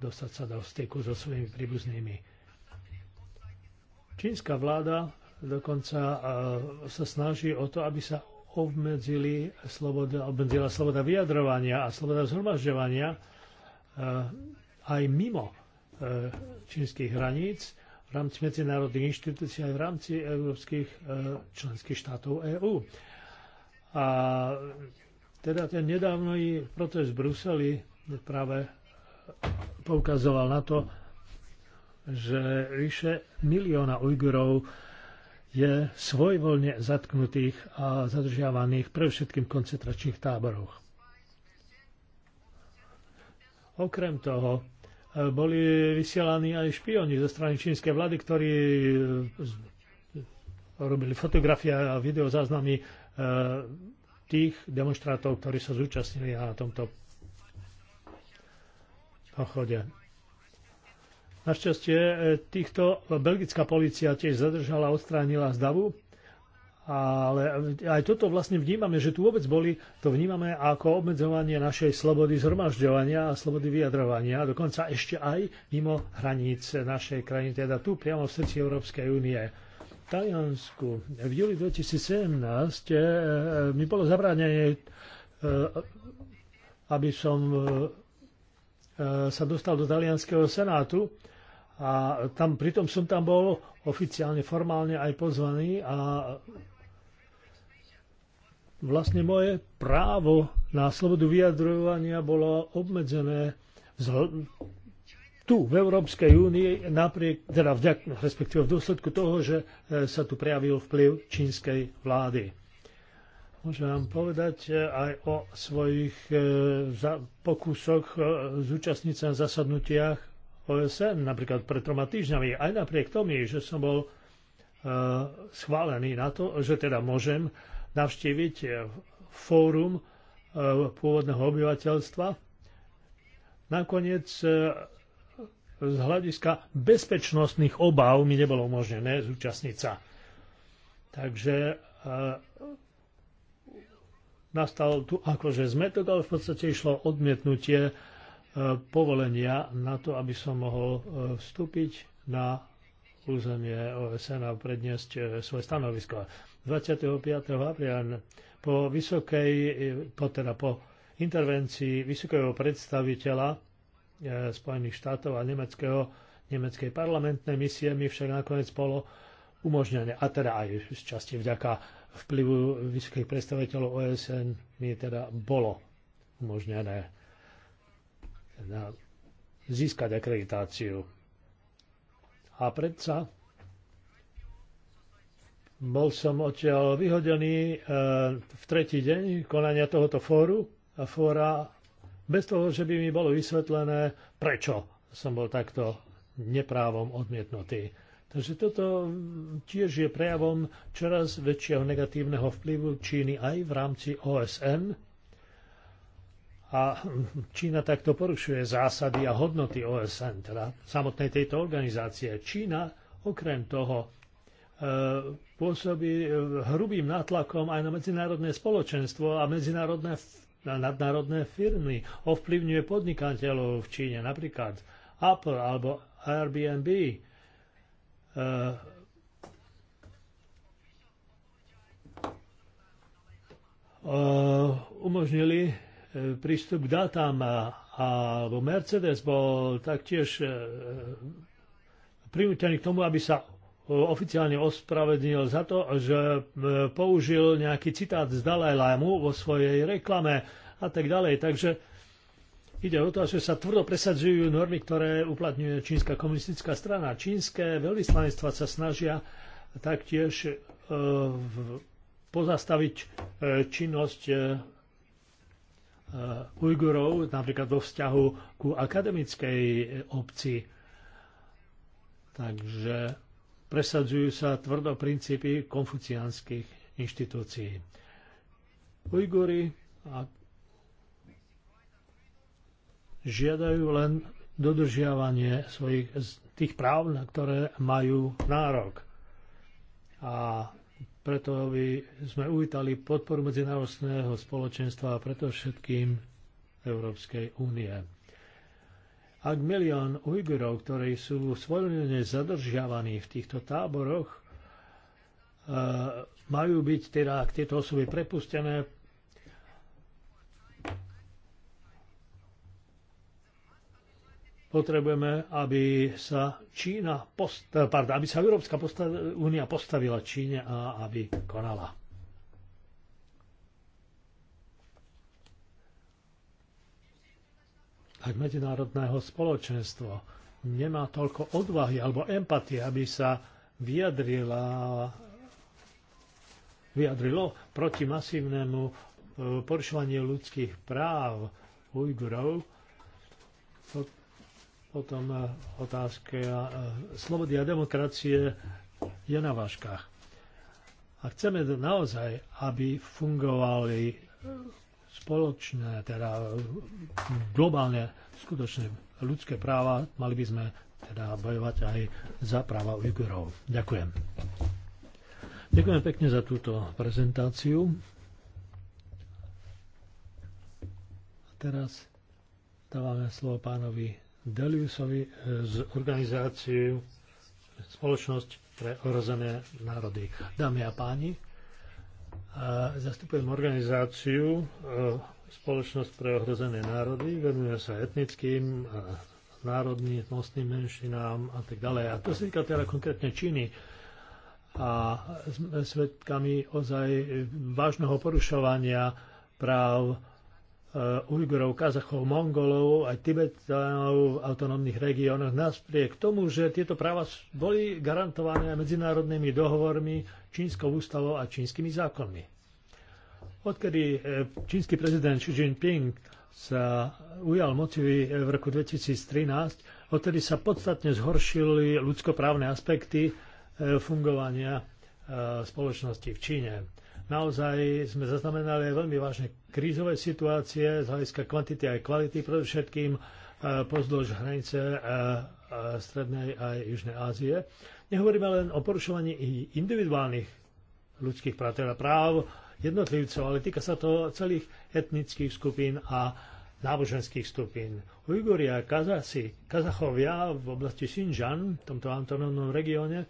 dostať sa do styku so svojimi príbuznými. Čínska vláda dokonca e, sa snaží o to, aby sa obmedzili sloboda, obmedzila sloboda vyjadrovania a sloboda zhromažďovania e, aj mimo e, čínskych hraníc v rámci medzinárodných inštitúcií aj v rámci európskych členských štátov EÚ. EU. A teda ten nedávny proces v Bruseli práve poukazoval na to, že vyše milióna Ujgurov je svojvoľne zatknutých a zadržiavaných pre všetkým koncentračných táboroch. Okrem toho boli vysielaní aj špioni zo strany čínskej vlády, ktorí robili fotografie a videozáznamy Eh, tých demonstrátov, ktorí sa zúčastnili na tomto pochode. Našťastie eh, týchto eh, belgická policia tiež zadržala, odstránila z davu, ale aj toto vlastne vnímame, že tu vôbec boli, to vnímame ako obmedzovanie našej slobody zhromažďovania a slobody vyjadrovania, dokonca ešte aj mimo hraníc našej krajiny, teda tu priamo v srdci Európskej únie. Taliansku v júli 2017 e, e, mi bolo zabránené, e, aby som sa dostal do Talianského senátu a tam, pritom som tam bol oficiálne, formálne aj pozvaný a vlastne moje právo na slobodu vyjadrovania bolo obmedzené tu v Európskej únii, napriek, teda vďak, respektíve v dôsledku toho, že e, sa tu prejavil vplyv čínskej vlády. Môžem vám povedať e, aj o svojich e, pokusoch zúčastniť sa na zasadnutiach OSN, napríklad pred troma týždňami, aj napriek tomu, že som bol schválený na to, že teda môžem navštíviť fórum pôvodného obyvateľstva. Nakoniec z hľadiska bezpečnostných obav mi nebolo umožnené zúčastniť sa. Takže e, nastal tu akože zmetok, ale v podstate išlo odmietnutie e, povolenia na to, aby som mohol e, vstúpiť na územie OSN a predniesť svoje stanovisko. 25. apríla po vysokej, po, teda po intervencii vysokého predstaviteľa E, Spojených štátov a nemeckého, nemeckej parlamentnej misie mi však nakoniec bolo umožnené. A teda aj z časti vďaka vplyvu vysokých predstaviteľov OSN mi teda bolo umožnené teda získať akreditáciu. A predsa bol som odtiaľ vyhodený e, v tretí deň konania tohoto fóru, fóra bez toho, že by mi bolo vysvetlené, prečo som bol takto neprávom odmietnutý. Takže toto tiež je prejavom čoraz väčšieho negatívneho vplyvu Číny aj v rámci OSN. A Čína takto porušuje zásady a hodnoty OSN, teda samotnej tejto organizácie. Čína okrem toho e, pôsobí hrubým nátlakom aj na medzinárodné spoločenstvo a medzinárodné na nadnárodné firmy, ovplyvňuje podnikateľov v Číne, napríklad Apple alebo Airbnb. Uh, umožnili e, prístup k dátam alebo Mercedes bol taktiež prinútený k tomu, aby sa E, oficiálne ospravedlnil za to, že e, použil nejaký citát z Dalajlámu vo svojej reklame a tak ďalej. Takže ide o to, že sa tvrdo presadzujú normy, ktoré uplatňuje čínska komunistická strana. Čínske veľvyslanectva sa snažia taktiež e, pozastaviť činnosť Ujgurov, napríklad vo vzťahu ku akademickej obci. Takže presadzujú sa tvrdo princípy konfuciánskych inštitúcií. Ujguri a žiadajú len dodržiavanie svojich, tých práv, na ktoré majú nárok. A preto by sme uvítali podporu medzinárodného spoločenstva a preto všetkým Európskej únie. Ak milión Ujgurov, ktorí sú svojvoľne zadržiavaní v týchto táboroch, e, majú byť teda, ak tieto osoby prepustené, potrebujeme, aby sa Čína, pardon, aby sa Európska únia postavila Číne a aby konala. tak medzinárodného spoločenstvo nemá toľko odvahy alebo empatie, aby sa vyjadrila, vyjadrilo proti masívnemu e, porušovaniu ľudských práv Ujgurov, potom e, otázka e, slobody a demokracie je na váškach. A chceme naozaj, aby fungovali spoločné, teda globálne skutočné ľudské práva, mali by sme teda bojovať aj za práva Ujgurov. Ďakujem. Ďakujem pekne za túto prezentáciu. A teraz dávame slovo pánovi Deliusovi z organizáciu Spoločnosť pre Orozené národy. Dámy a páni, a zastupujem organizáciu e, Spoločnosť pre ohrozené národy, Venujem sa etnickým a národným, mostným menšinám a tak ďalej. A to sa týka teda konkrétne Číny. A sme svedkami ozaj vážneho porušovania práv Eh, Ujgurov, Kazachov, Mongolov, aj Tibetanov v autonómnych regiónoch naspriek tomu, že tieto práva boli garantované medzinárodnými dohovormi, čínskou ústavou a čínskymi zákonmi. Odkedy eh, čínsky prezident Xi Jinping sa ujal moci eh, v roku 2013, odtedy sa podstatne zhoršili ľudskoprávne aspekty fungovania spoločnosti v Číne. Naozaj sme zaznamenali veľmi vážne krízové situácie z hľadiska kvantity aj kvality, predovšetkým e, pozdĺž hranice e, e, Strednej a Južnej Ázie. Nehovoríme len o porušovaní individuálnych ľudských práv, teda práv jednotlivcov, ale týka sa to celých etnických skupín a náboženských skupín. Ujguri Kazasi, Kazachovia v oblasti Xinjiang, v tomto autonómnom regióne,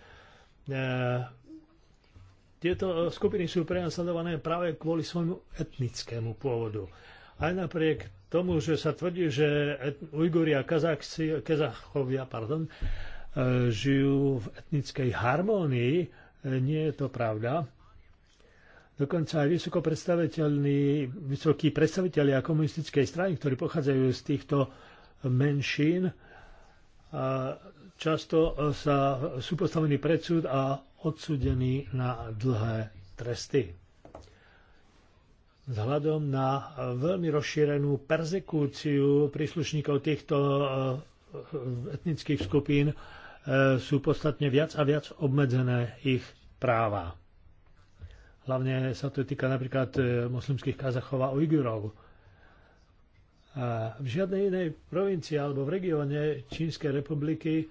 tieto e, skupiny sú prenasledované práve kvôli svojmu etnickému pôvodu. Aj napriek tomu, že sa tvrdí, že Ujguri a Kazachci, Kazachovia pardon, e, žijú v etnickej harmónii, e, nie je to pravda. Dokonca aj vysoko predstaviteľní, vysokí predstavitelia komunistickej strany, ktorí pochádzajú z týchto menšín, často sa sú postavení pred súd a odsudení na dlhé tresty. Vzhľadom na veľmi rozšírenú persekúciu príslušníkov týchto eh, etnických skupín eh, sú podstatne viac a viac obmedzené ich práva. Hlavne sa to týka napríklad eh, moslimských Kazachov a Ujgurov. v žiadnej inej provincii alebo v regióne Čínskej republiky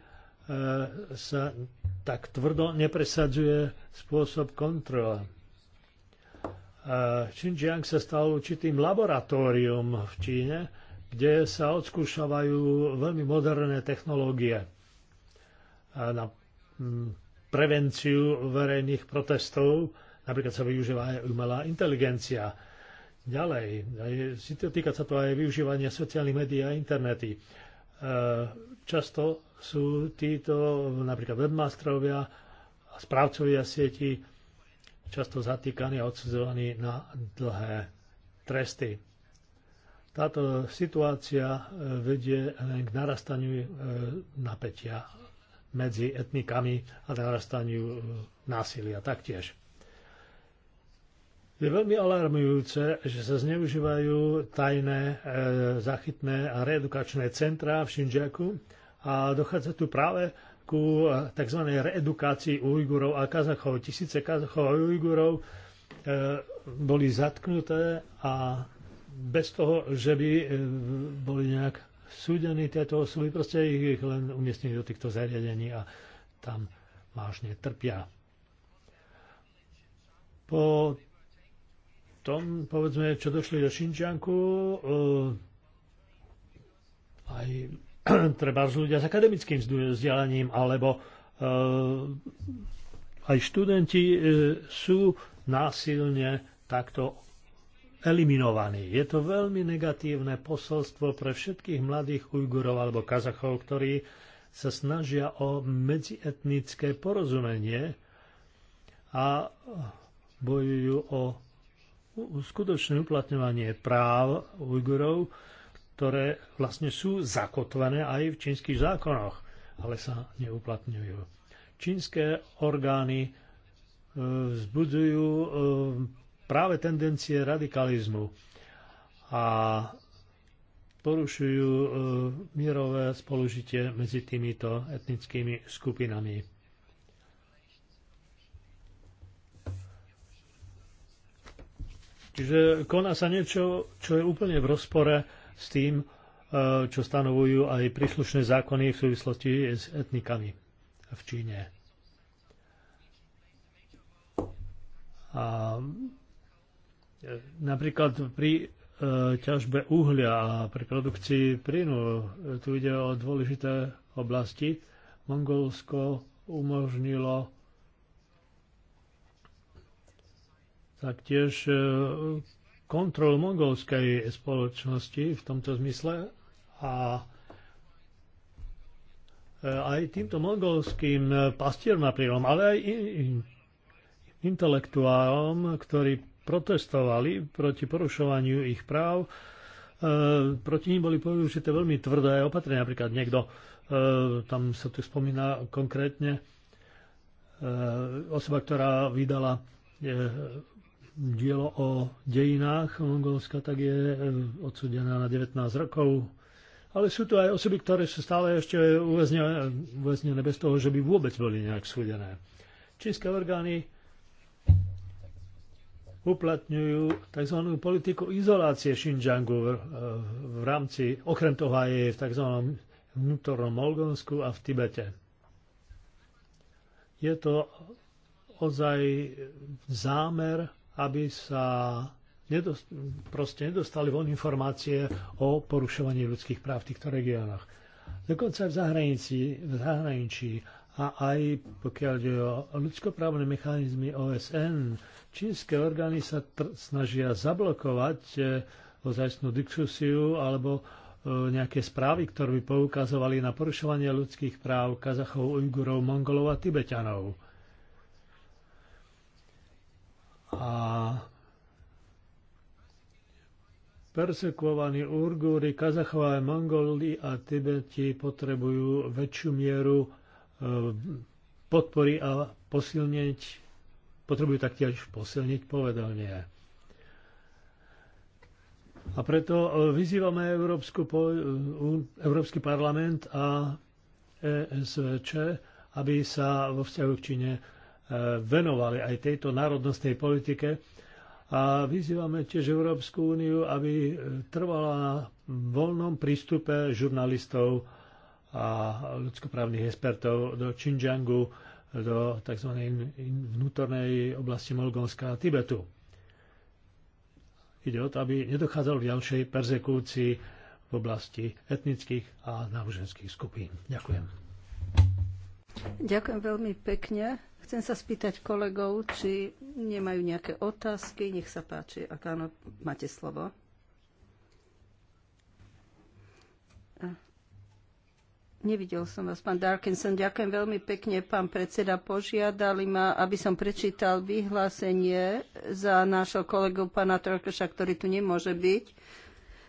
sa tak tvrdo nepresadzuje spôsob kontrola. Xinjiang sa stal určitým laboratórium v Číne, kde sa odskúšavajú veľmi moderné technológie na mm, prevenciu verejných protestov. Napríklad sa využíva aj umelá inteligencia. Ďalej, týka sa to aj využívania sociálnych médií a internety e, Často sú títo napríklad webmasterovia a správcovia sieti často zatýkaní a odsudzovaní na dlhé tresty. Táto situácia e, vedie len k narastaniu e, napätia medzi etnikami a narastaniu e, násilia taktiež. Je veľmi alarmujúce, že sa zneužívajú tajné e, zachytné a reedukačné centrá v Šinžiaku a dochádza tu práve ku e, tzv. reedukácii Ujgurov a Kazachov. Tisíce Kazachov a Ujgurov e, boli zatknuté a bez toho, že by e, boli nejak súdení tieto osoby, proste ich len umiestnili do týchto zariadení a tam vážne trpia. Po potom, povedzme, čo došli do Šinčianku, eh, aj treba z ľudia s akademickým vzdelaním, alebo eh, aj študenti eh, sú násilne takto eliminovaní. Je to veľmi negatívne posolstvo pre všetkých mladých Ujgurov alebo Kazachov, ktorí sa snažia o medzietnické porozumenie a bojujú o skutočné uplatňovanie práv Ujgurov, ktoré vlastne sú zakotvené aj v čínskych zákonoch, ale sa neuplatňujú. Čínske orgány e, vzbudzujú e, práve tendencie radikalizmu a porušujú e, mierové spolužitie medzi týmito etnickými skupinami. Čiže koná sa niečo, čo je úplne v rozpore s tým, e, čo stanovujú aj príslušné zákony v súvislosti s etnikami v Číne. A e, napríklad pri e, ťažbe uhlia a pri produkcii prínu, Tu ide o dôležité oblasti. Mongolsko umožnilo taktiež e, kontrol mongolskej spoločnosti v tomto zmysle a e, aj týmto mongolským pastierom napríklad, ale aj intelektuálom, ktorí protestovali proti porušovaniu ich práv, e, proti ním boli použité veľmi tvrdé opatrenia. Napríklad niekto, tam sa tu spomína konkrétne osoba, ktorá vydala dielo o dejinách Mongolska, tak je eh, odsudená na 19 rokov. Ale sú tu aj osoby, ktoré sú stále ešte uväznené, bez toho, že by vôbec boli nejak súdené. Čínske orgány uplatňujú tzv. politiku izolácie Xinjiangu v, eh, v rámci, okrem toho aj v tzv. vnútornom Mongolsku a v Tibete. Je to ozaj zámer aby sa nedost, proste nedostali von informácie o porušovaní ľudských práv v týchto regiónoch. Dokonca v zahraničí, v zahraničí a aj pokiaľ ide o ľudskoprávne mechanizmy OSN, čínske orgány sa snažia zablokovať e, ozajstnú diskusiu alebo e, nejaké správy, ktoré by poukazovali na porušovanie ľudských práv Kazachov, Ujgurov, Mongolov a Tibetanov a persekovaní Urgúri, Kazachové, Mongoli a Tibeti potrebujú väčšiu mieru e, podpory a posilniť, potrebujú taktiež posilniť povedomie. A preto e, vyzývame Európsku, e, Európsky parlament a ESVČ, aby sa vo vzťahu k Číne venovali aj tejto národnostnej politike. A vyzývame tiež Európsku úniu, aby trvala na voľnom prístupe žurnalistov a ľudskoprávnych expertov do Xinjiangu, do tzv. vnútornej oblasti Molgonska a Tibetu. Ide o to, aby nedochádzalo k ďalšej persekúcii v oblasti etnických a náboženských skupín. Ďakujem. Ďakujem veľmi pekne. Chcem sa spýtať kolegov, či nemajú nejaké otázky. Nech sa páči, ak áno, máte slovo. Nevidel som vás, pán Darkinson. Ďakujem veľmi pekne. Pán predseda požiadali ma, aby som prečítal vyhlásenie za nášho kolegu pána Trojkoša, ktorý tu nemôže byť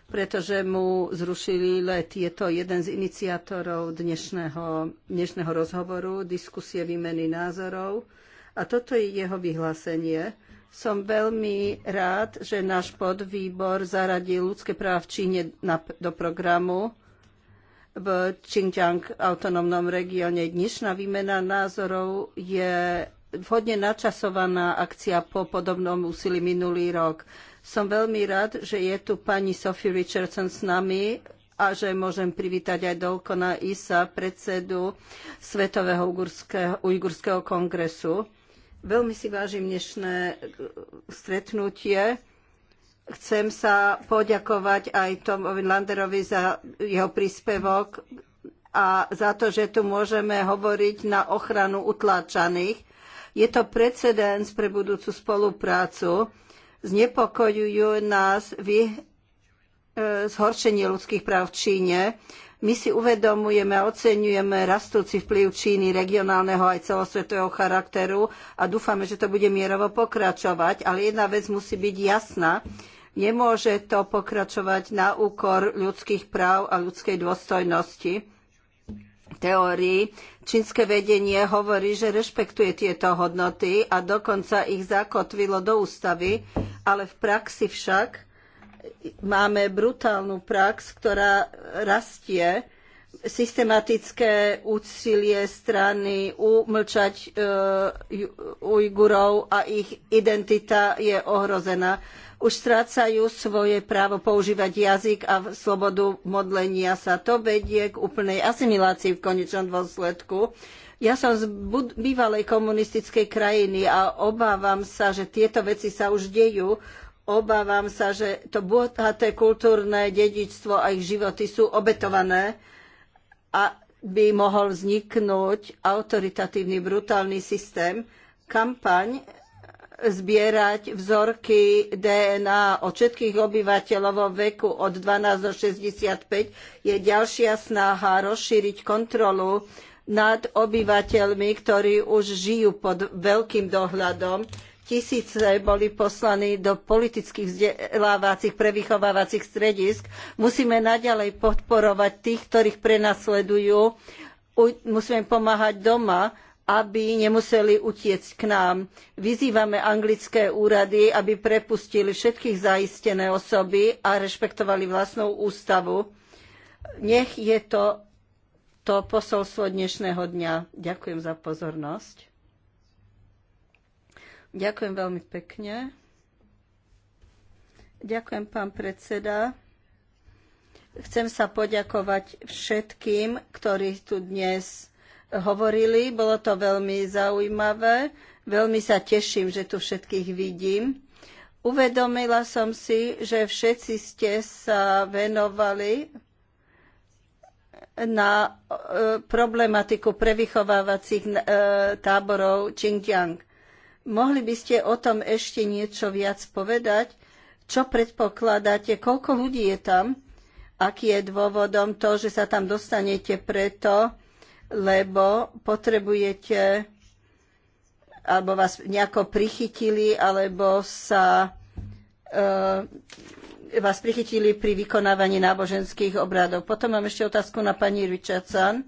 pretože mu zrušili let. Je to jeden z iniciátorov dnešného, dnešného rozhovoru, diskusie výmeny názorov. A toto je jeho vyhlásenie. Som veľmi rád, že náš podvýbor zaradil ľudské práva v Číne na, do programu v Xinjiang autonómnom regióne. Dnešná výmena názorov je vhodne načasovaná akcia po podobnom úsilí minulý rok. Som veľmi rád, že je tu pani Sophie Richardson s nami a že môžem privítať aj Dolkona Isa, predsedu Svetového ujgurského, kongresu. Veľmi si vážim dnešné eh, stretnutie. Chcem sa poďakovať aj Tomovi Landerovi za jeho príspevok a za to, že tu môžeme hovoriť na ochranu utláčaných. Je to precedens pre budúcu spoluprácu Znepokojujú nás vy, e, zhoršenie ľudských práv v Číne. My si uvedomujeme a oceňujeme rastúci vplyv Číny regionálneho aj celosvetového charakteru a dúfame, že to bude mierovo pokračovať, ale jedna vec musí byť jasná. Nemôže to pokračovať na úkor ľudských práv a ľudskej dôstojnosti teórii. Čínske vedenie hovorí, že rešpektuje tieto hodnoty a dokonca ich zakotvilo do ústavy, ale v praxi však máme brutálnu prax, ktorá rastie systematické úsilie strany umlčať e, Ujgurov a ich identita je ohrozená už strácajú svoje právo používať jazyk a slobodu modlenia sa. To vedie k úplnej asimilácii v konečnom dôsledku. Ja som z bývalej komunistickej krajiny a obávam sa, že tieto veci sa už dejú. Obávam sa, že to bohaté kultúrne dedičstvo a ich životy sú obetované a by mohol vzniknúť autoritatívny, brutálny systém. Kampaň zbierať vzorky DNA od všetkých obyvateľov vo veku od 12 do 65 je ďalšia snaha rozšíriť kontrolu nad obyvateľmi, ktorí už žijú pod veľkým dohľadom. Tisíce boli poslaní do politických vzdelávacích, prevychovávacích stredisk. Musíme naďalej podporovať tých, ktorých prenasledujú. Musíme pomáhať doma aby nemuseli utiecť k nám. Vyzývame anglické úrady, aby prepustili všetkých zaistené osoby a rešpektovali vlastnú ústavu. Nech je to to posolstvo dnešného dňa. Ďakujem za pozornosť. Ďakujem veľmi pekne. Ďakujem, pán predseda. Chcem sa poďakovať všetkým, ktorí tu dnes hovorili. Bolo to veľmi zaujímavé. Veľmi sa teším, že tu všetkých vidím. Uvedomila som si, že všetci ste sa venovali na e, problematiku prevychovávacích e, táborov Xinjiang. Mohli by ste o tom ešte niečo viac povedať? Čo predpokladáte? Koľko ľudí je tam? Aký je dôvodom to, že sa tam dostanete preto, lebo potrebujete, alebo vás nejako prichytili, alebo sa e, vás prichytili pri vykonávaní náboženských obradov. Potom mám ešte otázku na pani Richardson.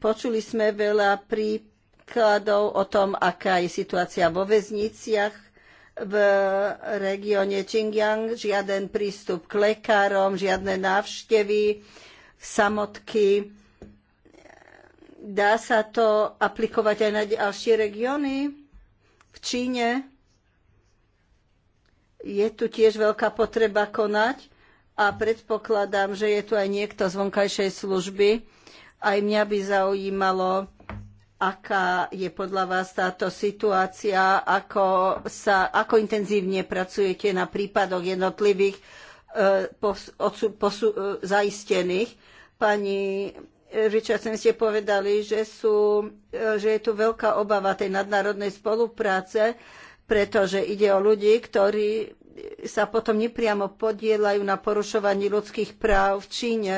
Počuli sme veľa príkladov o tom, aká je situácia vo väzniciach v regióne Xinjiang, žiaden prístup k lekárom, žiadne návštevy, samotky Dá sa to aplikovať aj na ďalšie regióny? V Číne je tu tiež veľká potreba konať a predpokladám, že je tu aj niekto z vonkajšej služby. Aj mňa by zaujímalo, aká je podľa vás táto situácia, ako, sa, ako intenzívne pracujete na prípadoch jednotlivých e, pos, odsu, posu, e, zaistených. Pani Richardson, ste povedali, že, sú, e, že je tu veľká obava tej nadnárodnej spolupráce, pretože ide o ľudí, ktorí sa potom nepriamo podielajú na porušovaní ľudských práv v Číne.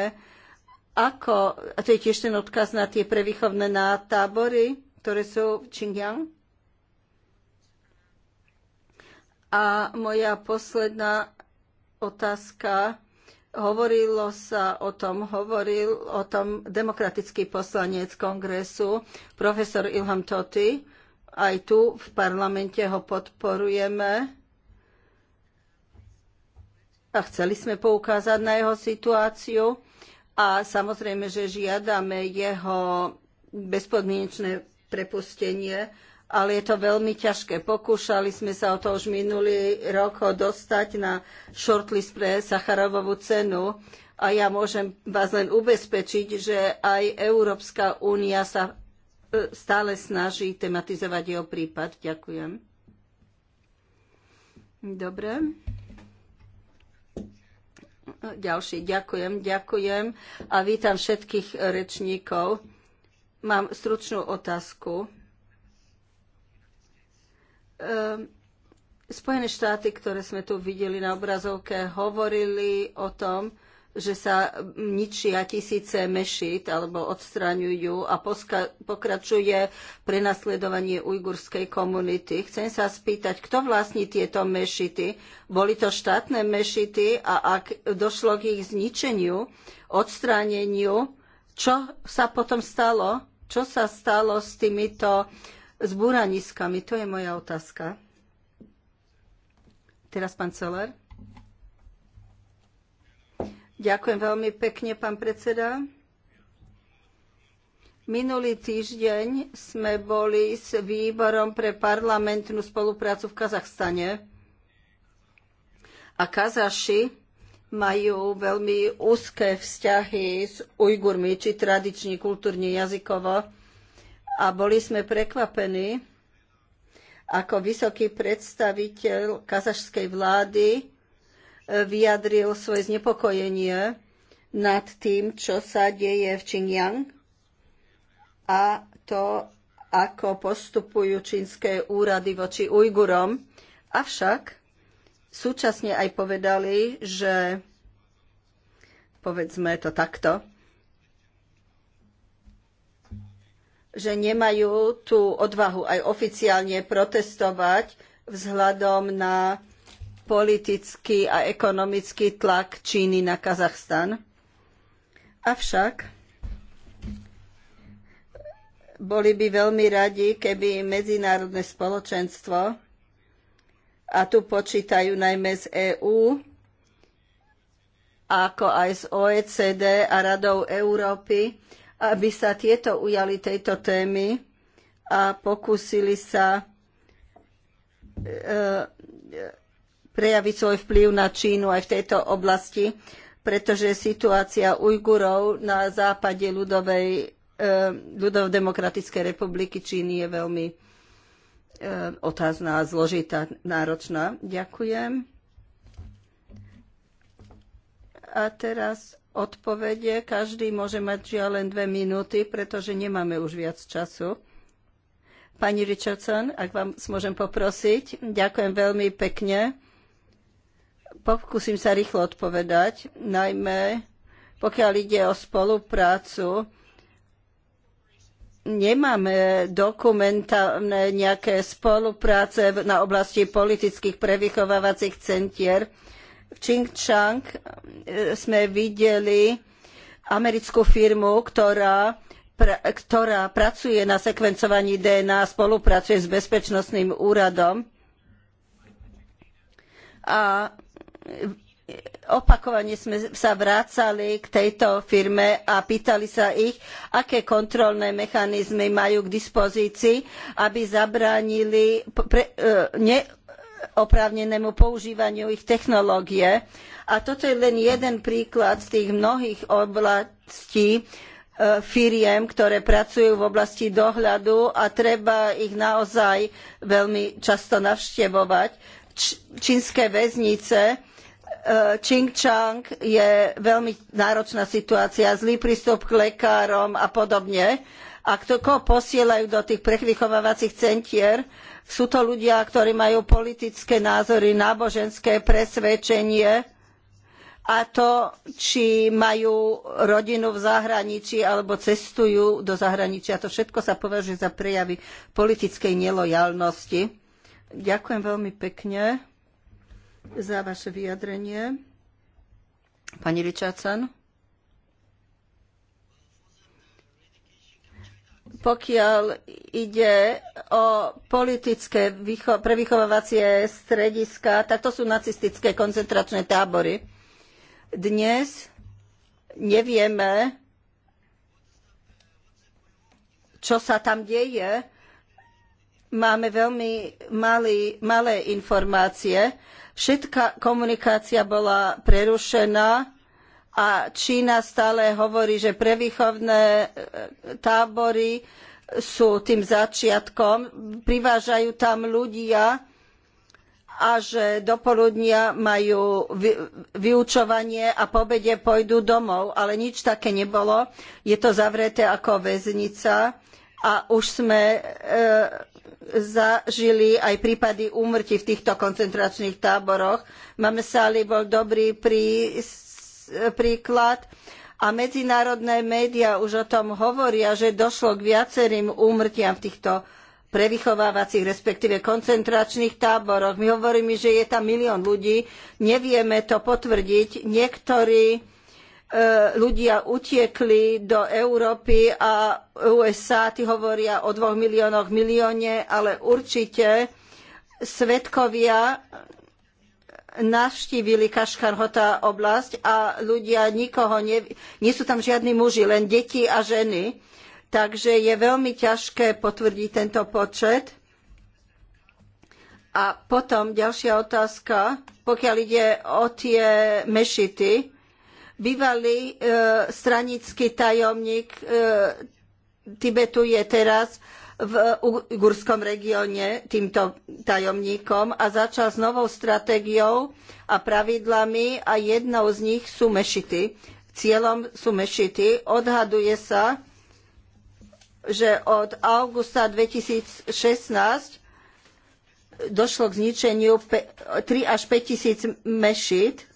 Ako, a to je tiež ten odkaz na tie prevýchovné tábory, ktoré sú v Číňan. A moja posledná otázka Hovorilo sa o tom, hovoril o tom demokratický poslanec kongresu, profesor Ilham Toti. Aj tu v parlamente ho podporujeme. A chceli sme poukázať na jeho situáciu. A samozrejme, že žiadame jeho bezpodmienečné prepustenie ale je to veľmi ťažké. Pokúšali sme sa o to už minulý rok dostať na shortlist pre Sacharovovú cenu a ja môžem vás len ubezpečiť, že aj Európska únia sa e, stále snaží tematizovať jeho prípad. Ďakujem. Dobre. Ďalší. Ďakujem, ďakujem a vítam všetkých rečníkov. Mám stručnú otázku Ehm, Spojené štáty, ktoré sme tu videli na obrazovke, hovorili o tom, že sa ničia tisíce mešít alebo odstraňujú a pokračuje prenasledovanie ujgurskej komunity. Chcem sa spýtať, kto vlastní tieto mešity? Boli to štátne mešity a ak došlo k ich zničeniu, odstráneniu, čo sa potom stalo? Čo sa stalo s týmito s buraniskami, To je moja otázka. Teraz pán Celer. Ďakujem veľmi pekne, pán predseda. Minulý týždeň sme boli s výborom pre parlamentnú spoluprácu v Kazachstane. A Kazaši majú veľmi úzke vzťahy s Ujgurmi, či tradiční, kultúrne, jazykovo a boli sme prekvapení, ako vysoký predstaviteľ kazašskej vlády eh, vyjadril svoje znepokojenie nad tým, čo sa deje v Číňang a to, ako postupujú čínske úrady voči Ujgurom. Avšak súčasne aj povedali, že povedzme to takto, že nemajú tú odvahu aj oficiálne protestovať vzhľadom na politický a ekonomický tlak Číny na Kazachstan. Avšak boli by veľmi radi, keby medzinárodné spoločenstvo, a tu počítajú najmä z EÚ, ako aj z OECD a Radou Európy, aby sa tieto ujali tejto témy a pokúsili sa e, prejaviť svoj vplyv na Čínu aj v tejto oblasti, pretože situácia Ujgurov na západe ľudovej, e, ľudovodemokratickej republiky Číny je veľmi e, otázna, zložitá, náročná. Ďakujem. A teraz odpovede. Každý môže mať žiaľ len dve minúty, pretože nemáme už viac času. Pani Richardson, ak vám môžem poprosiť, ďakujem veľmi pekne. Pokúsim sa rýchlo odpovedať, najmä pokiaľ ide o spoluprácu. Nemáme dokumentálne nejaké spolupráce na oblasti politických prevychovávacích centier Chang eh, sme videli americkú firmu, ktorá ktorá pracuje na sekvencovaní DNA, a spolupracuje s bezpečnostným úradom a opakovane sme sa vracali k tejto firme a pýtali sa ich, aké kontrolné mechanizmy majú k dispozícii, aby zabránili pre, eh, ne, oprávnenému používaniu ich technológie. A toto je len jeden príklad z tých mnohých oblastí e, firiem, ktoré pracujú v oblasti dohľadu a treba ich naozaj veľmi často navštevovať. Čínske väznice Čingčang e, je veľmi náročná situácia, zlý prístup k lekárom a podobne. A kto koho posielajú do tých prechychovávacích centier, sú to ľudia, ktorí majú politické názory, náboženské presvedčenie a to, či majú rodinu v zahraničí alebo cestujú do zahraničia. To všetko sa považuje za prejavy politickej nelojalnosti. Ďakujem veľmi pekne za vaše vyjadrenie. Pani Richardson. pokiaľ ide o politické prevychovávacie strediska, tak to sú nacistické koncentračné tábory. Dnes nevieme, čo sa tam deje. Máme veľmi malý, malé informácie. Všetká komunikácia bola prerušená a Čína stále hovorí, že prevýchovné e, tábory sú tým začiatkom. Privážajú tam ľudia a že do poludnia majú vyučovanie a po obede pôjdu domov. Ale nič také nebolo. Je to zavreté ako väznica a už sme e, zažili aj prípady úmrtí v týchto koncentračných táboroch. Máme Sali bol dobrý prísť príklad. A medzinárodné médiá už o tom hovoria, že došlo k viacerým úmrtiam v týchto prevychovávacích, respektíve koncentračných táboroch. My hovoríme, že je tam milión ľudí, nevieme to potvrdiť. Niektorí e, ľudia utiekli do Európy a USA, tí hovoria o dvoch miliónoch, milióne, ale určite svetkovia navštívili Kaškarhota oblasť a ľudia nikoho, nie sú tam žiadni muži, len deti a ženy. Takže je veľmi ťažké potvrdiť tento počet. A potom ďalšia otázka, pokiaľ ide o tie mešity. Bývalý e, stranický tajomník e, Tibetu je teraz v Ugurskom regióne týmto tajomníkom a začal s novou stratégiou a pravidlami a jednou z nich sú mešity. Cieľom sú mešity. Odhaduje sa, že od augusta 2016 došlo k zničeniu 3 až 5 tisíc mešit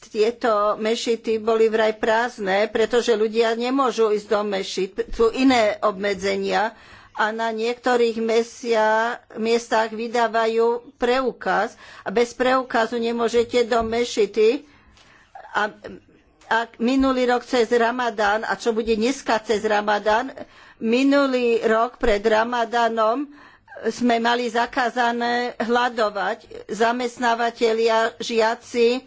tieto mešity boli vraj prázdne, pretože ľudia nemôžu ísť do mešit. Sú iné obmedzenia a na niektorých mesia, miestach vydávajú preukaz a bez preukazu nemôžete do mešity. A, a minulý rok cez Ramadán, a čo bude dneska cez Ramadán, minulý rok pred Ramadánom sme mali zakázané hľadovať. Zamestnávateľia, žiaci,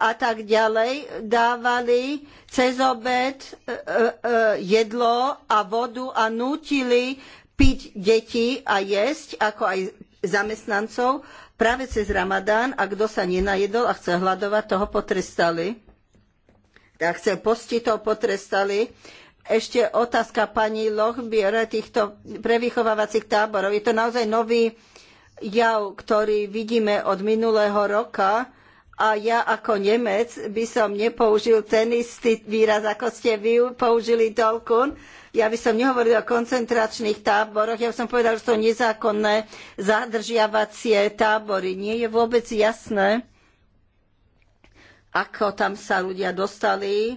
a tak ďalej dávali cez obed e, e, e, jedlo a vodu a nútili piť deti a jesť, ako aj zamestnancov, práve cez Ramadán a kto sa nenajedol a chcel hľadovať, toho potrestali. A chcel postiť, toho potrestali. Ešte otázka pani Lochbier týchto prevychovávacích táborov. Je to naozaj nový jav, ktorý vidíme od minulého roka a ja ako Nemec by som nepoužil ten istý výraz, ako ste vy použili Dolkun. Ja by som nehovoril o koncentračných táboroch, ja by som povedal, že sú nezákonné zadržiavacie tábory. Nie je vôbec jasné, ako tam sa ľudia dostali,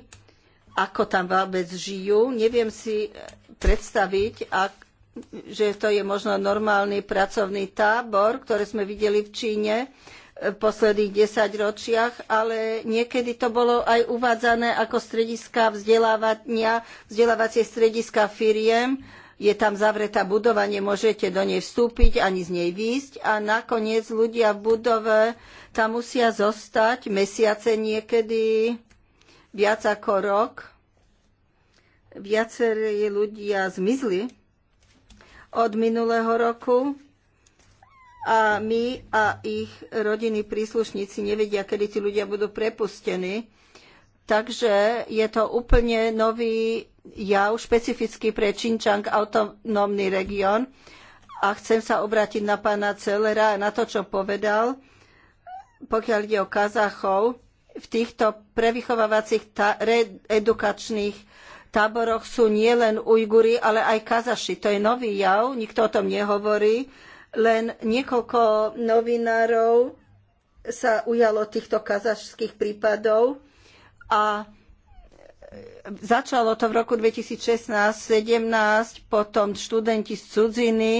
ako tam vôbec žijú. Neviem si predstaviť, ak, že to je možno normálny pracovný tábor, ktorý sme videli v Číne, v posledných desaťročiach, ale niekedy to bolo aj uvádzané ako strediska vzdelávania, vzdelávacie strediska firiem. Je tam zavretá budova, nemôžete do nej vstúpiť ani z nej výjsť a nakoniec ľudia v budove tam musia zostať mesiace niekedy viac ako rok. Viacerí ľudia zmizli od minulého roku a my a ich rodiny príslušníci nevedia, kedy tí ľudia budú prepustení. Takže je to úplne nový jav, špecifický pre Činčang autonómny región. A chcem sa obrátiť na pána Celera a na to, čo povedal, pokiaľ ide o Kazachov. V týchto prevychovávacích ta- edukačných táboroch sú nielen Ujguri, ale aj Kazaši. To je nový jav, nikto o tom nehovorí len niekoľko novinárov sa ujalo týchto kazašských prípadov a e, začalo to v roku 2016-17, potom študenti z cudziny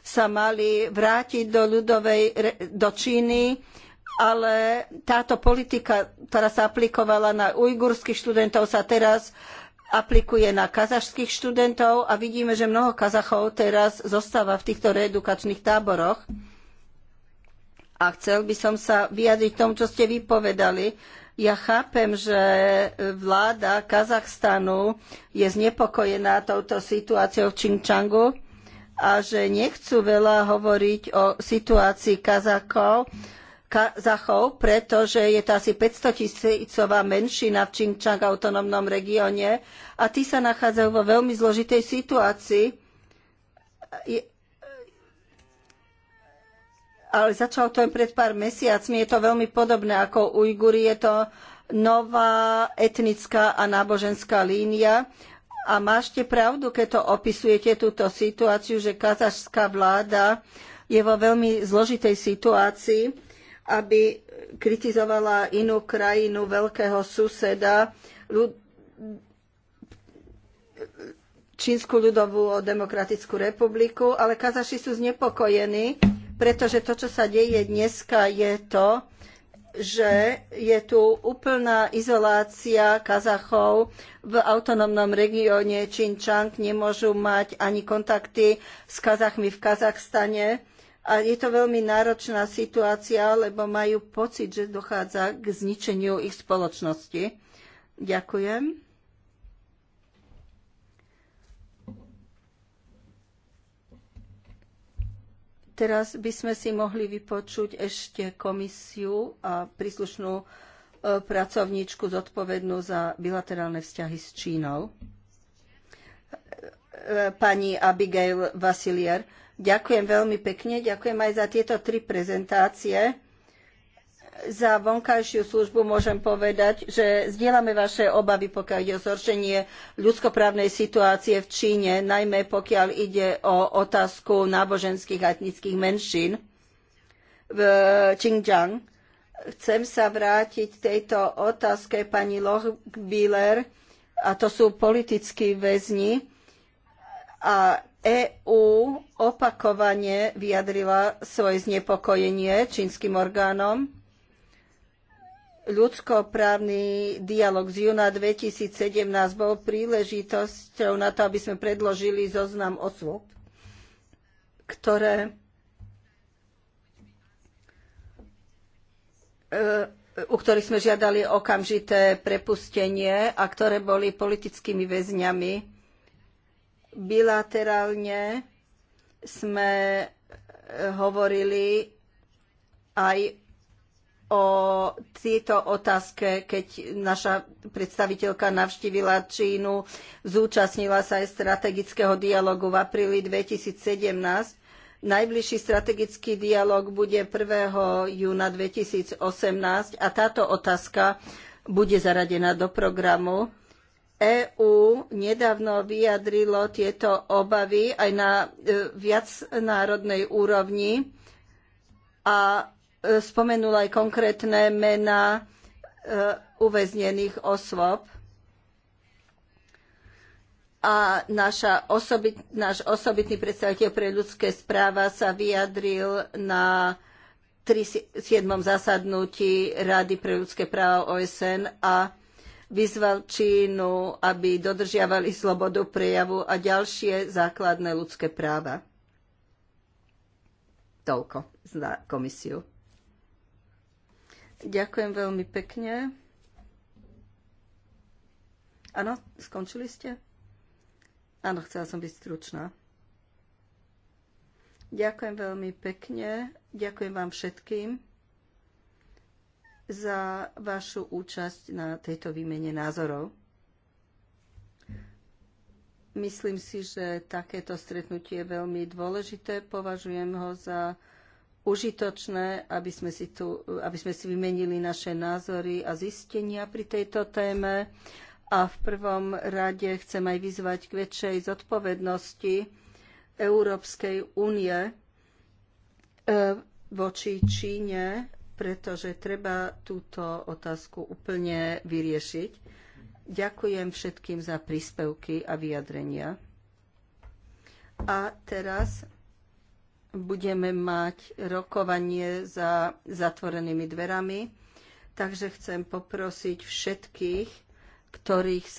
sa mali vrátiť do ľudovej, do Číny, ale táto politika, ktorá sa aplikovala na ujgurských študentov, sa teraz aplikuje na kazašských študentov a vidíme, že mnoho Kazachov teraz zostáva v týchto reedukačných táboroch. A chcel by som sa vyjadriť tomu, čo ste vypovedali. Ja chápem, že vláda Kazachstanu je znepokojená touto situáciou v Činčangu a že nechcú veľa hovoriť o situácii Kazakov, Kazachov, pretože je to asi 500 tisícová menšina v Čingčang autonómnom regióne a tí sa nachádzajú vo veľmi zložitej situácii. Je... ale začalo to len pred pár mesiacmi. Je to veľmi podobné ako Ujguri. Je to nová etnická a náboženská línia. A máte pravdu, keď to opisujete túto situáciu, že kazašská vláda je vo veľmi zložitej situácii aby kritizovala inú krajinu veľkého suseda, Čínsku ľudovú demokratickú republiku, ale Kazaši sú znepokojení, pretože to, čo sa deje dneska, je to, že je tu úplná izolácia Kazachov v autonómnom regióne Činčang, nemôžu mať ani kontakty s Kazachmi v Kazachstane a je to veľmi náročná situácia, lebo majú pocit, že dochádza k zničeniu ich spoločnosti. Ďakujem. Teraz by sme si mohli vypočuť ešte komisiu a príslušnú e, pracovníčku zodpovednú za bilaterálne vzťahy s Čínou, e, e, pani Abigail Vasilier. Ďakujem veľmi pekne, ďakujem aj za tieto tri prezentácie. Za vonkajšiu službu môžem povedať, že zdieľame vaše obavy, pokiaľ ide o zhoršenie ľudskoprávnej situácie v Číne, najmä pokiaľ ide o otázku náboženských a etnických menšín v Xinjiang. Chcem sa vrátiť k tejto otázke pani Lochbiller, a to sú politickí väzni. A EÚ opakovane vyjadrila svoje znepokojenie čínskym orgánom. Ľudskoprávny dialog z júna 2017 bol príležitosťou na to, aby sme predložili zoznam osôb, ktoré e, u ktorých sme žiadali okamžité prepustenie a ktoré boli politickými väzňami Bilaterálne sme e, hovorili aj o tejto otázke, keď naša predstaviteľka navštívila Čínu, zúčastnila sa aj strategického dialogu v apríli 2017. Najbližší strategický dialog bude 1. júna 2018 a táto otázka bude zaradená do programu. EÚ nedávno vyjadrilo tieto obavy aj na e, viacnárodnej úrovni a e, spomenul aj konkrétne mená e, uväznených osôb. A osobit, náš osobitný predstaviteľ pre ľudské správa sa vyjadril na 7. zasadnutí Rady pre ľudské práva OSN a vyzval Čínu, aby dodržiavali slobodu prejavu a ďalšie základné ľudské práva. Toľko za komisiu. Ďakujem veľmi pekne. Áno, skončili ste? Áno, chcela som byť stručná. Ďakujem veľmi pekne. Ďakujem vám všetkým za vašu účasť na tejto výmene názorov. Myslím si, že takéto stretnutie je veľmi dôležité. Považujem ho za užitočné, aby sme si, tu, aby sme si vymenili naše názory a zistenia pri tejto téme. A v prvom rade chcem aj vyzvať k väčšej zodpovednosti Európskej únie eh, voči Číne pretože treba túto otázku úplne vyriešiť. Ďakujem všetkým za príspevky a vyjadrenia. A teraz budeme mať rokovanie za zatvorenými dverami, takže chcem poprosiť všetkých, ktorých sa